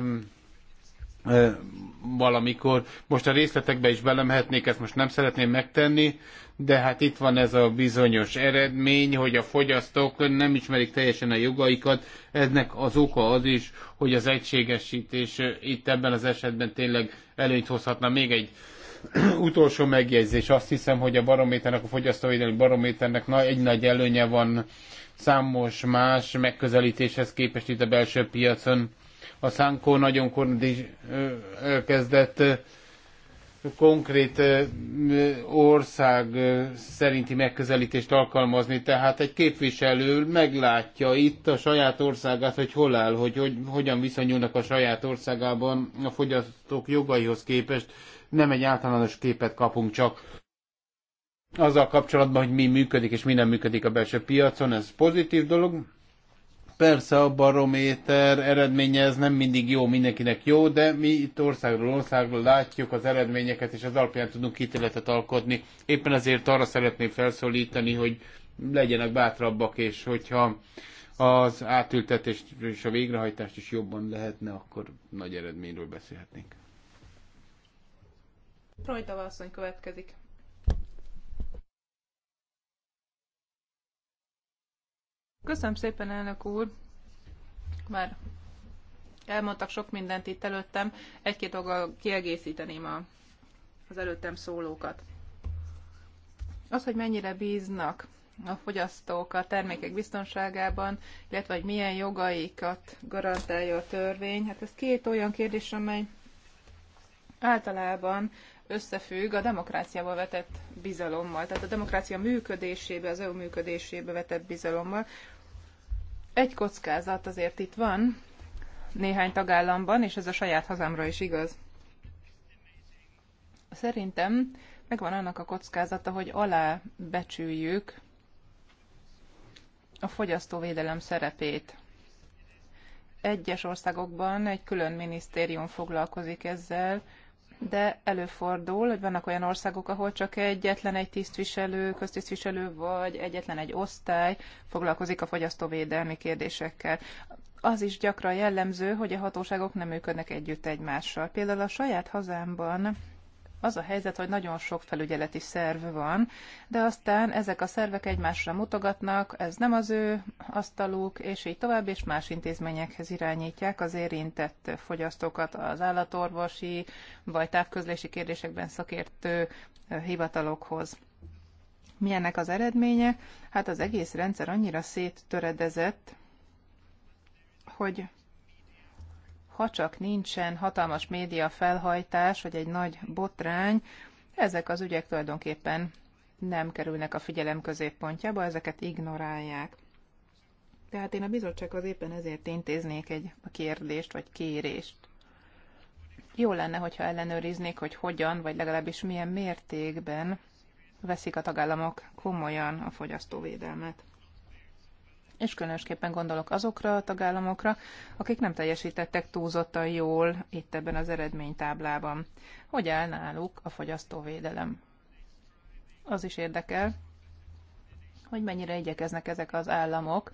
valamikor. Most a részletekbe is belemehetnék, ezt most nem szeretném megtenni, de hát itt van ez a bizonyos eredmény, hogy a fogyasztók nem ismerik teljesen a jogaikat. Ennek az oka az is, hogy az egységesítés itt ebben az esetben tényleg előnyt hozhatna. Még egy utolsó megjegyzés. Azt hiszem, hogy a barométernek, a fogyasztóvédelmi barométernek egy nagy előnye van számos más megközelítéshez képest itt a belső piacon a Szánkó nagyon korán elkezdett konkrét ország szerinti megközelítést alkalmazni, tehát egy képviselő meglátja itt a saját országát, hogy hol áll, hogy, hogy hogyan viszonyulnak a saját országában a fogyasztók jogaihoz képest, nem egy általános képet kapunk csak azzal kapcsolatban, hogy mi működik és mi nem működik a belső piacon, ez pozitív dolog. Persze a barométer eredménye ez nem mindig jó, mindenkinek jó, de mi itt országról országról látjuk az eredményeket, és az alapján tudunk ítéletet alkotni. Éppen ezért arra szeretném felszólítani, hogy legyenek bátrabbak, és hogyha az átültetést és a végrehajtást is jobban lehetne, akkor nagy eredményről beszélhetnénk. Rajta asszony következik. Köszönöm szépen, elnök úr. Már elmondtak sok mindent itt előttem. Egy-két dolggal kiegészíteném a, az előttem szólókat. Az, hogy mennyire bíznak a fogyasztók a termékek biztonságában, illetve hogy milyen jogaikat garantálja a törvény. Hát ez két olyan kérdés, amely általában összefügg a demokráciába vetett bizalommal, tehát a demokrácia működésébe, az EU működésébe vetett bizalommal, egy kockázat azért itt van néhány tagállamban, és ez a saját hazámra is igaz. Szerintem megvan annak a kockázata, hogy alábecsüljük a fogyasztóvédelem szerepét. Egyes országokban egy külön minisztérium foglalkozik ezzel, de előfordul, hogy vannak olyan országok, ahol csak egyetlen egy tisztviselő, köztisztviselő vagy egyetlen egy osztály foglalkozik a fogyasztóvédelmi kérdésekkel. Az is gyakran jellemző, hogy a hatóságok nem működnek együtt egymással. Például a saját hazámban az a helyzet, hogy nagyon sok felügyeleti szerv van, de aztán ezek a szervek egymásra mutogatnak, ez nem az ő asztaluk, és így tovább, és más intézményekhez irányítják az érintett fogyasztókat az állatorvosi vagy távközlési kérdésekben szakértő eh, hivatalokhoz. Milyenek az eredménye? Hát az egész rendszer annyira széttöredezett, hogy ha csak nincsen hatalmas média felhajtás, vagy egy nagy botrány, ezek az ügyek tulajdonképpen nem kerülnek a figyelem középpontjába, ezeket ignorálják. Tehát én a bizottsághoz éppen ezért intéznék egy kérdést vagy kérést. Jó lenne, hogyha ellenőriznék, hogy hogyan, vagy legalábbis milyen mértékben veszik a tagállamok komolyan a fogyasztóvédelmet és különösképpen gondolok azokra a tagállamokra, akik nem teljesítettek túlzottan jól itt ebben az eredménytáblában. Hogy áll náluk a fogyasztóvédelem? Az is érdekel, hogy mennyire igyekeznek ezek az államok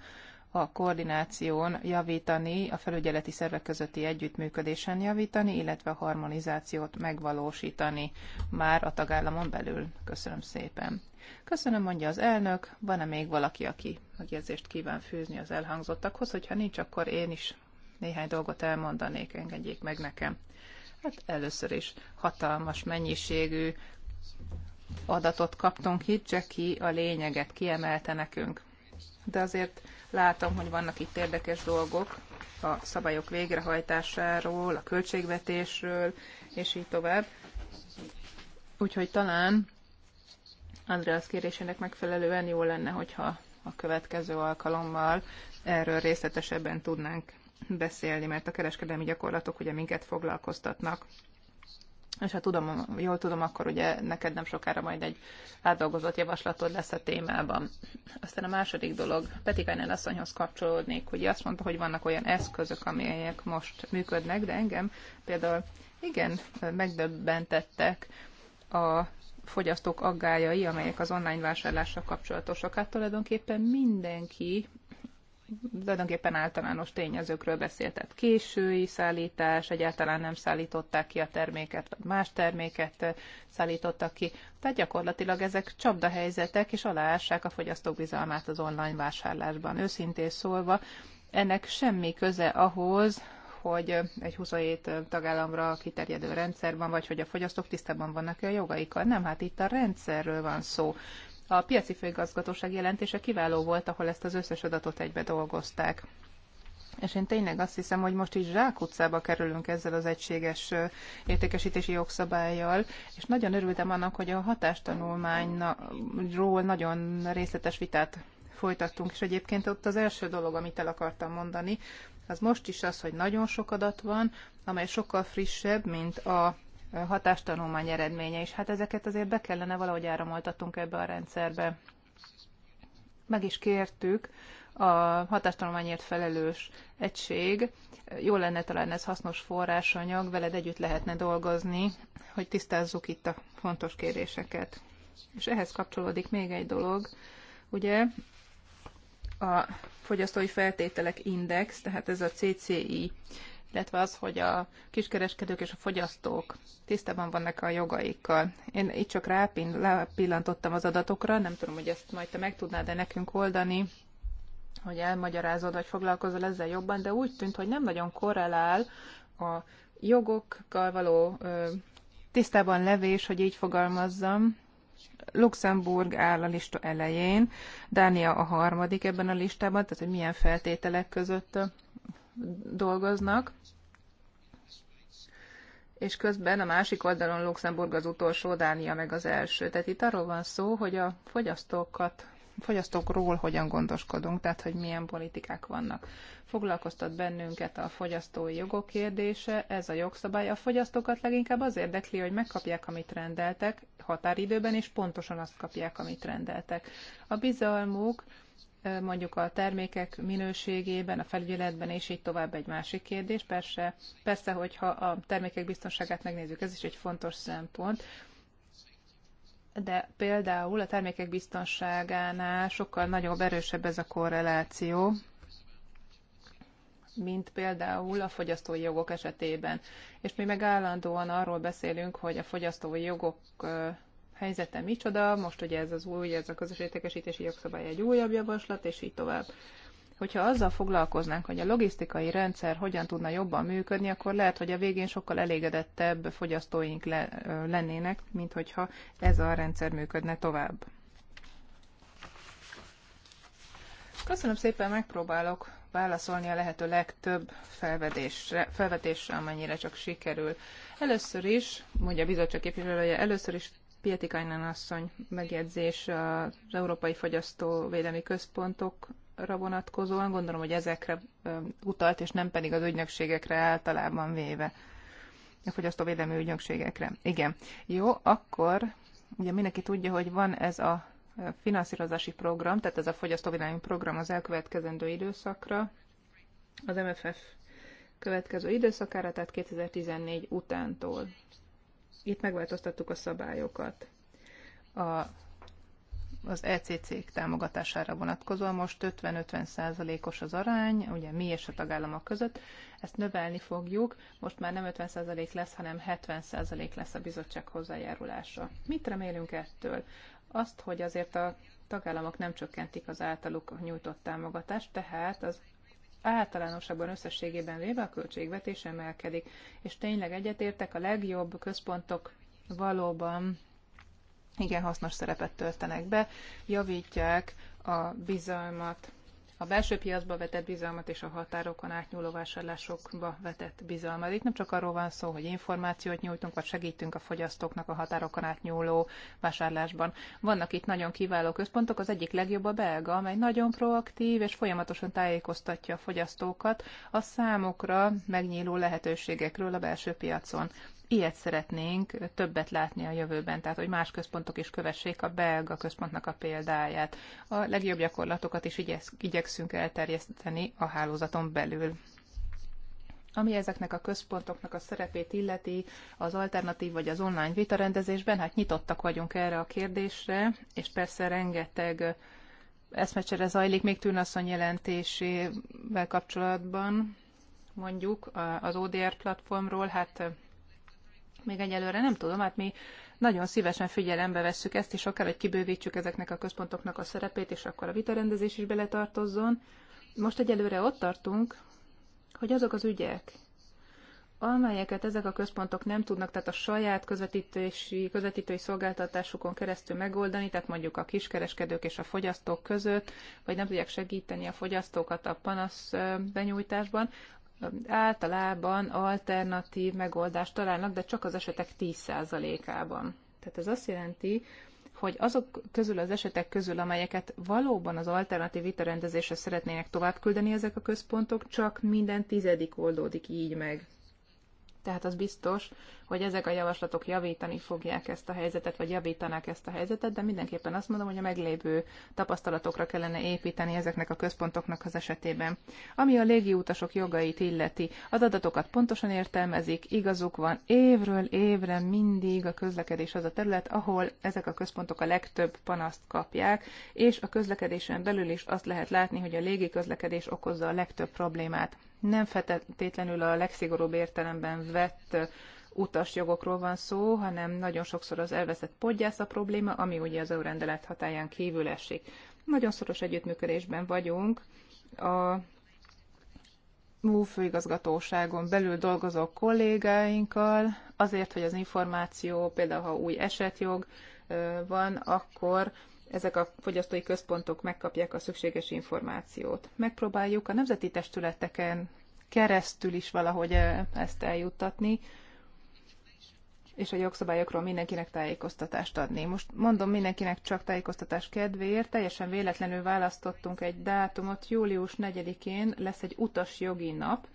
a koordináción javítani, a felügyeleti szervek közötti együttműködésen javítani, illetve a harmonizációt megvalósítani már a tagállamon belül. Köszönöm szépen. Köszönöm, mondja az elnök. Van-e még valaki, aki megjegyzést kíván fűzni az elhangzottakhoz? Hogyha nincs, akkor én is néhány dolgot elmondanék, engedjék meg nekem. Hát először is hatalmas mennyiségű adatot kaptunk itt, Jackie a lényeget kiemelte nekünk. De azért látom, hogy vannak itt érdekes dolgok a szabályok végrehajtásáról, a költségvetésről, és így tovább. Úgyhogy talán Andreas kérésének megfelelően jó lenne, hogyha a következő alkalommal erről részletesebben tudnánk beszélni, mert a kereskedelmi gyakorlatok ugye minket foglalkoztatnak. És ha tudom, jól tudom, akkor ugye neked nem sokára majd egy átdolgozott javaslatod lesz a témában. Aztán a második dolog, Peti Petikainen asszonyhoz kapcsolódnék, hogy azt mondta, hogy vannak olyan eszközök, amelyek most működnek, de engem például igen, megdöbbentettek a fogyasztók aggájai, amelyek az online vásárlással kapcsolatosak. Hát tulajdonképpen mindenki tulajdonképpen általános tényezőkről beszélt, tehát késői szállítás, egyáltalán nem szállították ki a terméket, vagy más terméket szállítottak ki. Tehát gyakorlatilag ezek csapdahelyzetek, és aláássák a fogyasztók bizalmát az online vásárlásban. Őszintén szólva, ennek semmi köze ahhoz, hogy egy 27 tagállamra kiterjedő rendszer van, vagy hogy a fogyasztók tisztában vannak-e a jogaikkal. Nem, hát itt a rendszerről van szó. A piaci főigazgatóság jelentése kiváló volt, ahol ezt az összes adatot egybe dolgozták. És én tényleg azt hiszem, hogy most is zsákutcába kerülünk ezzel az egységes értékesítési jogszabályjal, és nagyon örültem annak, hogy a hatástanulmányról nagyon részletes vitát folytattunk, és egyébként ott az első dolog, amit el akartam mondani, az most is az, hogy nagyon sok adat van, amely sokkal frissebb, mint a hatástanulmány eredménye, és hát ezeket azért be kellene valahogy áramoltatunk ebbe a rendszerbe. Meg is kértük a hatástanulmányért felelős egység, jó lenne talán ez hasznos forrásanyag, veled együtt lehetne dolgozni, hogy tisztázzuk itt a fontos kérdéseket. És ehhez kapcsolódik még egy dolog, ugye a fogyasztói feltételek index, tehát ez a CCI, illetve az, hogy a kiskereskedők és a fogyasztók tisztában vannak a jogaikkal. Én itt csak rápillantottam az adatokra, nem tudom, hogy ezt majd te meg tudnád de nekünk oldani, hogy elmagyarázod, vagy foglalkozol ezzel jobban, de úgy tűnt, hogy nem nagyon korrelál a jogokkal való ö, tisztában levés, hogy így fogalmazzam, Luxemburg áll a lista elején, Dánia a harmadik ebben a listában, tehát hogy milyen feltételek között dolgoznak. És közben a másik oldalon Luxemburg az utolsó, Dánia meg az első. Tehát itt arról van szó, hogy a fogyasztókat fogyasztókról hogyan gondoskodunk, tehát hogy milyen politikák vannak. Foglalkoztat bennünket a fogyasztói jogok kérdése, ez a jogszabály. A fogyasztókat leginkább az érdekli, hogy megkapják, amit rendeltek határidőben, és pontosan azt kapják, amit rendeltek. A bizalmuk mondjuk a termékek minőségében, a felügyeletben, és így tovább egy másik kérdés. Persze, persze hogyha a termékek biztonságát megnézzük, ez is egy fontos szempont, de például a termékek biztonságánál sokkal nagyobb, erősebb ez a korreláció, mint például a fogyasztói jogok esetében. És mi meg állandóan arról beszélünk, hogy a fogyasztói jogok helyzete micsoda, most ugye ez az új, ez a közös értékesítési jogszabály egy újabb javaslat, és így tovább hogyha azzal foglalkoznánk, hogy a logisztikai rendszer hogyan tudna jobban működni, akkor lehet, hogy a végén sokkal elégedettebb fogyasztóink le, lennének, mint hogyha ez a rendszer működne tovább. Köszönöm szépen, megpróbálok válaszolni a lehető legtöbb felvetésre, felvetésre amennyire csak sikerül. Először is, mondja a bizottság képviselője, először is Pietikainen asszony megjegyzés az Európai Fogyasztóvédelmi Központok reformra vonatkozóan, gondolom, hogy ezekre utalt, és nem pedig az ügynökségekre általában véve, a fogyasztóvédelmi ügynökségekre. Igen. Jó, akkor ugye mindenki tudja, hogy van ez a finanszírozási program, tehát ez a fogyasztóvédelmi program az elkövetkezendő időszakra, az MFF következő időszakára, tehát 2014 utántól. Itt megváltoztattuk a szabályokat. A az ecc támogatására vonatkozóan most 50-50 százalékos -50 az arány, ugye mi és a tagállamok között, ezt növelni fogjuk, most már nem 50 százalék lesz, hanem 70 százalék lesz a bizottság hozzájárulása. Mit remélünk ettől? Azt, hogy azért a tagállamok nem csökkentik az általuk nyújtott támogatást, tehát az általánosabban összességében véve a költségvetés emelkedik, és tényleg egyetértek a legjobb központok valóban igen hasznos szerepet töltenek be, javítják a bizalmat, a belső piacba vetett bizalmat és a határokon átnyúló vásárlásokba vetett bizalmat. Itt nem csak arról van szó, hogy információt nyújtunk, vagy segítünk a fogyasztóknak a határokon átnyúló vásárlásban. Vannak itt nagyon kiváló központok, az egyik legjobb a belga, amely nagyon proaktív és folyamatosan tájékoztatja a fogyasztókat a számokra megnyíló lehetőségekről a belső piacon ilyet szeretnénk többet látni a jövőben, tehát hogy más központok is kövessék a belga központnak a példáját. A legjobb gyakorlatokat is igyekszünk elterjeszteni a hálózaton belül. Ami ezeknek a központoknak a szerepét illeti az alternatív vagy az online vitarendezésben, hát nyitottak vagyunk erre a kérdésre, és persze rengeteg eszmecsere zajlik még Tűnasszony jelentésével kapcsolatban, mondjuk az ODR platformról, hát még egyelőre nem tudom, hát mi nagyon szívesen figyelembe vesszük ezt, és akár, hogy kibővítsük ezeknek a központoknak a szerepét, és akkor a vitarendezés is beletartozzon. Most egyelőre ott tartunk, hogy azok az ügyek, amelyeket ezek a központok nem tudnak, tehát a saját közvetítési, közvetítői szolgáltatásukon keresztül megoldani, tehát mondjuk a kiskereskedők és a fogyasztók között, vagy nem tudják segíteni a fogyasztókat a panasz benyújtásban, általában alternatív megoldást találnak, de csak az esetek 10%-ában. Tehát ez azt jelenti, hogy azok közül az esetek közül, amelyeket valóban az alternatív vitarendezésre szeretnének továbbküldeni ezek a központok, csak minden tizedik oldódik így meg. Tehát az biztos, hogy ezek a javaslatok javítani fogják ezt a helyzetet, vagy javítanák ezt a helyzetet, de mindenképpen azt mondom, hogy a meglévő tapasztalatokra kellene építeni ezeknek a központoknak az esetében. Ami a légiutasok jogait illeti, az adatokat pontosan értelmezik, igazuk van, évről évre mindig a közlekedés az a terület, ahol ezek a központok a legtöbb panaszt kapják, és a közlekedésen belül is azt lehet látni, hogy a légiközlekedés okozza a legtöbb problémát nem feltétlenül a legszigorúbb értelemben vett utasjogokról van szó, hanem nagyon sokszor az elveszett podgyász a probléma, ami ugye az rendelet hatáján kívül esik. Nagyon szoros együttműködésben vagyunk a MÚV főigazgatóságon belül dolgozó kollégáinkkal, azért, hogy az információ, például ha új esetjog van, akkor ezek a fogyasztói központok megkapják a szükséges információt. Megpróbáljuk a nemzeti testületeken keresztül is valahogy ezt eljuttatni, és a jogszabályokról mindenkinek tájékoztatást adni. Most mondom mindenkinek csak tájékoztatás kedvéért, teljesen véletlenül választottunk egy dátumot, július 4-én lesz egy utas jogi nap,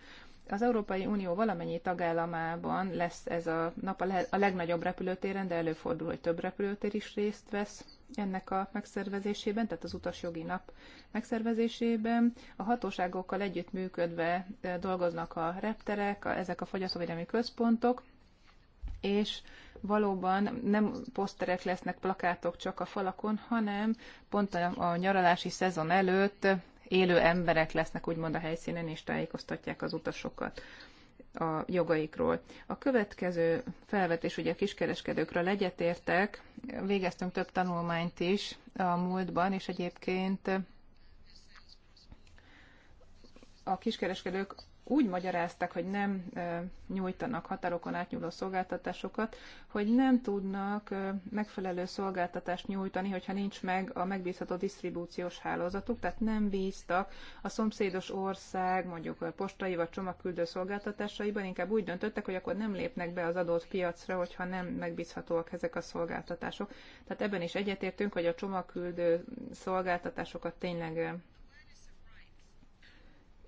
az Európai Unió valamennyi tagállamában lesz ez a nap a legnagyobb repülőtéren, de előfordul, hogy több repülőtér is részt vesz ennek a megszervezésében, tehát az utasjogi nap megszervezésében. A hatóságokkal együttműködve dolgoznak a repterek, ezek a fogyasztóvédelmi központok, és valóban nem poszterek lesznek, plakátok csak a falakon, hanem pont a, nyaralási szezon előtt élő emberek lesznek úgymond a helyszínen, és tájékoztatják az utasokat a jogaikról. A következő felvetés ugye a kiskereskedőkről legyetértek, végeztünk több tanulmányt is a múltban, és egyébként a kiskereskedők úgy magyarázták, hogy nem nyújtanak határokon átnyúló szolgáltatásokat, hogy nem tudnak megfelelő szolgáltatást nyújtani, hogyha nincs meg a megbízható disztribúciós hálózatuk, tehát nem bíztak a szomszédos ország mondjuk postai vagy csomagküldő szolgáltatásaiban, inkább úgy döntöttek, hogy akkor nem lépnek be az adott piacra, hogyha nem megbízhatóak ezek a szolgáltatások. Tehát ebben is egyetértünk, hogy a csomagküldő szolgáltatásokat tényleg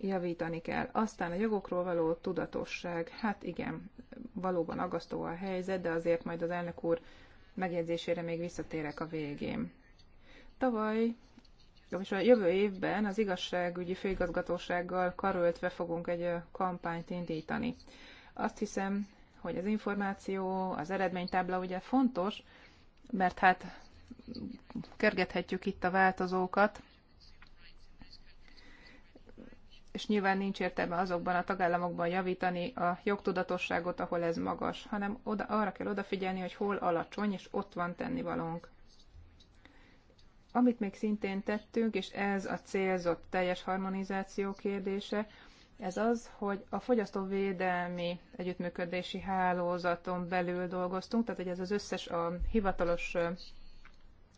javítani kell. Aztán a jogokról való tudatosság, hát igen, valóban agasztó a helyzet, de azért majd az elnök úr megjegyzésére még visszatérek a végén. Tavaly, és a jövő évben az igazságügyi főigazgatósággal karöltve fogunk egy kampányt indítani. Azt hiszem, hogy az információ, az eredménytábla ugye fontos, mert hát kergethetjük itt a változókat, és nyilván nincs értelme azokban a tagállamokban javítani a jogtudatosságot, ahol ez magas, hanem oda, arra kell odafigyelni, hogy hol alacsony, és ott van tennivalónk. Amit még szintén tettünk, és ez a célzott teljes harmonizáció kérdése, ez az, hogy a fogyasztóvédelmi együttműködési hálózaton belül dolgoztunk, tehát hogy ez az összes a hivatalos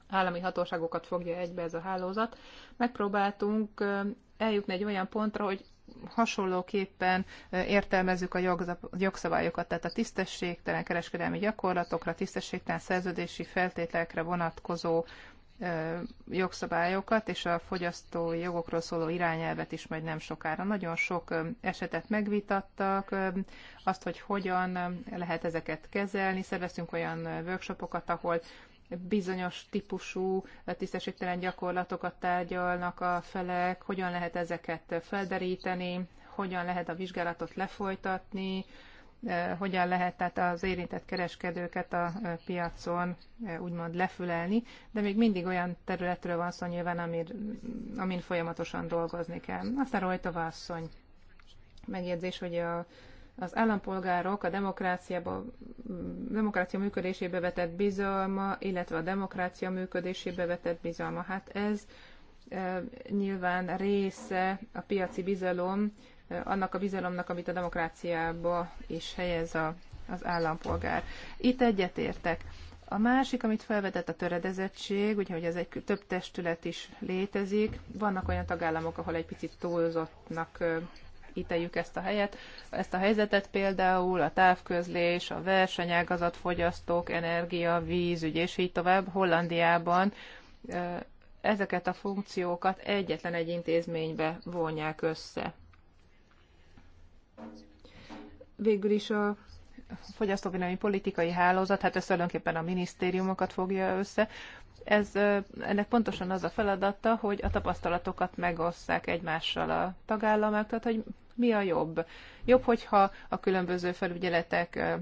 állami hatóságokat fogja egybe ez a hálózat. Megpróbáltunk eljutni egy olyan pontra, hogy hasonlóképpen értelmezzük a jogszabályokat, tehát a tisztességtelen kereskedelmi gyakorlatokra, tisztességtelen szerződési feltételekre vonatkozó jogszabályokat és a fogyasztói jogokról szóló irányelvet is majd nem sokára. Nagyon sok esetet megvitattak, azt, hogy hogyan lehet ezeket kezelni. Szerveztünk olyan workshopokat, ahol bizonyos típusú tisztességtelen gyakorlatokat tárgyalnak a felek, hogyan lehet ezeket felderíteni, hogyan lehet a vizsgálatot lefolytatni, eh, hogyan lehet tehát az érintett kereskedőket a eh, piacon eh, úgymond lefülelni, de még mindig olyan területről van szó nyilván, amir, amin folyamatosan dolgozni kell. Aztán rajta vászony megjegyzés, hogy a az állampolgárok a demokráciába, demokrácia működésébe vetett bizalma, illetve a demokrácia működésébe vetett bizalma. Hát ez e, nyilván része a piaci bizalom, e, annak a bizalomnak, amit a demokráciába is helyez a, az állampolgár. Itt egyetértek. A másik, amit felvetett a töredezettség, ugye, hogy ez egy több testület is létezik. Vannak olyan tagállamok, ahol egy picit túlzottnak e, északíteljük ezt a helyet, ezt a helyzetet például a távközlés, a versenyágazat, fogyasztók, energia, vízügy és így tovább Hollandiában ezeket a funkciókat egyetlen egy intézménybe vonják össze. Végül is a fogyasztóvédelmi politikai hálózat, hát ez tulajdonképpen a minisztériumokat fogja össze. Ez, ennek pontosan az a feladata, hogy a tapasztalatokat megosszák egymással a tagállamok, tehát hogy mi a jobb. Jobb, hogyha a különböző felügyeletek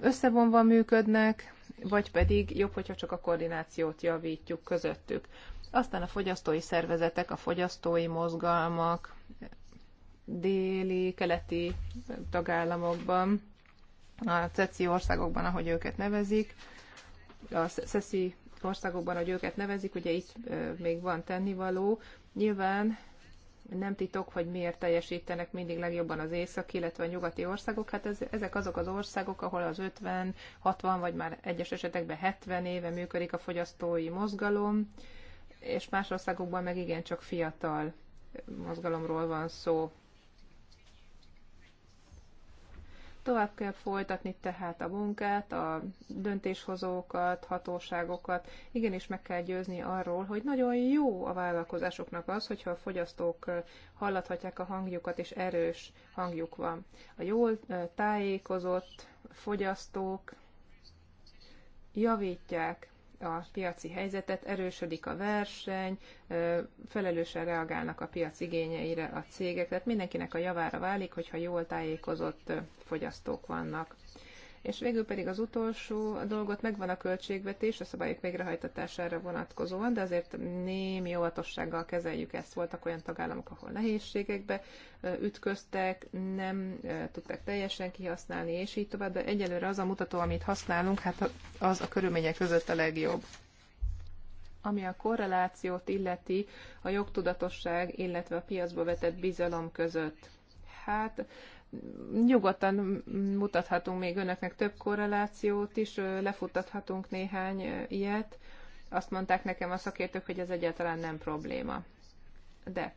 összevonva működnek, vagy pedig jobb, hogyha csak a koordinációt javítjuk közöttük. Aztán a fogyasztói szervezetek, a fogyasztói mozgalmak déli, keleti tagállamokban, a CECI országokban, ahogy őket nevezik, a CECI országokban, ahogy őket nevezik, ugye itt még van tennivaló. Nyilván nem titok, hogy miért teljesítenek mindig legjobban az észak illetve a nyugati országok. Hát ez, ezek azok az országok, ahol az 50, 60 vagy már egyes esetekben 70 éve működik a fogyasztói mozgalom, és más országokban meg igen csak fiatal mozgalomról van szó. Tovább kell folytatni tehát a munkát, a döntéshozókat, hatóságokat. Igenis meg kell győzni arról, hogy nagyon jó a vállalkozásoknak az, hogyha a fogyasztók hallathatják a hangjukat, és erős hangjuk van. A jól tájékozott fogyasztók javítják a piaci helyzetet, erősödik a verseny, felelősen reagálnak a piac igényeire a cégek, tehát mindenkinek a javára válik, hogyha jól tájékozott fogyasztók vannak. És végül pedig az utolsó dolgot megvan a költségvetés a szabályok végrehajtatására vonatkozóan, de azért némi óvatossággal kezeljük ezt. Voltak olyan tagállamok, ahol nehézségekbe ütköztek, nem tudták teljesen kihasználni, és így tovább, de egyelőre az a mutató, amit használunk, hát az a körülmények között a legjobb ami a korrelációt illeti a jogtudatosság, illetve a piacba vetett bizalom között. Hát nyugodtan mutathatunk még önöknek több korrelációt is, lefutathatunk néhány ilyet. Azt mondták nekem a szakértők, hogy ez egyáltalán nem probléma. De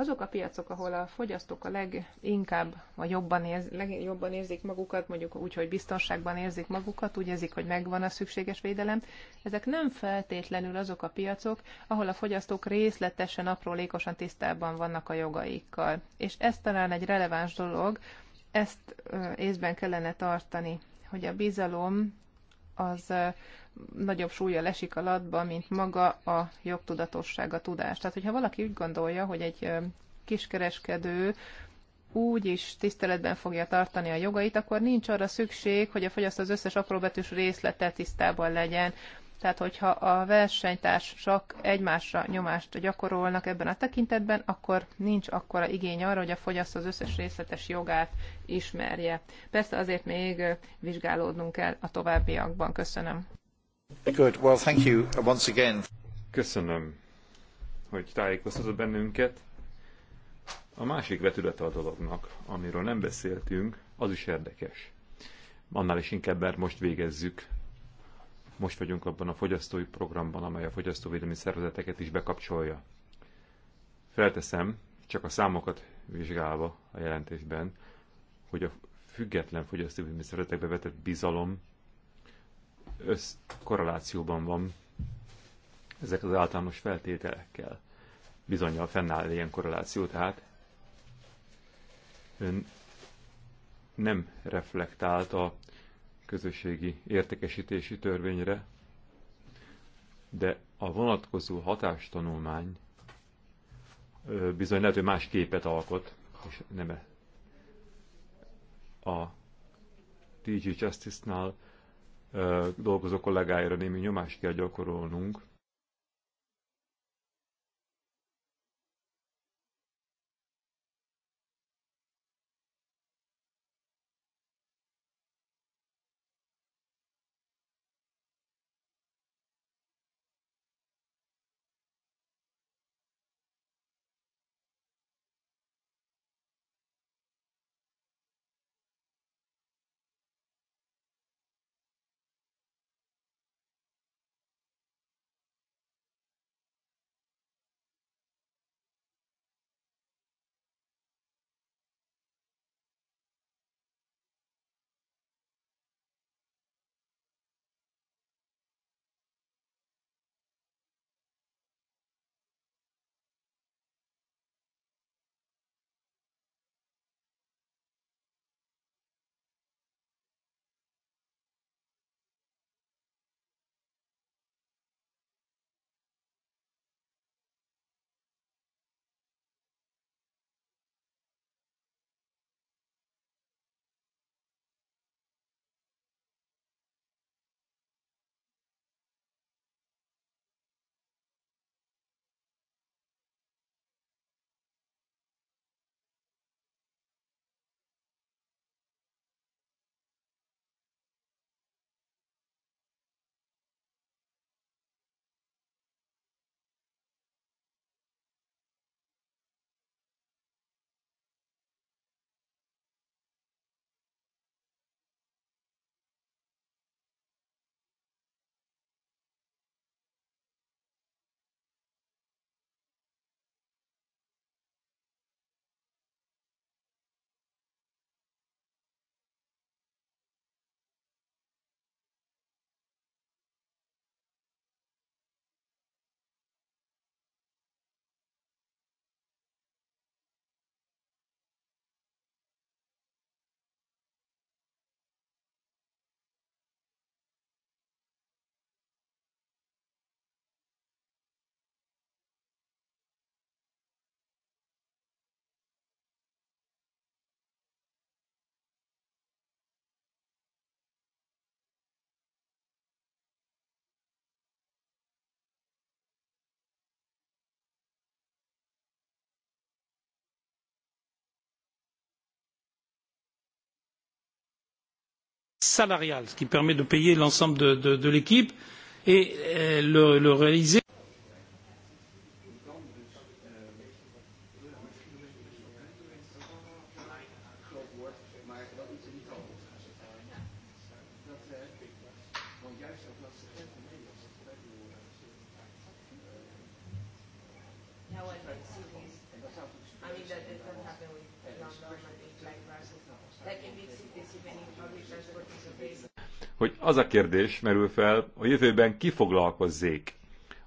azok a piacok, ahol a fogyasztók a leginkább, vagy jobban, érz, legjobban érzik magukat, mondjuk úgy, hogy biztonságban érzik magukat, úgy érzik, hogy megvan a szükséges védelem, ezek nem feltétlenül azok a piacok, ahol a fogyasztók részletesen, aprólékosan tisztában vannak a jogaikkal. És ez talán egy releváns dolog, ezt észben kellene tartani, hogy a bizalom az nagyobb súlya lesik a latba, mint maga a jogtudatosság, a tudás. Tehát, hogyha valaki úgy gondolja, hogy egy kiskereskedő úgy is tiszteletben fogja tartani a jogait, akkor nincs arra szükség, hogy a fogyasztó az összes apróbetűs részlete tisztában legyen. Tehát, hogyha a versenytársak egymásra nyomást gyakorolnak ebben a tekintetben, akkor nincs akkora igény arra, hogy a fogyasztó az összes részletes jogát ismerje. Persze azért még vizsgálódnunk kell a továbbiakban. Köszönöm. Köszönöm, hogy tájékoztatott bennünket. A másik vetülete a dolognak, amiről nem beszéltünk, az is érdekes. Annál is inkább, mert most végezzük. Most vagyunk abban a fogyasztói programban, amely a fogyasztóvédelmi szervezeteket is bekapcsolja. Felteszem, csak a számokat vizsgálva a jelentésben, hogy a független fogyasztóvédelmi szervezetekbe vetett bizalom össz korrelációban van ezek az általános feltételekkel. Bizonyal fennáll ilyen korreláció, tehát ön nem reflektált a közösségi értékesítési törvényre, de a vonatkozó hatástanulmány bizony lehet, hogy más képet alkot, és nem -e. a DG Justice-nál dolgozó kollégáira némi nyomást kell gyakorolnunk, salariale ce qui permet de payer l'ensemble de, l'équipe et de euh, le réaliser Az a kérdés merül fel, a jövőben ki foglalkozzék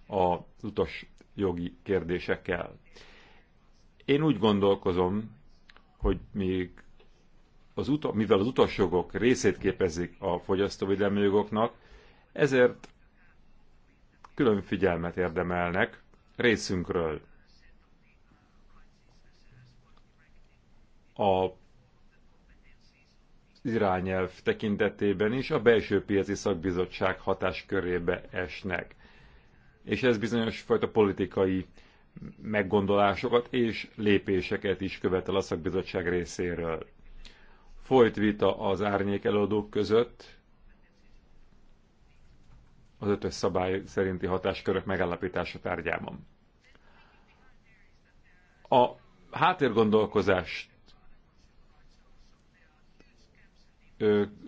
az utas jogi kérdésekkel. Én úgy gondolkozom, hogy még az uta, mivel az utasjogok részét képezik a fogyasztóvédelmi jogoknak, ezért külön figyelmet érdemelnek részünkről. A irányelv tekintetében is a belső piaci szakbizottság hatáskörébe esnek. És ez bizonyos fajta politikai meggondolásokat és lépéseket is követel a szakbizottság részéről. Folyt vita az árnyék előadók között az ötös szabály szerinti hatáskörök megállapítása tárgyában. A háttérgondolkozás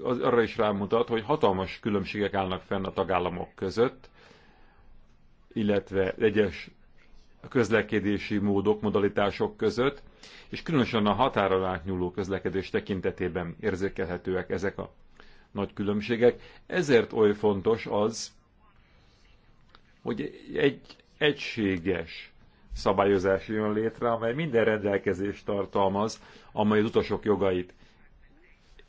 az arra is rámutat, hogy hatalmas különbségek állnak fenn a tagállamok között, illetve egyes közlekedési módok, modalitások között, és különösen a határon átnyúló közlekedés tekintetében érzékelhetőek ezek a nagy különbségek. Ezért oly fontos az, hogy egy egységes szabályozás jön létre, amely minden rendelkezést tartalmaz, amely az utasok jogait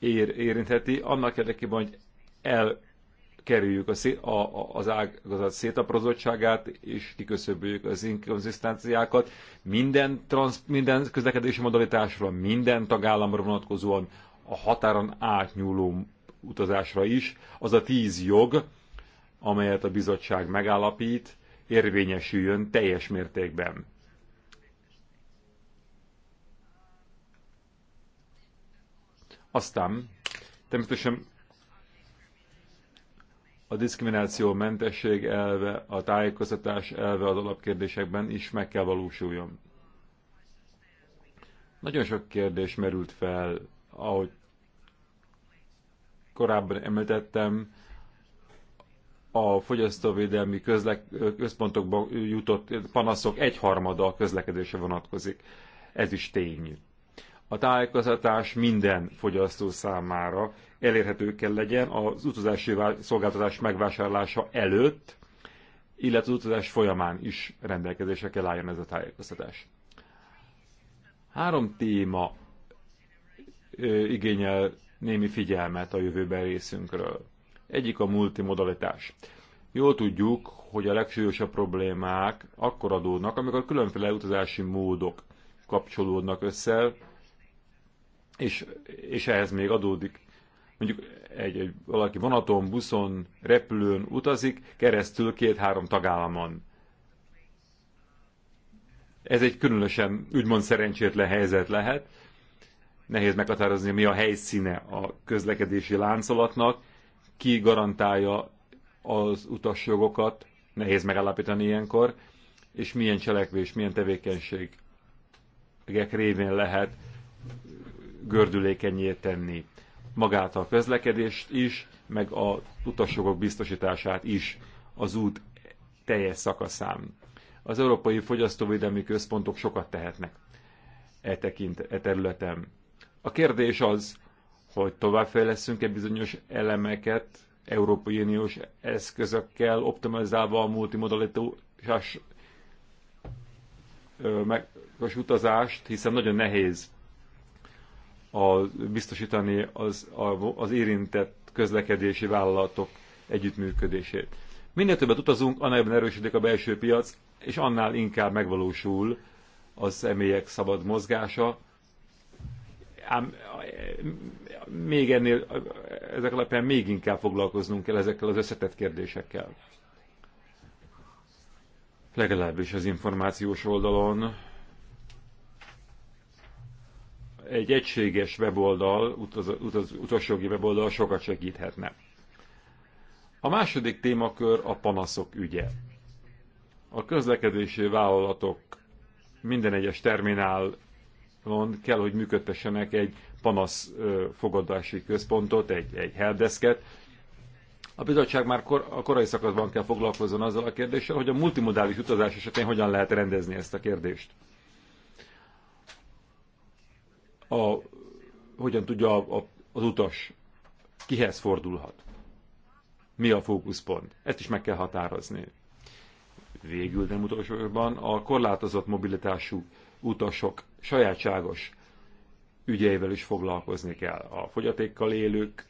ér, érintheti, annak érdekében, hogy elkerüljük a, a, a, az ágazat szétaprozottságát, és kiköszöböljük az inkonzisztenciákat. Minden, transz, minden közlekedési modalitásra, minden tagállamra vonatkozóan a határon átnyúló utazásra is, az a tíz jog, amelyet a bizottság megállapít, érvényesüljön teljes mértékben. Aztán természetesen a diszkrimináció mentesség elve, a tájékoztatás elve az alapkérdésekben is meg kell valósuljon. Nagyon sok kérdés merült fel, ahogy korábban említettem, a fogyasztóvédelmi közlek, központokba jutott panaszok egyharmada a közlekedésre vonatkozik. Ez is tény. A tájékoztatás minden fogyasztó számára elérhető kell legyen az utazási szolgáltatás megvásárlása előtt, illetve az utazás folyamán is rendelkezésre kell álljon ez a tájékoztatás. Három téma ö, igényel némi figyelmet a jövőben részünkről. Egyik a multimodalitás. Jól tudjuk, hogy a legsúlyosabb problémák akkor adódnak, amikor különféle utazási módok kapcsolódnak össze, és, és ehhez még adódik mondjuk egy, egy valaki vonaton, buszon, repülőn utazik, keresztül két-három tagállamon. Ez egy különösen úgymond szerencsétlen helyzet lehet. Nehéz meghatározni, mi a helyszíne a közlekedési láncolatnak, ki garantálja az utasjogokat, nehéz megállapítani ilyenkor, és milyen cselekvés, milyen tevékenység révén lehet gördülékenyé tenni magát a közlekedést is, meg a utasjogok biztosítását is az út teljes szakaszán. Az Európai Fogyasztóvédelmi Központok sokat tehetnek e, tekint, e területen. A kérdés az, hogy továbbfejleszünk-e bizonyos elemeket Európai Uniós eszközökkel, optimalizálva a multimodalitás meg, utazást, hiszen nagyon nehéz a, biztosítani az, a, az érintett közlekedési vállalatok együttműködését. Minél többet utazunk, annál jobban erősödik a belső piac, és annál inkább megvalósul a személyek szabad mozgása. Ám még ennél, ezek alapján még inkább foglalkoznunk kell ezekkel az összetett kérdésekkel. Legalábbis az információs oldalon egy egységes weboldal, utaz, utaz, utasjogi weboldal sokat segíthetne. A második témakör a panaszok ügye. A közlekedési vállalatok minden egyes terminálon kell, hogy működtessenek egy panasz fogadási központot, egy, egy helpdesket. A bizottság már kor, a korai szakaszban kell foglalkozzon azzal a kérdéssel, hogy a multimodális utazás esetén hogyan lehet rendezni ezt a kérdést a, hogyan tudja a, a, az utas, kihez fordulhat, mi a fókuszpont. Ezt is meg kell határozni. Végül, nem utolsóban, a korlátozott mobilitású utasok sajátságos ügyeivel is foglalkozni kell. A fogyatékkal élők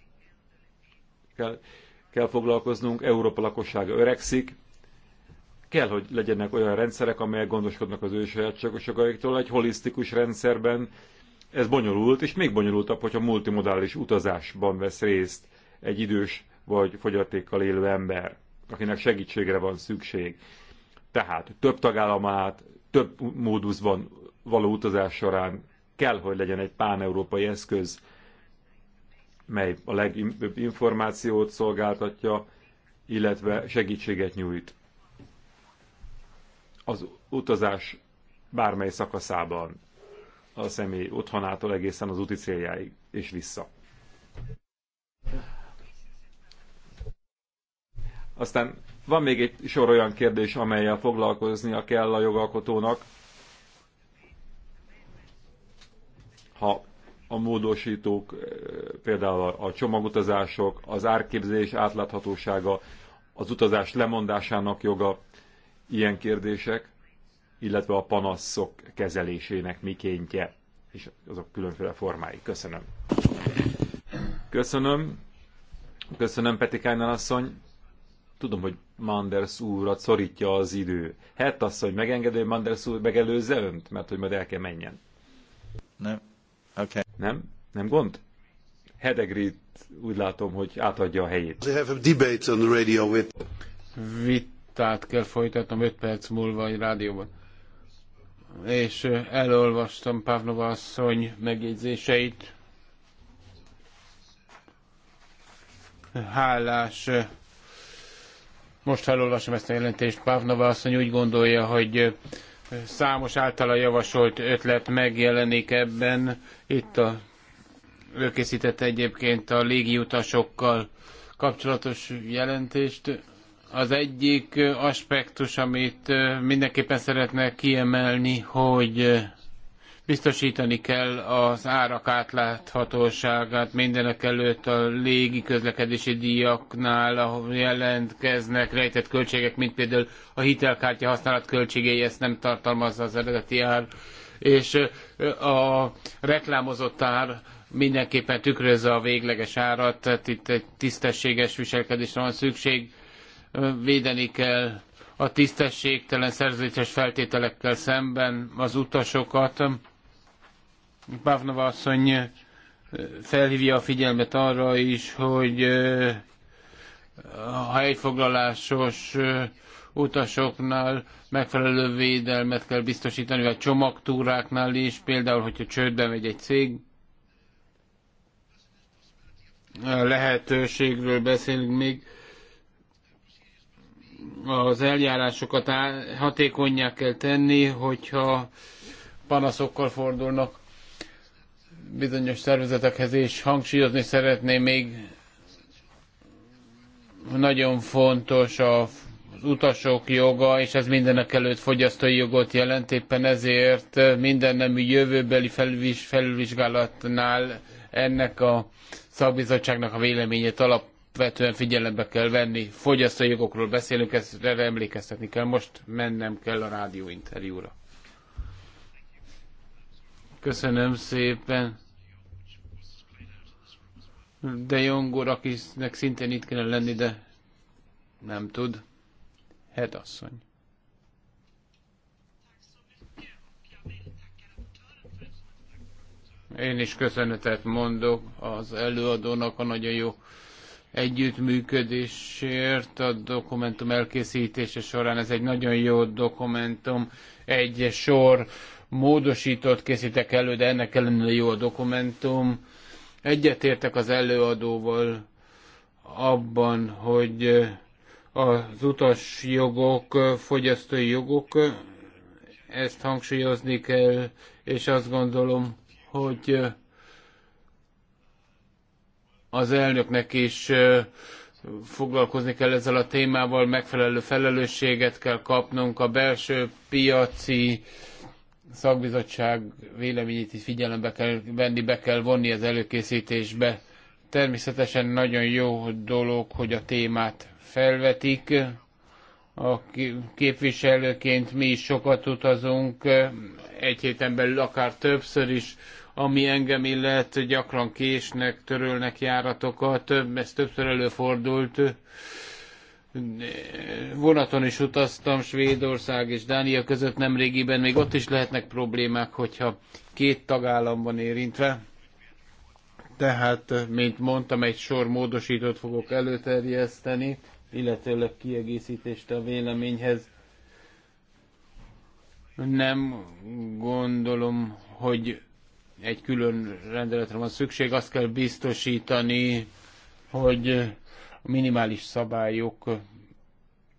kell, kell foglalkoznunk, Európa lakossága öregszik, kell, hogy legyenek olyan rendszerek, amelyek gondoskodnak az ő sajátságosokaiktól, egy holisztikus rendszerben ez bonyolult, és még bonyolultabb, hogyha multimodális utazásban vesz részt egy idős vagy fogyatékkal élő ember, akinek segítségre van szükség. Tehát több tagállamát, több móduszban való utazás során kell, hogy legyen egy pán-európai eszköz, mely a legtöbb információt szolgáltatja, illetve segítséget nyújt az utazás bármely szakaszában a személy otthonától egészen az úti céljáig és vissza. Aztán van még egy sor olyan kérdés, amelyel foglalkoznia kell a jogalkotónak. Ha a módosítók, eh, például a csomagutazások, az árképzés átláthatósága, az utazás lemondásának joga, ilyen kérdések illetve a panaszok kezelésének mikéntje, és azok különféle formái. Köszönöm. Köszönöm. Köszönöm, Peti Kájnán asszony. Tudom, hogy Manders úrat szorítja az idő. Hát hogy megengedő, hogy Manders úr megelőzze önt, mert hogy majd el kell menjen. Nem. Oké. Okay. Nem? Nem gond? Hedegrit úgy látom, hogy átadja a helyét. They have a debate on the radio with... Vitát kell folytatnom 5 perc múlva a rádióban és elolvastam Pavlova asszony megjegyzéseit. Hálás. Most elolvasom ezt a jelentést. Pavlova asszony úgy gondolja, hogy számos általa javasolt ötlet megjelenik ebben. Itt a, ő készített egyébként a légiutasokkal kapcsolatos jelentést az egyik aspektus, amit mindenképpen szeretne kiemelni, hogy biztosítani kell az árak átláthatóságát mindenek előtt a légi közlekedési díjaknál, ahol jelentkeznek rejtett költségek, mint például a hitelkártya használat költségei, ezt nem tartalmazza az eredeti ár, és a reklámozott ár mindenképpen tükrözze a végleges árat, tehát itt egy tisztességes viselkedésre van szükség védeni kell a tisztességtelen szerződéses feltételekkel szemben az utasokat. Pávnova asszony felhívja a figyelmet arra is, hogy a helyfoglalásos utasoknál megfelelő védelmet kell biztosítani, a csomagtúráknál is, például, hogyha csődbe megy egy cég, lehetőségről beszélünk még, az eljárásokat hatékonyá kell tenni, hogyha panaszokkal fordulnak bizonyos szervezetekhez, és hangsúlyozni szeretném még nagyon fontos a az utasok joga, és ez mindenek előtt fogyasztói jogot jelent, éppen ezért minden nemű jövőbeli felülviz, felülvizsgálatnál ennek a szakbizottságnak a véleményét alap alapvetően figyelembe kell venni. Fogyasztói jogokról beszélünk, ezt erre emlékeztetni kell. Most mennem kell a rádió interjúra. Köszönöm szépen. De Jong úr, akinek szintén itt kellene lenni, de nem tud. Hedasszony. Én is köszönetet mondok az előadónak a nagyon jó együttműködésért a dokumentum elkészítése során. Ez egy nagyon jó dokumentum, egy sor módosított készítek elő, de ennek ellenére jó a dokumentum. Egyetértek az előadóval abban, hogy az utas jogok, fogyasztói jogok, ezt hangsúlyozni kell, és azt gondolom, hogy az elnöknek is foglalkozni kell ezzel a témával, megfelelő felelősséget kell kapnunk, a belső piaci szakbizottság véleményét is figyelembe kell venni, be kell vonni az előkészítésbe. Természetesen nagyon jó dolog, hogy a témát felvetik. A képviselőként mi is sokat utazunk, egy héten belül akár többször is ami engem illet, gyakran késnek, törölnek járatokat, ez többször előfordult. Vonaton is utaztam, Svédország és Dánia között nemrégiben, még ott is lehetnek problémák, hogyha két tagállamban érintve. Tehát, mint mondtam, egy sor módosítót fogok előterjeszteni, illetőleg kiegészítést a véleményhez. Nem gondolom, hogy egy külön rendeletre van szükség, azt kell biztosítani, hogy a minimális szabályok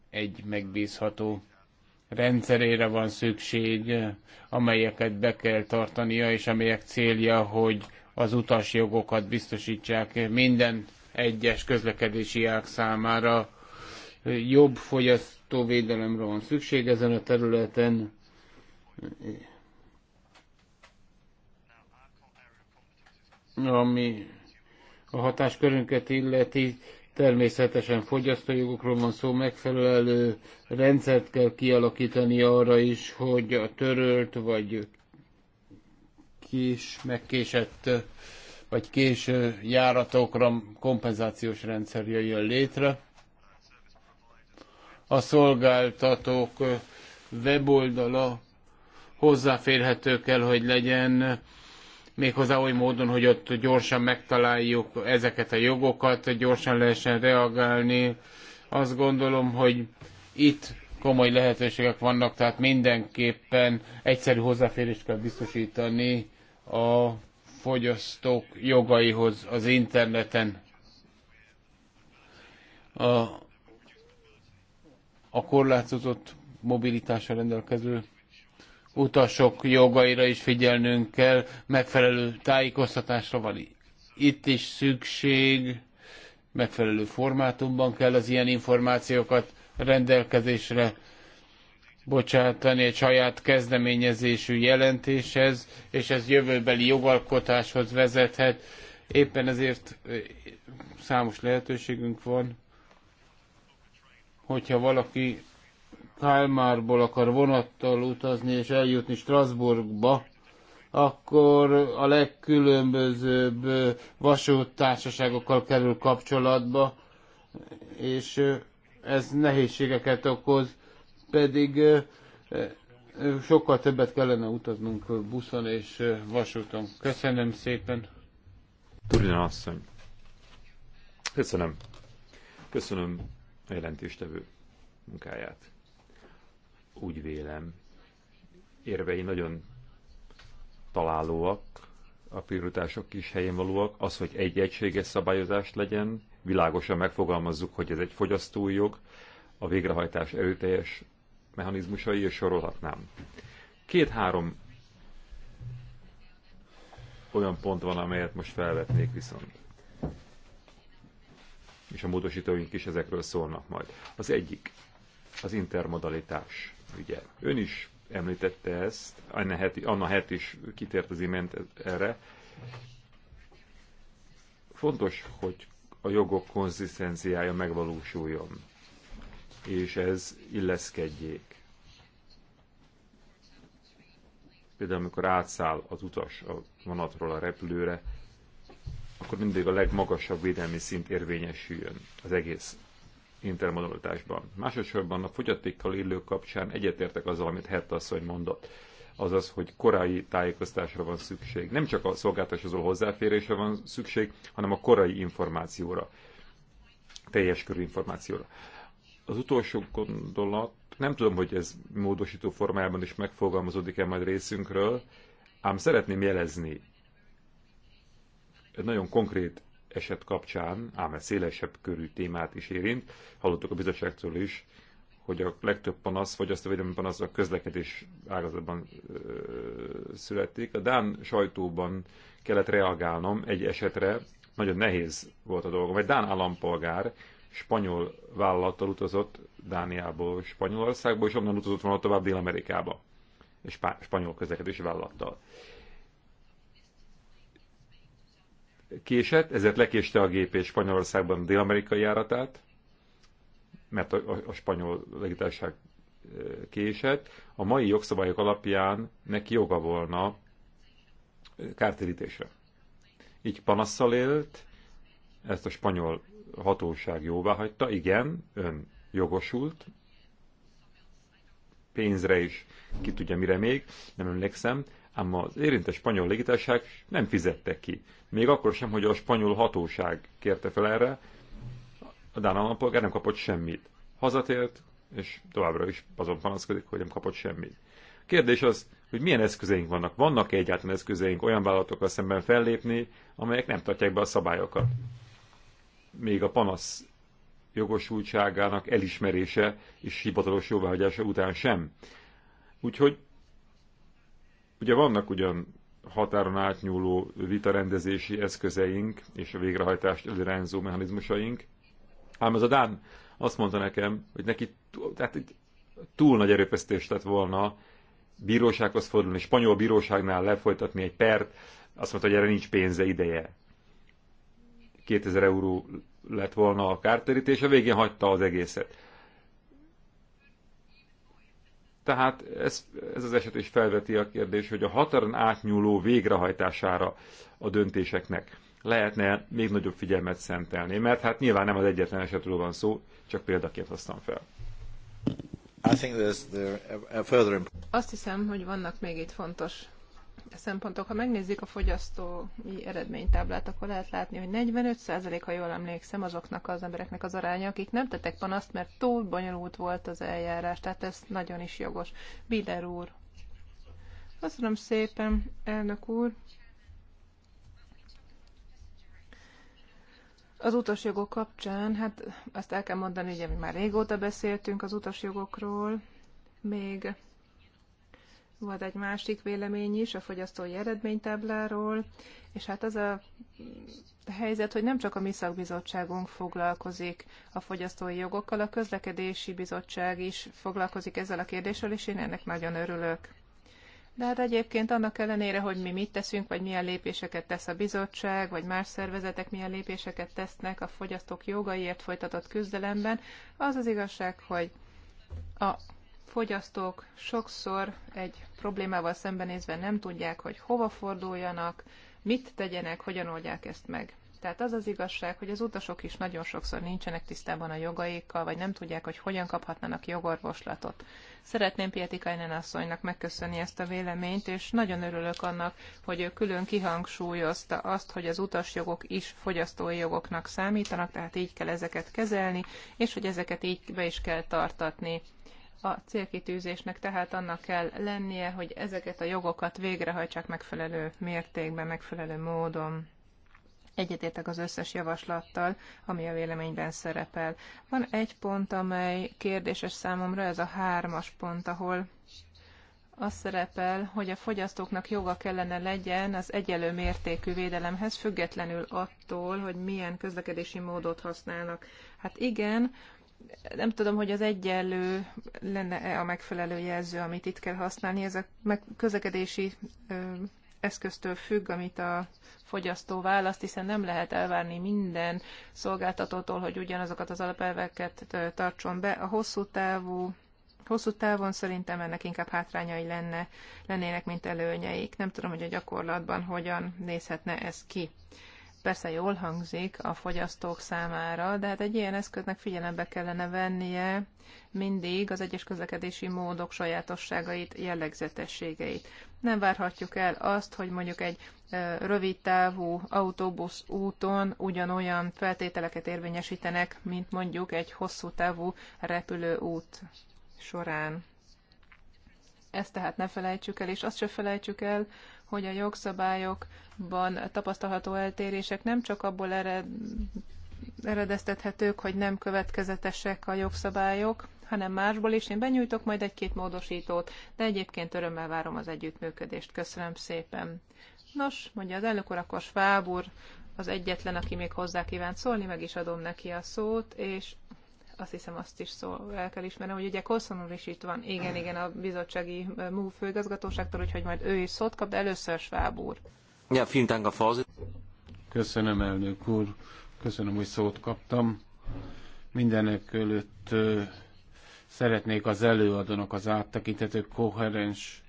egy megbízható rendszerére van szükség, amelyeket be kell tartania, és amelyek célja, hogy az utasjogokat biztosítsák minden egyes közlekedési ág számára. Jobb fogyasztóvédelemre van szükség ezen a területen, ami a hatáskörünket illeti, természetesen fogyasztójogokról van szó, megfelelő rendszert kell kialakítani arra is, hogy a törölt vagy kis, megkésett vagy késő járatokra kompenzációs rendszer jöjjön létre. A szolgáltatók weboldala hozzáférhető kell, hogy legyen méghozzá oly módon, hogy ott gyorsan megtaláljuk ezeket a jogokat, gyorsan lehessen reagálni. Azt gondolom, hogy itt komoly lehetőségek vannak, tehát mindenképpen egyszerű hozzáférést kell biztosítani a fogyasztók jogaihoz az interneten. A, a korlátozott mobilitással rendelkező utasok jogaira is figyelnünk kell, megfelelő tájékoztatásra van itt is szükség, megfelelő formátumban kell az ilyen információkat rendelkezésre bocsátani egy saját kezdeményezésű jelentéshez, és ez jövőbeli jogalkotáshoz vezethet. Éppen ezért számos lehetőségünk van, hogyha valaki Kalmárból akar vonattal utazni és eljutni Strasbourgba, akkor a legkülönbözőbb vasúttársaságokkal kerül kapcsolatba, és ez nehézségeket okoz, pedig sokkal többet kellene utaznunk buszon és vasúton. Köszönöm szépen. Turina asszony. Köszönöm. Köszönöm a jelentéstevő munkáját úgy vélem, érvei nagyon találóak, a prioritások is helyén valóak. Az, hogy egy egységes szabályozás legyen, világosan megfogalmazzuk, hogy ez egy fogyasztói jog, a végrehajtás erőteljes mechanizmusai, és sorolhatnám. Két-három olyan pont van, amelyet most felvetnék viszont. És a módosítóink is ezekről szólnak majd. Az egyik, az intermodalitás. Ugye ön is említette ezt, Anna Het, Anna Het is kitért az imént erre. Fontos, hogy a jogok konzisztenciája megvalósuljon, és ez illeszkedjék. Például, amikor átszáll az utas a vonatról a repülőre, akkor mindig a legmagasabb védelmi szint érvényesüljön az egész intermodalitásban. Másodszorban a fogyatékkal élők kapcsán egyetértek azzal, amit Hett asszony mondott azaz, hogy korai tájékoztásra van szükség. Nem csak a szolgáltatáshoz hozzáférésre van szükség, hanem a korai információra, teljes körű információra. Az utolsó gondolat, nem tudom, hogy ez módosító formájában is megfogalmazódik-e majd részünkről, ám szeretném jelezni egy nagyon konkrét eset kapcsán, ám egy szélesebb körű témát is érint, hallottuk a bizottságtól is, hogy a legtöbb panasz, vagy azt a védelmi panasz a közlekedés ágazatban ö, születik. A Dán sajtóban kellett reagálnom egy esetre, nagyon nehéz volt a dolgom. Egy Dán állampolgár spanyol vállalattal utazott Dániából Spanyolországba, és onnan utazott volna tovább Dél-Amerikába, és spanyol közlekedési vállalattal. késett, ezért lekéste a gép és Spanyolországban a dél-amerikai járatát, mert a, a, a spanyol legitárság késett. A mai jogszabályok alapján neki joga volna kártérítésre. Így panasszal élt, ezt a spanyol hatóság jóvá hagyta, igen, ön jogosult, pénzre is, ki tudja mire még, nem emlékszem, ám az érintett spanyol légitársaság nem fizette ki. Még akkor sem, hogy a spanyol hatóság kérte fel erre, a Dán állampolgár nem kapott semmit. Hazatért, és továbbra is azon panaszkodik, hogy nem kapott semmit. Kérdés az, hogy milyen eszközeink vannak. Vannak-e egyáltalán eszközeink olyan vállalatokkal szemben fellépni, amelyek nem tartják be a szabályokat? Még a panasz jogosultságának elismerése és hivatalos jóváhagyása után sem. Úgyhogy Ugye vannak ugyan határon átnyúló vitarendezési eszközeink és a végrehajtást előrányzó mechanizmusaink, ám az a Dán azt mondta nekem, hogy neki tehát túl nagy erőfeszítést lett volna bírósághoz fordulni, spanyol bíróságnál lefolytatni egy pert, azt mondta, hogy erre nincs pénze, ideje. 2000 euró lett volna a kártérítés, a végén hagyta az egészet. Tehát ez, ez az eset is felveti a kérdés, hogy a határon átnyúló végrehajtására a döntéseknek lehetne még nagyobb figyelmet szentelni, mert hát nyilván nem az egyetlen esetről van szó, csak példaként hoztam fel. Azt hiszem, hogy vannak még itt fontos szempontok. Ha megnézzük a fogyasztói eredménytáblát, akkor lehet látni, hogy 45% ha jól emlékszem azoknak az embereknek az aránya, akik nem tettek panaszt, mert túl bonyolult volt az eljárás, tehát ez nagyon is jogos. Bider úr. Köszönöm szépen, elnök úr. Az utasjogok kapcsán, hát azt el kell mondani, ugye mi már régóta beszéltünk az utasjogokról, még volt egy másik vélemény is a fogyasztói eredménytábláról, és hát az a helyzet, hogy nem csak a mi szakbizottságunk foglalkozik a fogyasztói jogokkal, a közlekedési bizottság is foglalkozik ezzel a kérdéssel, és én ennek nagyon örülök. De hát egyébként annak ellenére, hogy mi mit teszünk, vagy milyen lépéseket tesz a bizottság, vagy más szervezetek milyen lépéseket tesznek a fogyasztók jogaiért folytatott küzdelemben, az az igazság, hogy a fogyasztók sokszor egy problémával szembenézve nem tudják, hogy hova forduljanak, mit tegyenek, hogyan oldják ezt meg. Tehát az az igazság, hogy az utasok is nagyon sokszor nincsenek tisztában a jogaikkal, vagy nem tudják, hogy hogyan kaphatnának jogorvoslatot. Szeretném Pietikainen asszonynak megköszönni ezt a véleményt, és nagyon örülök annak, hogy ő külön kihangsúlyozta azt, hogy az utasjogok is fogyasztói jogoknak számítanak, tehát így kell ezeket kezelni, és hogy ezeket így be is kell tartatni a célkitűzésnek tehát annak kell lennie, hogy ezeket a jogokat végrehajtsák megfelelő mértékben, megfelelő módon. Egyetértek az összes javaslattal, ami a véleményben szerepel. Van egy pont, amely kérdéses számomra, ez a hármas pont, ahol az szerepel, hogy a fogyasztóknak joga kellene legyen az egyelő mértékű védelemhez, függetlenül attól, hogy milyen közlekedési módot használnak. Hát igen, nem tudom, hogy az egyenlő lenne-e a megfelelő jelző, amit itt kell használni. Ez a közlekedési eszköztől függ, amit a fogyasztó választ, hiszen nem lehet elvárni minden szolgáltatótól, hogy ugyanazokat az alapelveket tartson be. A hosszú távú Hosszú távon szerintem ennek inkább hátrányai lenne, lennének, mint előnyeik. Nem tudom, hogy a gyakorlatban hogyan nézhetne ez ki persze jól hangzik a fogyasztók számára, de hát egy ilyen eszköznek figyelembe kellene vennie mindig az egyes közlekedési módok sajátosságait, jellegzetességeit. Nem várhatjuk el azt, hogy mondjuk egy rövid távú autóbusz úton ugyanolyan feltételeket érvényesítenek, mint mondjuk egy hosszú távú repülőút során. Ezt tehát ne felejtsük el, és azt se felejtsük el, hogy a jogszabályokban tapasztalható eltérések nem csak abból ered, eredeztethetők, hogy nem következetesek a jogszabályok, hanem másból is. Én benyújtok majd egy-két módosítót, de egyébként örömmel várom az együttműködést. Köszönöm szépen. Nos, mondja az elnök úr, akkor Schwab úr az egyetlen, aki még hozzá kívánt szólni, meg is adom neki a szót, és azt hiszem azt is szó el kell ismernem, hogy ugye Colson is itt van, igen, igen, a bizottsági MUV főgazgatóságtól, úgyhogy majd ő is szót kap, de először Schwab úr. Ja, vielen Dank a Vorsitz. Köszönöm, elnök úr. Köszönöm, hogy szót kaptam. Mindenek előtt szeretnék az előadónak az áttekintető koherens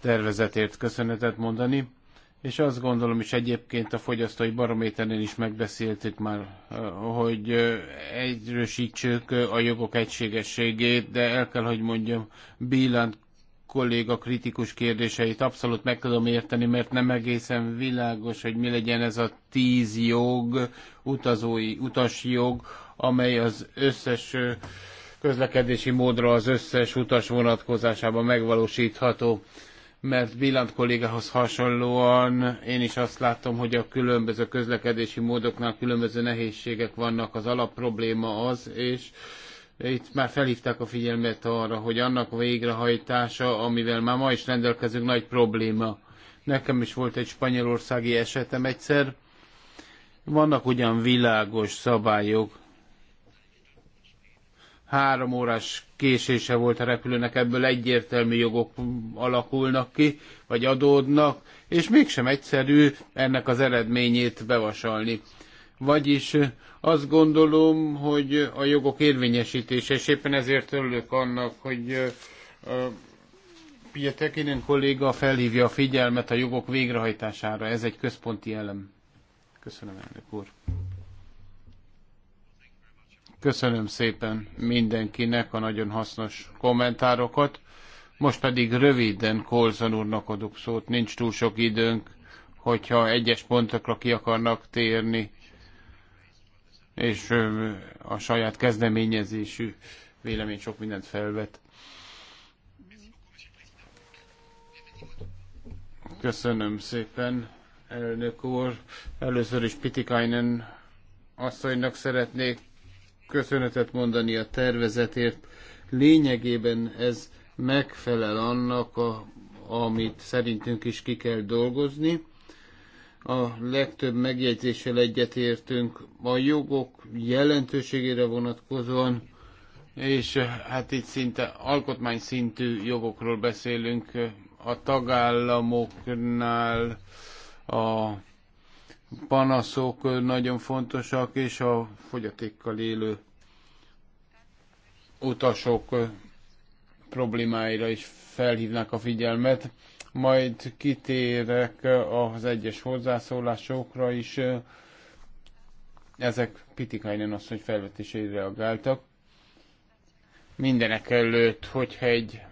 tervezetért köszönetet mondani és azt gondolom is egyébként a fogyasztói barométeren is megbeszéltük már, eh, hogy eh, egyrősítsük eh, a jogok egységességét, de el kell, hogy mondjam, Bílant kolléga kritikus kérdéseit abszolút meg tudom érteni, mert nem egészen világos, hogy mi legyen ez a tíz jog, utazói, utasjog, amely az összes közlekedési módra az összes utas vonatkozásában megvalósítható mert Billant kollégához hasonlóan én is azt látom, hogy a különböző közlekedési módoknál különböző nehézségek vannak, az alapprobléma az, és itt már felhívták a figyelmet arra, hogy annak a végrehajtása, amivel már ma is rendelkezünk, nagy probléma. Nekem is volt egy spanyolországi esetem egyszer. Vannak ugyan világos szabályok, három órás késése volt a repülőnek, ebből egyértelmű jogok alakulnak ki, vagy adódnak, és mégsem egyszerű ennek az eredményét bevasalni. Vagyis azt gondolom, hogy a jogok érvényesítése, és éppen ezért örülök annak, hogy Tekinen kolléga felhívja a figyelmet a jogok végrehajtására. Ez egy központi elem. Köszönöm, elnök úr. Köszönöm szépen mindenkinek a nagyon hasznos kommentárokat. Most pedig röviden Kolzan úrnak adok szót, nincs túl sok időnk, hogyha egyes pontokra ki akarnak térni, és a saját kezdeményezésű vélemény sok mindent felvet. Köszönöm szépen, elnök úr. Először is Pitikainen asszonynak szeretnék köszönetet mondani a tervezetért. Lényegében ez megfelel annak, a, amit szerintünk is ki kell dolgozni. A legtöbb megjegyzéssel egyetértünk a jogok jelentőségére vonatkozóan, és eh, hát itt szinte alkotmány szintű jogokról beszélünk a tagállamoknál a panaszok nagyon fontosak, és a fogyatékkal élő utasok problémáira is felhívnak a figyelmet. Majd kitérek az egyes hozzászólásokra is. Ezek Pitikainen asszony felvetésére reagáltak. Mindenek előtt, hogyha egy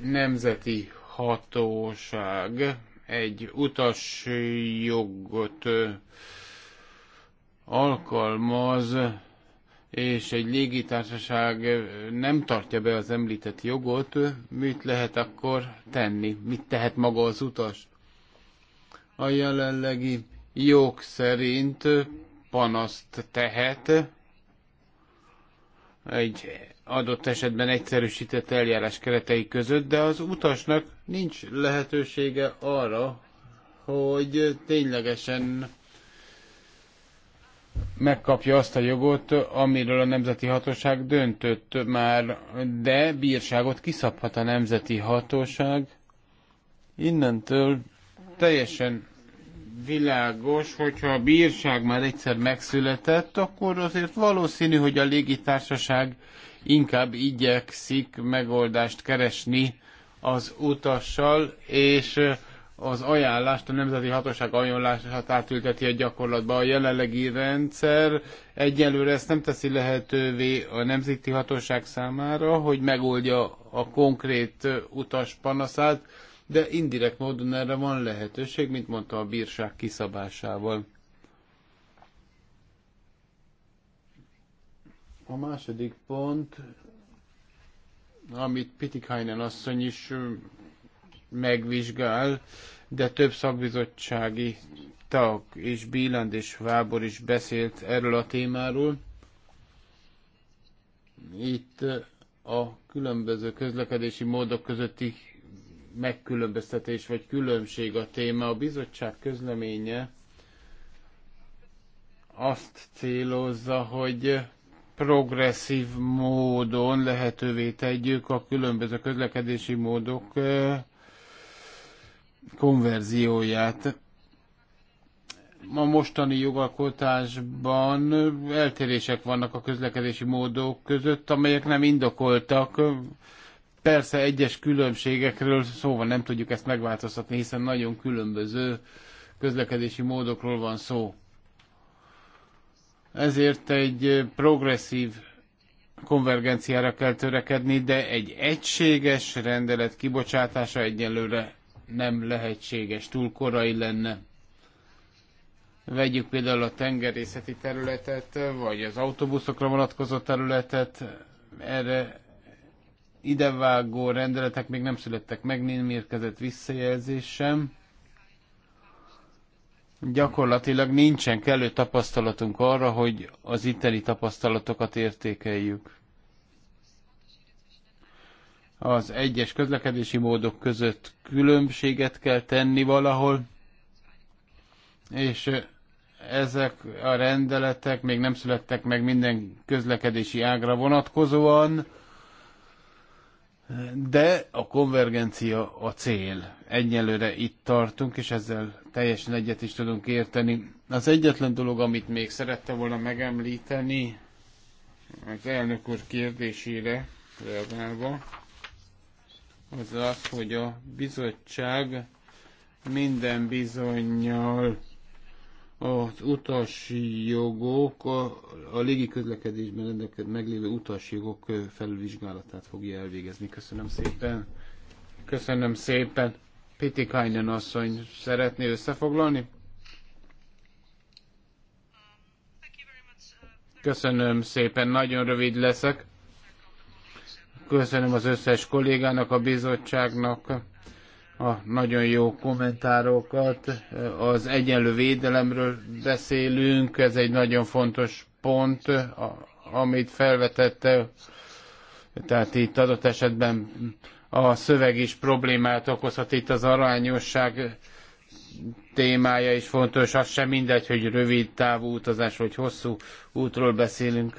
nemzeti hatóság egy utasjogot alkalmaz, és egy légitársaság nem tartja be az említett jogot, mit lehet akkor tenni? Mit tehet maga az utas? A jelenlegi jog szerint panaszt tehet egy adott esetben egyszerűsített eljárás keretei között, de az utasnak nincs lehetősége arra, hogy ténylegesen megkapja azt a jogot, amiről a nemzeti hatóság döntött már, de bírságot kiszabhat a nemzeti hatóság. Innentől teljesen világos, hogyha a bírság már egyszer megszületett, akkor azért valószínű, hogy a légitársaság inkább igyekszik megoldást keresni az utassal, és az ajánlást, a nemzeti hatóság ajánlását átülteti a gyakorlatba. A jelenlegi rendszer egyelőre ezt nem teszi lehetővé a nemzeti hatóság számára, hogy megoldja a konkrét utas panaszát, de indirekt módon erre van lehetőség, mint mondta a bírság kiszabásával. A második pont, amit Pitikainen asszony is megvizsgál, de több szakbizottsági tag és Bíland és Vábor is beszélt erről a témáról. Itt a különböző közlekedési módok közötti megkülönböztetés vagy különbség a téma. A bizottság közleménye azt célozza, hogy progresszív módon lehetővé tegyük a különböző közlekedési módok eh, konverzióját. Ma mostani jogalkotásban eltérések vannak a közlekedési módok között, amelyek nem indokoltak. Persze egyes különbségekről szóval nem tudjuk ezt megváltoztatni, hiszen nagyon különböző közlekedési módokról van szó ezért egy progresszív konvergenciára kell törekedni, de egy egységes rendelet kibocsátása egyelőre nem lehetséges, túl korai lenne. Vegyük például a tengerészeti területet, vagy az autóbuszokra vonatkozó területet, erre idevágó rendeletek még nem születtek meg, nem érkezett visszajelzés sem gyakorlatilag nincsen kellő tapasztalatunk arra, hogy az itteni tapasztalatokat értékeljük. Az egyes közlekedési módok között különbséget kell tenni valahol, és ezek a rendeletek még nem születtek meg minden közlekedési ágra vonatkozóan, de a konvergencia a cél. Egyelőre itt tartunk, és ezzel teljesen egyet is tudunk érteni. Az egyetlen dolog, amit még szerette volna megemlíteni, az elnök úr kérdésére reagálva, az az, hogy a bizottság minden bizonyal az utasi jogok, a, a légi közlekedésben rendelkező meglévő utasi jogok felülvizsgálatát fogja elvégezni. Köszönöm szépen. Köszönöm szépen. Kajnen asszony szeretné összefoglalni? Köszönöm szépen, nagyon rövid leszek. Köszönöm az összes kollégának, a bizottságnak a nagyon jó kommentárokat. Az egyenlő védelemről beszélünk, ez egy nagyon fontos pont, amit felvetette, tehát itt adott esetben a szöveg is problémát okozhat, itt az arányosság témája is fontos, az sem mindegy, hogy rövid távú utazás vagy hosszú útról beszélünk,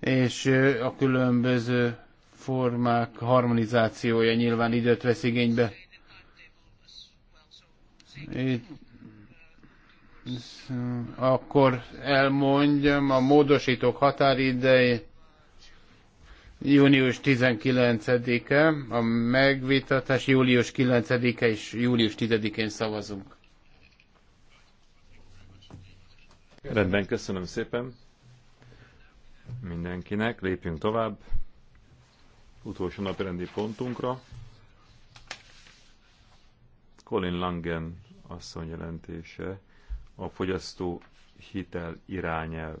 és a különböző formák harmonizációja nyilván időt vesz igénybe. Itt akkor elmondjam, a módosítók határideje június 19-e, a megvitatás július 9-e és július 10-én szavazunk. Rendben, köszönöm szépen mindenkinek, lépjünk tovább utolsó napirendi pontunkra. Colin Langen asszony jelentése a fogyasztó hitel irányelv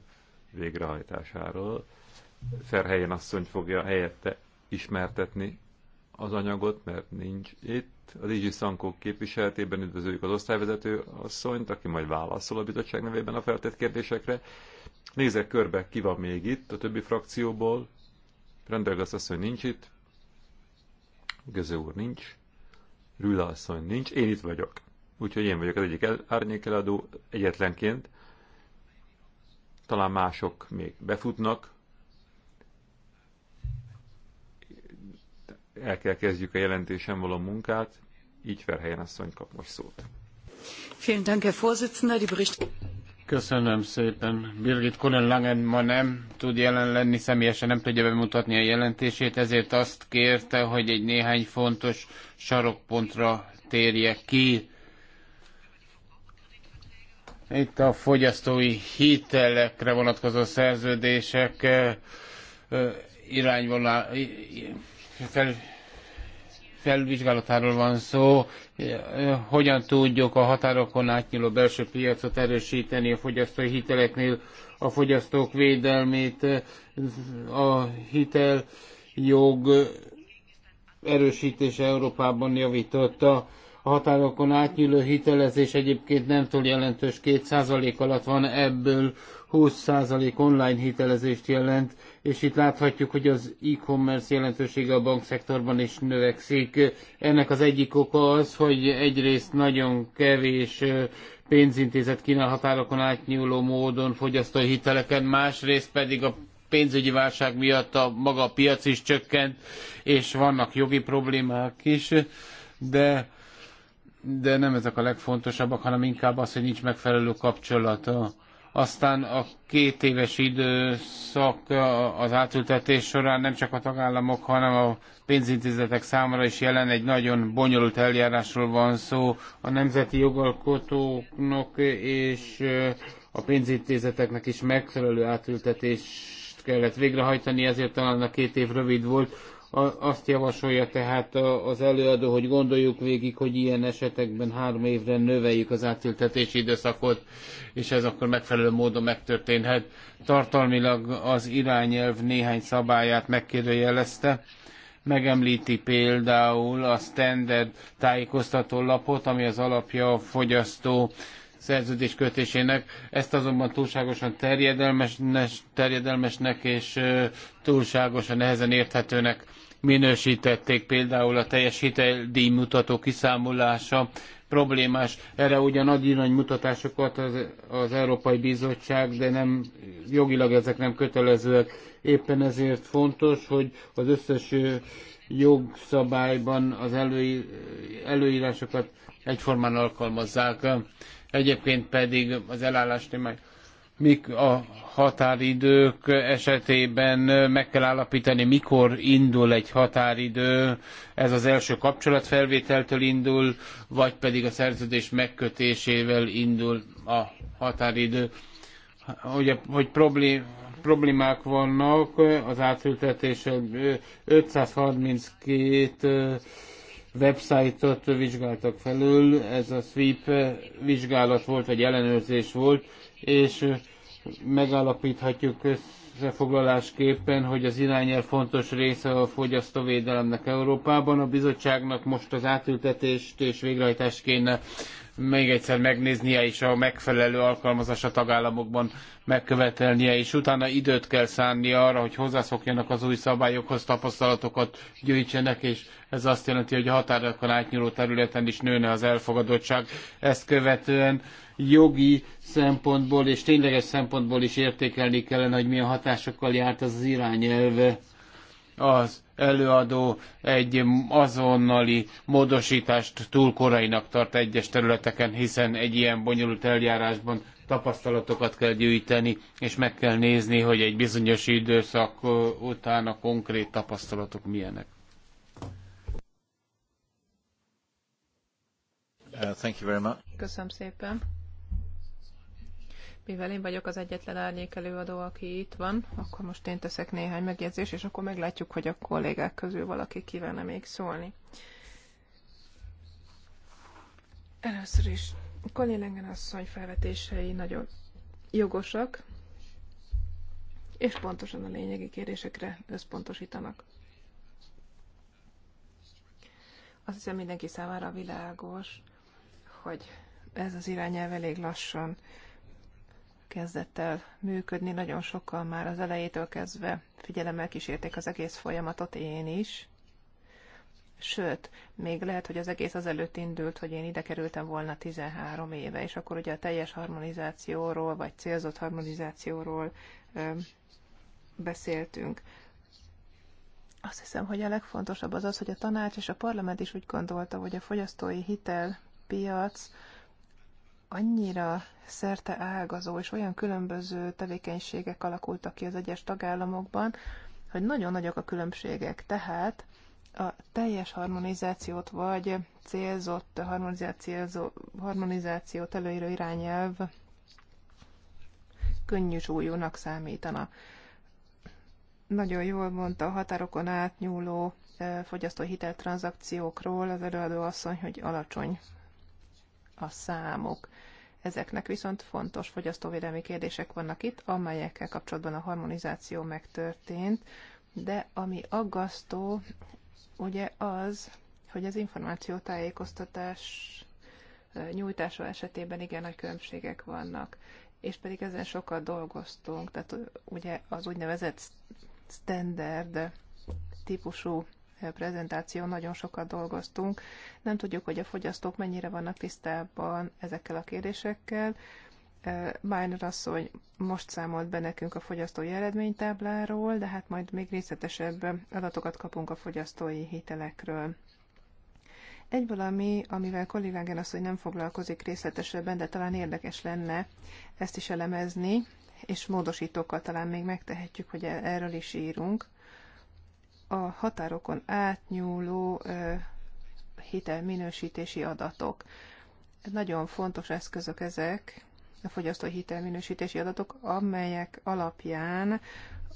végrehajtásáról. Ferhelyen asszony fogja helyette ismertetni az anyagot, mert nincs itt. A Izsi Szankók képviseletében üdvözöljük az osztályvezető asszonyt, aki majd válaszol a bizottság nevében a feltett kérdésekre. Nézek körbe, ki van még itt a többi frakcióból. Rendelgaz asszony nincs itt, Göző úr nincs, Rüla asszony nincs, én itt vagyok. Úgyhogy én vagyok az egyik el, árnyékeladó egyetlenként. Talán mások még befutnak. El kell kezdjük a jelentésem való munkát, így Verhelyen asszony kap most szót. Köszönöm szépen. Birgit Konen Langen ma nem tud jelen lenni, személyesen nem tudja bemutatni a jelentését, ezért azt kérte, hogy egy néhány fontos sarokpontra térje ki. Itt a fogyasztói hitelekre vonatkozó szerződések irányvonal felvizsgálatáról van szó, hogyan tudjuk a határokon átnyúló belső piacot erősíteni a fogyasztói hiteleknél, a fogyasztók védelmét, a hitel jog erősítése Európában javította. A határokon átnyúló hitelezés egyébként nem túl jelentős, 2% alatt van, ebből 20% online hitelezést jelent, és itt láthatjuk, hogy az e-commerce jelentősége a bankszektorban is növekszik. Ennek az egyik oka az, hogy egyrészt nagyon kevés pénzintézet kínál határokon átnyúló módon fogyasztói hiteleken, másrészt pedig a pénzügyi válság miatt a maga a piac is csökkent, és vannak jogi problémák is, de de nem ezek a legfontosabbak, hanem inkább az, hogy nincs megfelelő kapcsolata aztán a két éves időszak az átültetés során nem csak a tagállamok, hanem a pénzintézetek számára is jelen egy nagyon bonyolult eljárásról van szó. A nemzeti jogalkotóknak és a pénzintézeteknek is megfelelő átültetést kellett végrehajtani, ezért talán a két év rövid volt azt javasolja tehát az előadó, hogy gondoljuk végig, hogy ilyen esetekben három évre növeljük az átültetési időszakot, és ez akkor megfelelő módon megtörténhet. Tartalmilag az irányelv néhány szabályát megkérdőjelezte, megemlíti például a standard tájékoztató lapot, ami az alapja a fogyasztó szerződés kötésének. Ezt azonban túlságosan terjedelmes, terjedelmesnek és túlságosan nehezen érthetőnek minőstették például a teljes hiteldíjmutató kiszámolása problémás. Erre ugye nagy iránymutatásokat az, az Európai Bizottság, de nem jogilag ezek nem kötelezőek. Éppen ezért fontos, hogy az összes jogszabályban az elő, előírásokat egyformán alkalmazzák. Egyébként pedig az elállás témája mik a határidők esetében meg kell állapítani, mikor indul egy határidő, ez az első kapcsolatfelvételtől indul, vagy pedig a szerződés megkötésével indul a határidő. Ugye, hogy problém, problémák vannak az átültetése, 532 websájtot vizsgáltak felül, ez a sweep vizsgálat volt, vagy ellenőrzés volt, és megállapíthatjuk összefoglalásképpen, hogy az irányel fontos része a fogyasztóvédelemnek Európában. A bizottságnak most az átültetést és végrehajtást kéne még egyszer megnéznie és a megfelelő alkalmazás a tagállamokban megkövetelnie, és utána időt kell szánni arra, hogy hozzászokjanak az új szabályokhoz, tapasztalatokat gyűjtsenek, és ez azt jelenti, hogy a határokon átnyúló területen is nőne az elfogadottság. Ezt követően jogi szempontból és tényleges szempontból is értékelni kellene, hogy milyen hatásokkal járt az, az irányelve az előadó egy azonnali módosítást túl korainak tart egyes területeken, hiszen egy ilyen bonyolult eljárásban tapasztalatokat kell gyűjteni, és meg kell nézni, hogy egy bizonyos időszak után a konkrét tapasztalatok milyenek. Uh, Köszönöm szépen mivel én vagyok az egyetlen árnyék előadó, aki itt van, akkor most én teszek néhány megjegyzést, és akkor meglátjuk, hogy a kollégák közül valaki kívánna még szólni. Először is Colin Lengen asszony felvetései nagyon jogosak, és pontosan a lényegi kérésekre összpontosítanak. Azt hiszem mindenki számára világos, hogy ez az irányelv elég lassan kezdett el működni, nagyon sokan már az elejétől kezdve figyelemmel kísérték az egész folyamatot, én is. Sőt, még lehet, hogy az egész azelőtt indult, hogy én ide kerültem volna 13 éve, és akkor ugye a teljes harmonizációról, vagy célzott harmonizációról ö, beszéltünk. Azt hiszem, hogy a legfontosabb az az, hogy a tanács és a parlament is úgy gondolta, hogy a fogyasztói hitel piac, annyira szerte ágazó, és olyan különböző tevékenységek alakultak ki az egyes tagállamokban, hogy nagyon nagyok a különbségek. Tehát a teljes harmonizációt vagy célzott harmonizáció, harmonizációt előírő irányelv könnyű súlyúnak számítana. Nagyon jól mondta a határokon átnyúló eh, fogyasztói hiteltranzakciókról az előadó asszony, hogy alacsony a számok Ezeknek viszont fontos fogyasztóvédelmi kérdések vannak itt, amelyekkel kapcsolatban a harmonizáció megtörtént, de ami aggasztó, ugye az, hogy az információtájékoztatás nyújtása esetében igen nagy különbségek vannak, és pedig ezen sokat dolgoztunk, tehát ugye az úgynevezett standard típusú prezentáció, nagyon sokat dolgoztunk. Nem tudjuk, hogy a fogyasztók mennyire vannak tisztában ezekkel a kérdésekkel. Bájner asszony most számolt be nekünk a fogyasztói eredménytábláról, de hát majd még részletesebb adatokat kapunk a fogyasztói hitelekről. Egy valami, amivel kollégágen az, hogy nem foglalkozik részletesebben, de talán érdekes lenne ezt is elemezni, és módosítókkal talán még megtehetjük, hogy erről is írunk a határokon átnyúló hitelminősítési adatok. Nagyon fontos eszközök ezek, a fogyasztói hitelminősítési adatok, amelyek alapján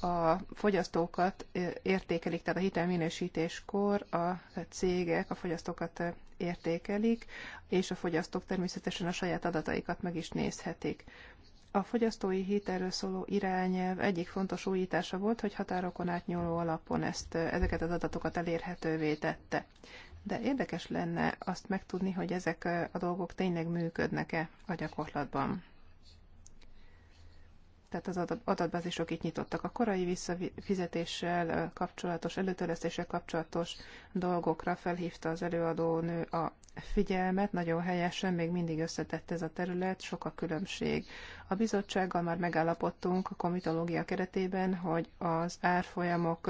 a fogyasztókat értékelik, tehát a hitelminősítéskor a cégek a fogyasztókat értékelik, és a fogyasztók természetesen a saját adataikat meg is nézhetik. A fogyasztói hitelről szóló irányelv egyik fontos újítása volt, hogy határokon átnyúló alapon ezt, ezeket az adatokat elérhetővé tette. De érdekes lenne azt megtudni, hogy ezek a dolgok tényleg működnek-e a gyakorlatban tehát az adatbázisok itt nyitottak. A korai visszafizetéssel kapcsolatos, előtörlesztéssel kapcsolatos dolgokra felhívta az előadónő a figyelmet, nagyon helyesen, még mindig összetett ez a terület, sok a különbség. A bizottsággal már megállapodtunk a komitológia keretében, hogy az árfolyamok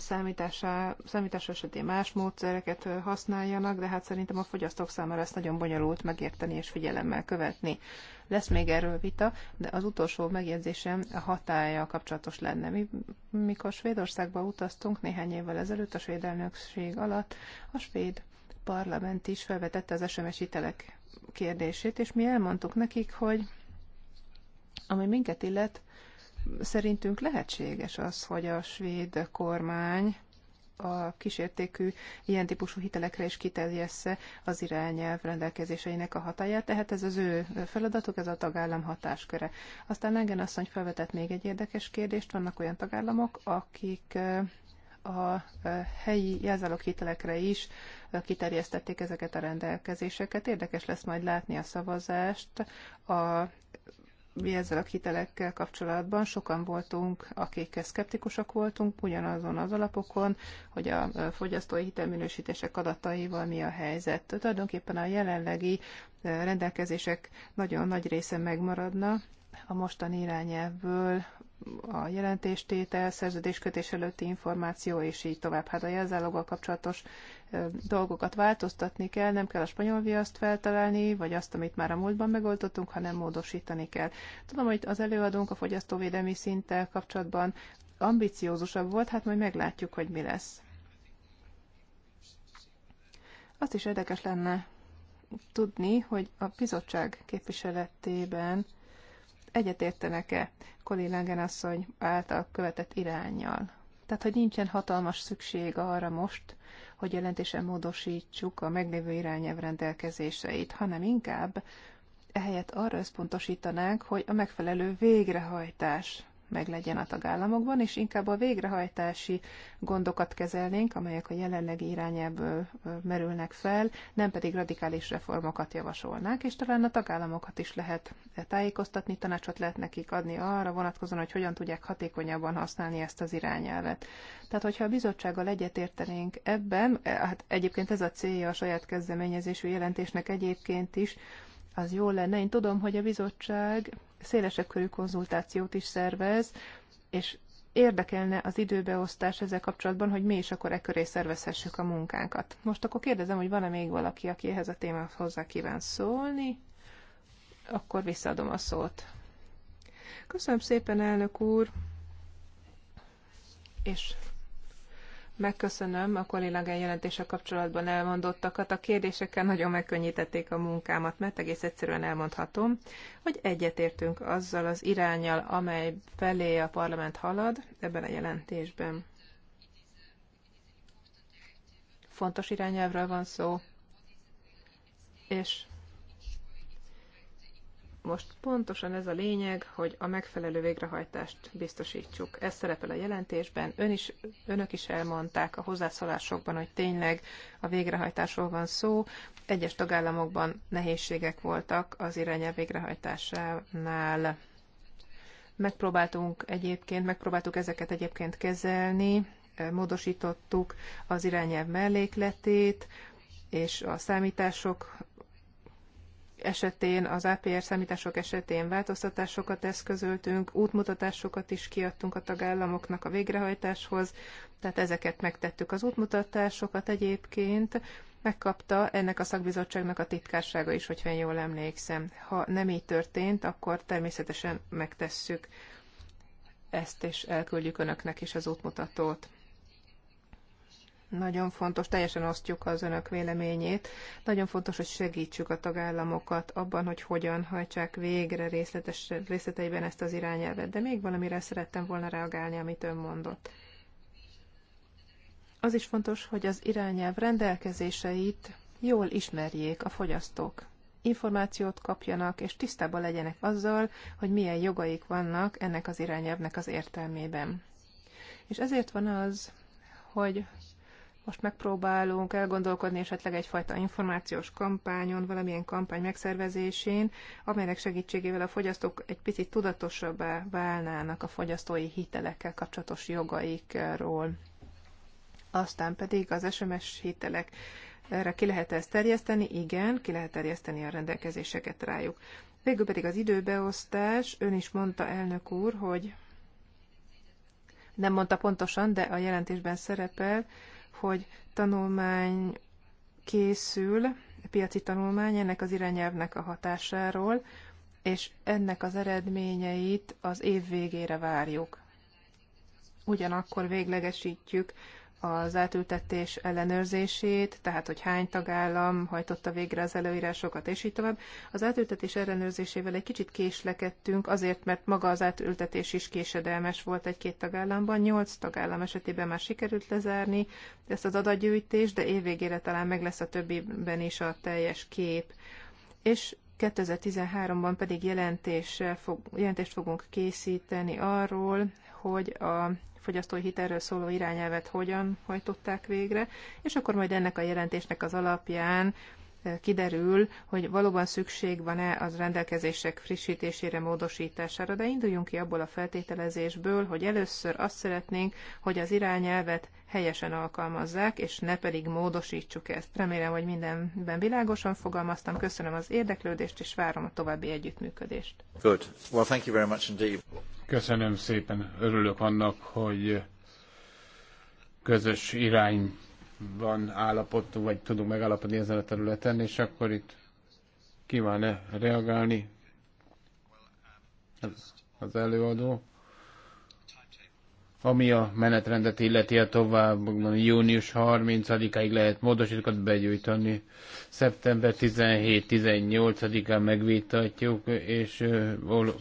számítása, számítása esetén más módszereket használjanak, de hát szerintem a fogyasztók számára ezt nagyon bonyolult megérteni és figyelemmel követni. Lesz még erről vita, de az utolsó megjegyzésem a hatája kapcsolatos lenne. Mi, mikor Svédországba utaztunk néhány évvel ezelőtt, a svéd elnökség alatt, a svéd parlament is felvetette az SMS hitelek kérdését, és mi elmondtuk nekik, hogy ami minket illet, Szerintünk lehetséges az, hogy a svéd kormány a kísértékű ilyen típusú hitelekre is kiterjessze az irányelv rendelkezéseinek a hatáját, tehát ez az ő feladatuk, ez a tagállam hatásköre. Aztán Engen asszony felvetett még egy érdekes kérdést, vannak olyan tagállamok, akik eh, a eh, helyi hitelekre is eh, kiterjesztették ezeket a rendelkezéseket. Érdekes lesz majd látni a szavazást a mi ezzel a hitelekkel kapcsolatban sokan voltunk, akik szkeptikusak voltunk, ugyanazon az alapokon, hogy a fogyasztói hitelminősítések adataival mi a helyzet. Tulajdonképpen a jelenlegi rendelkezések nagyon nagy része megmaradna, a mostani irányelvből a jelentéstétel, szerződéskötés előtti információ, és így tovább. Hát a jelzáloggal kapcsolatos dolgokat változtatni kell, nem kell a spanyol viaszt feltalálni, vagy azt, amit már a múltban megoldottunk, hanem módosítani kell. Tudom, hogy az előadónk a fogyasztóvédelmi szinttel kapcsolatban ambiciózusabb volt, hát majd meglátjuk, hogy mi lesz. Azt is érdekes lenne tudni, hogy a bizottság képviseletében egyetértenek-e Koli Langen asszony által követett irányjal. Tehát, hogy nincsen hatalmas szükség arra most, hogy jelentésen módosítsuk a meglévő irányelv rendelkezéseit, hanem inkább ehelyett arra összpontosítanánk, hogy a megfelelő végrehajtás meglegyen a tagállamokban, és inkább a végrehajtási gondokat kezelnénk, amelyek a jelenlegi irányából merülnek fel, nem pedig radikális reformokat javasolnák, és talán a tagállamokat is lehet tájékoztatni, tanácsot lehet nekik adni arra vonatkozóan, hogy hogyan tudják hatékonyabban használni ezt az irányelvet. Tehát, hogyha a bizottsággal egyetértenénk ebben, hát egyébként ez a célja a saját kezdeményezésű jelentésnek egyébként is, az jó lenne. Én tudom, hogy a bizottság szélesebb körű konzultációt is szervez, és érdekelne az időbeosztás ezzel kapcsolatban, hogy mi is akkor e köré szervezhessük a munkánkat. Most akkor kérdezem, hogy van-e még valaki, aki ehhez a témához hozzá kíván szólni? Akkor visszaadom a szót. Köszönöm szépen, elnök úr, és Megköszönöm a kollégáj jelentése kapcsolatban elmondottakat. A kérdésekkel nagyon megkönnyítették a munkámat, mert egész egyszerűen elmondhatom, hogy egyetértünk azzal az irányjal, amely felé a parlament halad ebben a jelentésben. Fontos irányelvről van szó, és most pontosan ez a lényeg, hogy a megfelelő végrehajtást biztosítsuk. Ez szerepel a jelentésben. Ön is, önök is elmondták a hozzászólásokban, hogy tényleg a végrehajtásról van szó. Egyes tagállamokban nehézségek voltak az irányel végrehajtásánál. Megpróbáltunk egyébként, megpróbáltuk ezeket egyébként kezelni, módosítottuk az irányelv mellékletét, és a számítások esetén, az APR számítások esetén változtatásokat eszközöltünk, útmutatásokat is kiadtunk a tagállamoknak a végrehajtáshoz, tehát ezeket megtettük. Az útmutatásokat egyébként megkapta ennek a szakbizottságnak a titkársága is, hogyha én jól emlékszem. Ha nem így történt, akkor természetesen megtesszük ezt, és elküldjük önöknek is az útmutatót. Nagyon fontos, teljesen osztjuk az önök véleményét. Nagyon fontos, hogy segítsük a tagállamokat abban, hogy hogyan hajtsák végre részletes, részleteiben ezt az irányelvet. De még valamire szerettem volna reagálni, amit ön mondott. Az is fontos, hogy az irányelv rendelkezéseit jól ismerjék a fogyasztók információt kapjanak, és tisztában legyenek azzal, hogy milyen jogaik vannak ennek az irányelvnek az értelmében. És ezért van az, hogy most megpróbálunk elgondolkodni esetleg egyfajta információs kampányon, valamilyen kampány megszervezésén, amelynek segítségével a fogyasztók egy picit tudatosabbá válnának a fogyasztói hitelekkel kapcsolatos jogaikról. Aztán pedig az SMS hitelek erre ki lehet ezt terjeszteni? Igen, ki lehet terjeszteni a rendelkezéseket rájuk. Végül pedig az időbeosztás, ön is mondta, elnök úr, hogy nem mondta pontosan, de a jelentésben szerepel, hogy tanulmány készül, piaci tanulmány ennek az irányelvnek a hatásáról, és ennek az eredményeit az év végére várjuk. Ugyanakkor véglegesítjük az átültetés ellenőrzését, tehát hogy hány tagállam hajtotta végre az előírásokat, és így tovább. Az átültetés ellenőrzésével egy kicsit késlekedtünk, azért, mert maga az átültetés is késedelmes volt egy-két tagállamban. Nyolc tagállam esetében már sikerült lezárni ezt az adatgyűjtést, de évvégére talán meg lesz a többiben is a teljes kép. És 2013-ban pedig jelentés, fog jelentést fogunk készíteni arról, hogy a fogyasztói hitelről szóló irányelvet hogyan hajtották végre, és akkor majd ennek a jelentésnek az alapján kiderül, hogy valóban szükség van-e az rendelkezések frissítésére, módosítására, de induljunk ki abból a feltételezésből, hogy először azt szeretnénk, hogy az irányelvet helyesen alkalmazzák, és ne pedig módosítsuk ezt. Remélem, hogy mindenben világosan fogalmaztam. Köszönöm az érdeklődést, és várom a további együttműködést. Good. Well, thank you very much indeed. Köszönöm szépen. Örülök annak, hogy közös irány van állapodtunk, vagy tudunk megállapodni ezen a területen, és akkor itt kíván-e reagálni az előadó? Ami a menetrendet illeti a tovább, június 30 ig lehet módosítókat begyújtani. szeptember 17-18-án megvitatjuk, és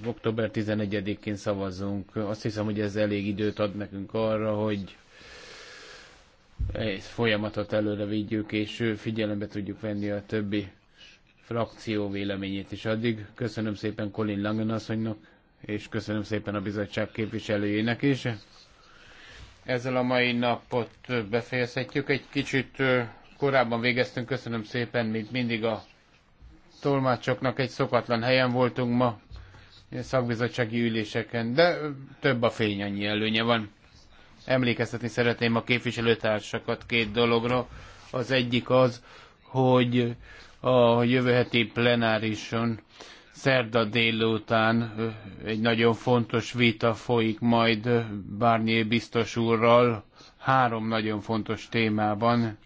október 11-én szavazunk. Azt hiszem, hogy ez elég időt ad nekünk arra, hogy egy folyamatot előre vigyük, és figyelembe tudjuk venni a többi frakció véleményét is. Addig köszönöm szépen Colin Langen asszonynak, és köszönöm szépen a bizottság képviselőjének is. Ezzel a mai napot befejezhetjük. Egy kicsit korábban végeztünk, köszönöm szépen, mint mindig a tolmácsoknak egy szokatlan helyen voltunk ma, szakbizottsági üléseken, de több a fény, annyi előnye van. Emlékeztetni szeretném a képviselőtársakat két dologra. Az egyik az, hogy a jövő heti plenárison szerda délután egy nagyon fontos vita folyik majd Barnier biztos úrral három nagyon fontos témában.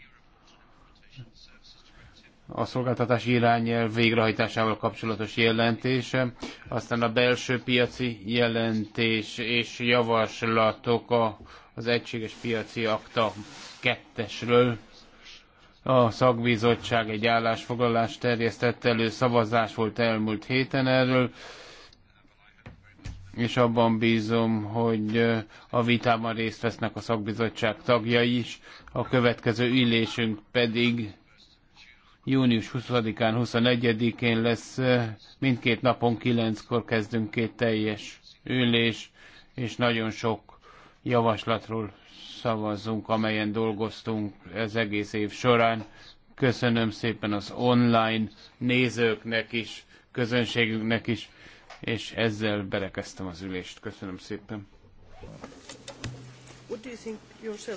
A szolgáltatás irányel végrehajtásával kapcsolatos jelentése, aztán a belső piaci jelentés és javaslatok a az egységes piaci akta 2-esről. A szakbizottság egy állásfoglalást terjesztett elő, szavazás volt elmúlt héten erről, és abban bízom, hogy eh, a vitában részt vesznek a szakbizottság tagjai is. A következő ülésünk pedig június 20-án, 21-én lesz, eh, mindkét napon 9-kor kezdünk két teljes ülés, és nagyon sok javaslatról szavazzunk, amelyen dolgoztunk ez egész év során. Köszönöm szépen az online nézőknek is, közönségünknek is, és ezzel berekeztem az ülést. Köszönöm szépen. What do you think yourself?